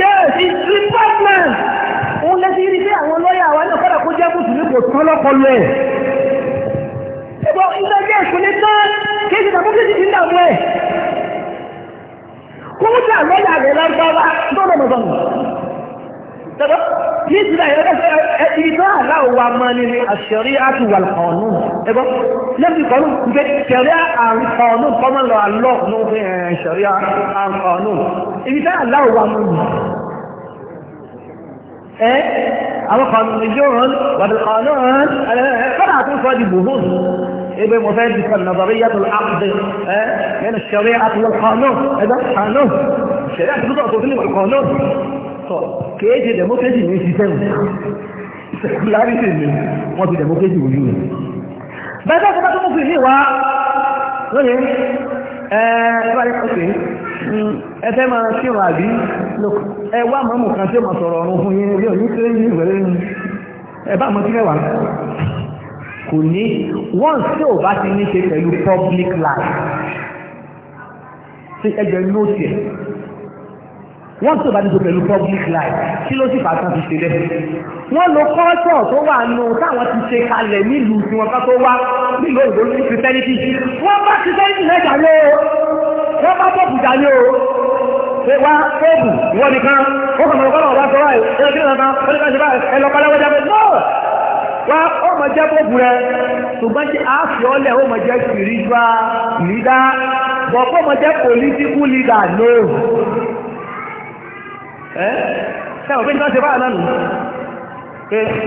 yes it's department òun lẹ́sí rí pé àwọn lọ́yà wa náà kọ́dà kó jẹ́ mùsùlùmí kò tán lọ́pọ̀lọ́ ẹ̀ ṣùgbọ́n ilé ẹjẹ́ ìpínlẹ̀ tán kéjì tàbí kéjì ti ń dààmú ẹ̀ kódà lọ́dà rẹ̀ lọ́gbọ́wá lọ́nà mọ̀tọ́ nù. Tẹ́lọ́ yìí ti dà yẹn ẹ ti dá àlá wa máa ní ní àṣẹrí àti wà lọ́nù. Ẹ gbọ́ lẹ́bi kọ́nù nké ṣẹ̀rí àǹkọ̀nù kọ́mọ lọ àlọ́ nù ṣẹ̀rí àǹkọ̀nù. Ibi dá àlá wa máa nù àwọn kọ̀ọ̀nìyàn wàdìkọ̀ọ̀nìyàn kọ́dà tó sọ di bùhùn ebe mo fẹ́ dìkan nàbàríyà tó àkùdé yẹn ṣẹ̀rẹ̀ àtúwọ̀kọ̀ọ̀nù ẹ̀dá kọ̀ọ̀nù ṣẹ̀rẹ̀ àtúwọ̀kọ̀ọ̀nù tó sílẹ̀ kọ̀ọ̀nù sọ kéèjì democracy ní ṣiṣẹ́ secularity ni wọ́n ti democracy wòlú rẹ̀ bẹ́ẹ̀ ẹ̀fẹ́ máa sí wọn àbí ẹwà mọ́mù kan tí ó máa sọ̀rọ̀ ọ̀run fún yín ní òní tí ó ń yí ìwẹ̀rẹ́ ní ẹ̀bá mọ́ sí mẹ́wàá kò ní wọ́n tí ò bá ti ní ṣe pẹ̀lú public life ṣe ẹgbẹ́ nóòtì ẹ̀ wọ́n tí ò bá ti ṣe pẹ̀lú public life kí ló sì fà kan fi ṣe lẹ́ wọ́n lo kọ́ńtọ̀ tó wà nù táwọn ti ṣe kalẹ̀ nílùú tí wọ́n bá tó wá nílùú òyìnbó ní christianity wọ́n bá christianity lẹ́jà lóo wọ́n bá tọ́pù jà ní o pé wá tọ́pù ìwọ nìkan ó kàn mọ̀ lọ́kọ́ wá sọ́rọ̀ ẹ lọ́kọ́ lẹ́wọ́ ṣe báyìí náà nù pé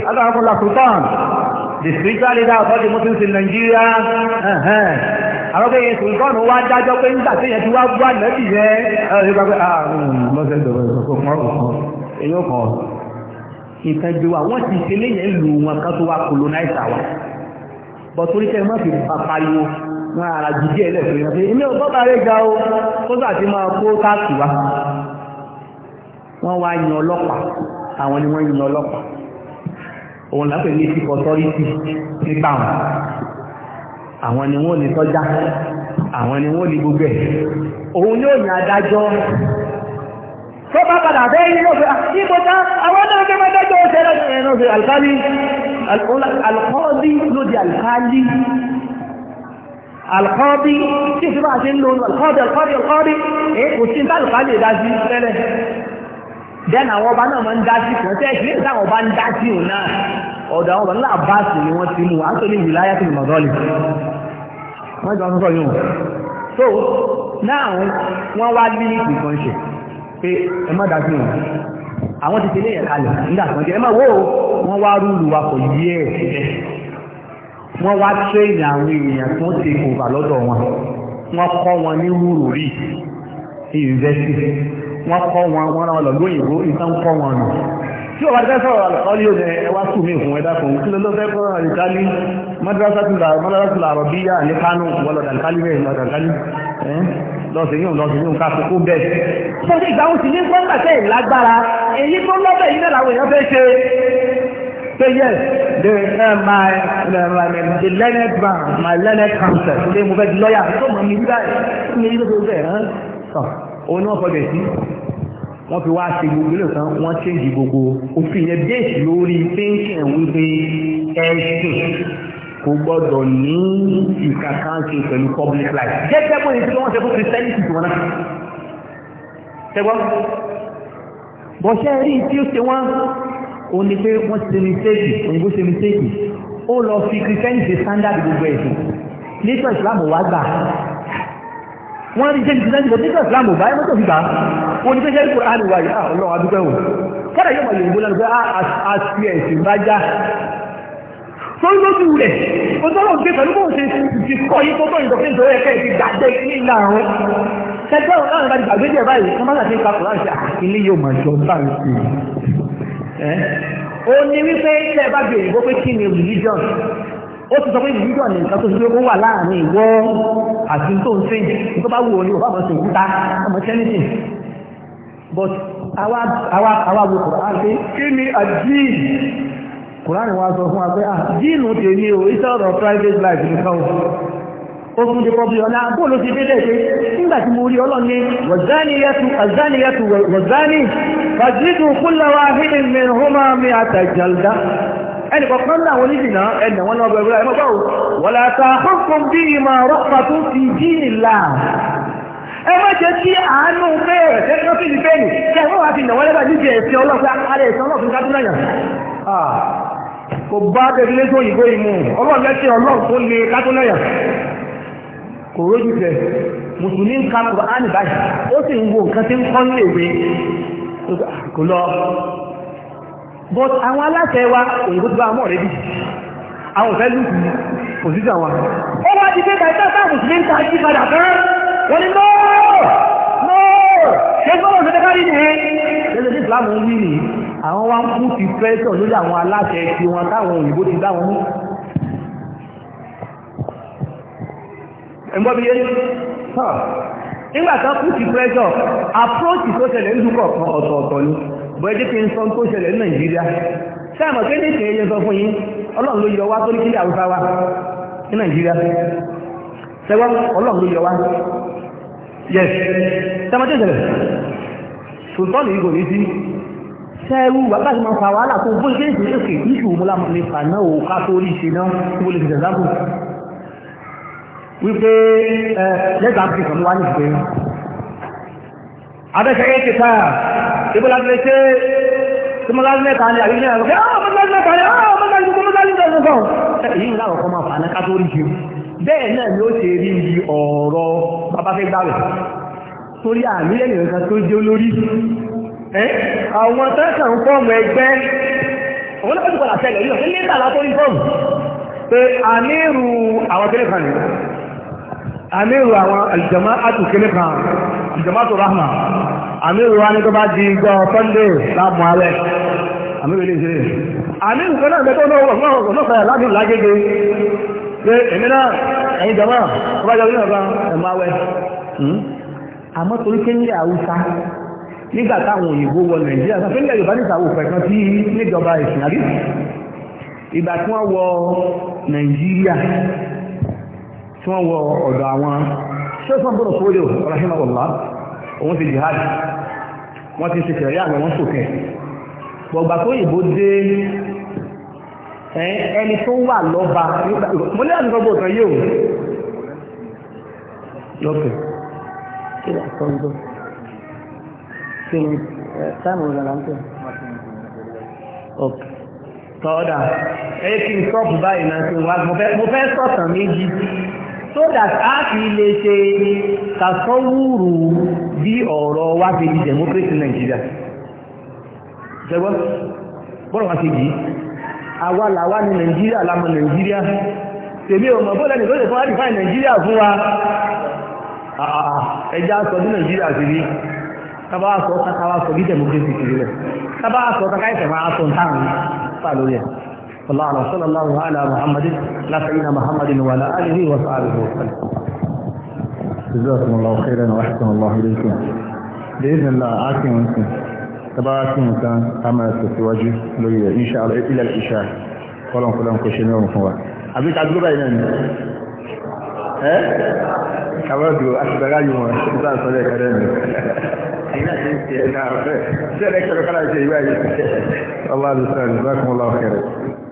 agbára kọ́ la the spiritual leader of all the Muslims in Nigeria àwọn kẹyìn sùlùkọ́nù wá dájọ́ pé nígbà tí yẹn ti wá gbọ́ ànábì yẹn ẹ̀rọ ìgbà ah, pé ààrùn lọ́sẹ̀ ìdọ̀rọ̀ ìrọ̀kọ̀ èyàn kan ìtẹ́jú wa wọ́n ti ṣe léyìn ìlú wọn kan tó wá colonizer wa bọ̀ torí kẹ́ ẹ má fi pariwo wọn ara jíjẹ́ ẹlẹ́sìn ìrìnàfẹ́ ilé ọgọ́ta rẹ̀ ga o kó sà ti máa kó táàkì wa wọ́n wá yan ọlọ́pàá àwọn ni wọ́n yan ọlọ́pàá òun lápẹ̀ ní ti authority nígbà wọn àwọn ni wọ́n ní tọ́já àwọn ni wọ́n ní gbogbo ẹ̀ òun yóò ní adájọ́ tó bá padà bẹ́ẹ̀ ní lọ́fẹ́ àkíkọjá àwọn náà jẹ́ mẹ́tẹ́jọ́ ṣẹlẹ̀ ẹ̀rọ fi alkali alkọ́ọ́dí ló di alkali alkọ́ọ́dí tí ìṣúra àti ń lo alkọ́ọ́dí alkọ́ọ́dí alkọ́ọ́dí èyí kò sí ní alkali ìdájí tẹ́lẹ̀ dẹ́nà àwọn ọba náà máa ń dá sí kò tẹ́ ìṣúlẹ̀ táwọn ọba dá sí òun náà ọ̀dọ̀ àwọn ọba ńlá bá sì ni wọ́n wọ́n jọ sọ́sọ́ yóò so now wọ́n wá ní ìkànṣẹ̀ pé ẹ má dájú wọn àwọn ti tẹ́lẹ̀ ẹ̀kalẹ̀ nígbà kan jẹ́ ẹ wó wọ́n wá rúlù wa kò yí ẹ̀ wọ́n wá tẹ́lẹ̀ àwọn èèyàn tó ti kò bà lọ́dọ̀ wọn wọ́n kọ́ wọn ní rúlù rí kọ́ wọn wọ́n lọ lóyìnbó ìtàn wọn nù tí ó wà jẹ́ sọ̀rọ̀ alùkọ́lì ò ní ẹwà sùn mí fún ẹ̀dá fún kí ló ló fẹ́ kọ́ àlùkálí madrasatul arabiyya ní kánú wọlọ̀ dàlùkálí bẹ́ẹ̀ lọ dàlùkálí lọ́sẹ̀ yóò lọ́sẹ̀ yóò ká kókó bẹ́ẹ̀. sọ́sẹ̀ ìgbà òsì ní gbọ́ngbà tẹ́ ìlágbára èyí tó lọ́bẹ̀ yìí náà làwọn èèyàn fẹ́ ṣe say yes the uh, my the, uh, my the learned man my learned counsel ṣe mo fẹ́ di lọ́yà tó mọ̀ mi rí báyìí mi rí báyìí bẹ́ẹ̀ hàn òun ni wọ́n fọ́ bẹ̀ sí wọ́n fi wá ṣe gbogbo ilé kan wọ́n ṣéǹjì gbogbo òfin yẹn bẹ́ẹ̀sì lórí pínpín wípé ẹ̀sìn kò gbọ́dọ̀ ní ìkankan ṣe pẹ̀lú public life jẹ́jẹ́ bóyá tí wọ́n ṣe fún christianity tí wọ́n náà ṣẹgbọ́n bọ̀ṣẹ́ rí tí ó ṣe wọ́n ó ní pé wọ́n ṣe mistake òyìnbó ṣe mistake ó lọ fi christianity standard gbogbo ẹ̀sìn nítorí islam wá gbà wọ́n rí jẹ́bi jìnnà jìnnà nígbà islam ọba ẹ̀mọ́tò fi bá wọn ni pẹ́ṣẹ́ ìkùrọ̀ àánú wáyé ah, ọlọ́run adúgbẹ́ wọn kọ́dà yóò mọ̀ yòǹgbó lẹ́nu pé a ah, ti ẹ̀sìn bá já tó ń lójú rẹ̀ ó tọ́lọ̀ gbé pẹ̀lú bóun ṣe ti kọ́ yí tó tọ́ ìdọ̀kẹ́ ìdọ̀kẹ́ ẹ̀kẹ́ ìfi gbàgbé nílà àwọn ṣẹgbẹ́ ọ̀rọ̀ náà láti gbàgbé díẹ̀ báyìí wọ́n máa ti ń kakọ̀ láti ah, ilé yóò máa jọ bá mi sí i. ó ní wípé tẹ́ ẹ bá bèrè bó pé kí ni religion ó ti sọ pé ìdíjọ́ ní nǹkan tó ṣe pé ó wà láàrin ìwọ àti tó ń sìn tó bá wù ní ọba àmọ́ sí òkúta ọmọ sí but àwa wo Quran pé kí ni àdín Quran wa sọ fún wa pé ah díìnù o iṣẹ́ ọ̀rọ̀ private life nìkan o ogun di problem ọ̀nà bóòlù ti dédé pé nígbà tí mo rí ọlọ́ni wọ̀zániyàtù wọ̀zání fàjídù kúlọ̀wà hìnmìn húnmọ́ mi àtàjàlá ẹnìkọ̀kan náà wọn nídìí náà ẹnì wọn náà bẹ̀rẹ̀ ẹ̀mọ́ wọ́n fúnfún bí tó fi jí àánú bẹ́ẹ̀rẹ̀ tẹ́tọ́ sí ní bẹ́ẹ̀nì kí wa fi nà wọ́n ẹ̀sìn ọlọ́pàá alẹ́ ẹ̀sìn ọlọ́pàá kò bá ìmú ọlọ́run lẹ́sìn ọlọ́run tó le kò rójú mùsùlùmí ń but àwọn aláṣẹ wa òyìnbó ti bá mọ̀ rẹ̀ bí àwọn òfẹ́ lù sí pòsíṣà wa ó wá di pé bàtà sáàmù sí ní ta sí padà tán wọ́n ni lọ́ọ̀ lọ́ọ̀ ṣẹ́gbọ́n àwọn wa ń kú ti pẹ́sọ̀ lórí àwọn aláṣẹ ti wọn táwọn òyìnbó ti dá wọn mú ẹgbọ́n bí yé nígbà tán kú ti pẹ́sọ̀ approach tó ṣẹlẹ̀ ń dúkọ̀ kan ọ̀tọ̀ọ̀tọ̀ bọ́ ẹjẹ́ kí n sọ tó ṣẹlẹ̀ ní nàìjíríà sáàmọ̀ pé ní ìṣẹ̀yẹ sọ fún yín ọlọ́run ló yọ wá tó ní kílẹ̀ àwùsá wa ní nàìjíríà sẹ́wọ́ ọlọ́run ló yọ wá yes sáàmọ̀ tó ṣẹlẹ̀ sultan yìí kò ní sí sẹ́rù bàbá ti máa fa wàhálà tó bó ṣe ń ṣe èkè ìṣù mú lámọ̀ ní fàná ò ká tó rí ṣe náà tí mo lè fi ṣẹ̀sáàbù wípé ẹ̀ lẹ́gbàá fi kàn wá ní adẹ́sẹ̀kẹ́ ti sáà ìbúlájú lè ṣe tí mo lájú mẹ́ta ní àríyìn àwọn ọmọ lájú mẹ́ta ní ọmọ lájú mẹ́ta ní ọmọ lájú mẹ́ta ní ọmọ èyí ńlá ọ̀kan máa fàánà ká tó rí ju bẹ́ẹ̀ náà ni ó ṣe rí ibi ọ̀rọ̀ bàbá fẹ́ gbàwẹ̀ torí àmì lẹ́yìn ọ̀kan tó jẹ́ olórí àwọn tẹ́sán fọ́ọ̀mù ẹgbẹ́ òun lọ́pọ̀ àmìrò àwọn àlìjàmá àtùkílé kan àlìjàmá tó rahma àmìrò wa ní tó bá di igbọ́ sunday láàmù ààrẹ àmìrò ilé ìṣeré àmìrò kan náà mẹ́tọ́ náà wọ̀ náà fẹ́ ládùn lágége pé èmi náà ẹ̀yin jàmá tó bá jẹ́ orí náà kan ẹ̀mú àwẹ̀ hmm? àmọ́ torí pé nílẹ̀ haúsá nígbà táwọn òyìnbó wọ nàìjíríà sọ pé nílẹ̀ yorùbá nìta wò pẹ̀kan tí níjọba ìsìn àbí ìgbà tí wọ́n wọ nàìjíríà tí wọ́n wọ ọ̀dọ̀ àwọn ṣẹ́sàn bọ́rọ̀ fóòlò ọ̀rọ̀ṣẹ́nà ọ̀lá òun ti jihad wọ́n ti ṣẹ̀ṣẹ̀ rí àwọn sókè gbọ̀gbà tó yìnbó dé ẹni tó wà lọ́ba mo ní àti gbogbo ọ̀tàn yóò lọ́kẹ̀ kí ló sọ ń gbọ́ kí ni táìmù rẹ̀ là ń tẹ̀ ọ̀kẹ́ tọ́ọ̀dà n sọ́ọ̀pù báyìí náà tí wọ́n mo fẹ́ sọ̀tàn méjì so that a fi lè ṣe tàṣọ́wúrù bí ọ̀rọ̀ wá fi di democracy Nigeria ṣẹgbọ́n bọ́rọ̀ wá fi yìí àwa làwa ní Nigeria lámọ̀ Nigeria tèmi ò mọ̀ bọ́ọ̀lẹ́ nìkan lè fún àdìfá Nigeria fún wa ẹja sọ bí Nigeria ti rí tábà sọ kákáwá sọ bí democracy ti rí rẹ̀ tábà sọ kákáwá sọ ń táwọn fà lórí ẹ̀ صلى الله وصلى الله على محمد لا سيدنا محمد وعلى آله وصحبه وسلم جزاكم الله خيرا وأحسن الله إليكم بإذن الله عاكم انتم تبعكم وكان عمل تتواجه لي إن شاء الله إلى الإشاء قولهم كلهم كشمي ومفوا عبيت عبدو بينان ها؟ كبرت أكبر أيوة إذا صلي كرامي الله يسلمك جزاكم الله خيرا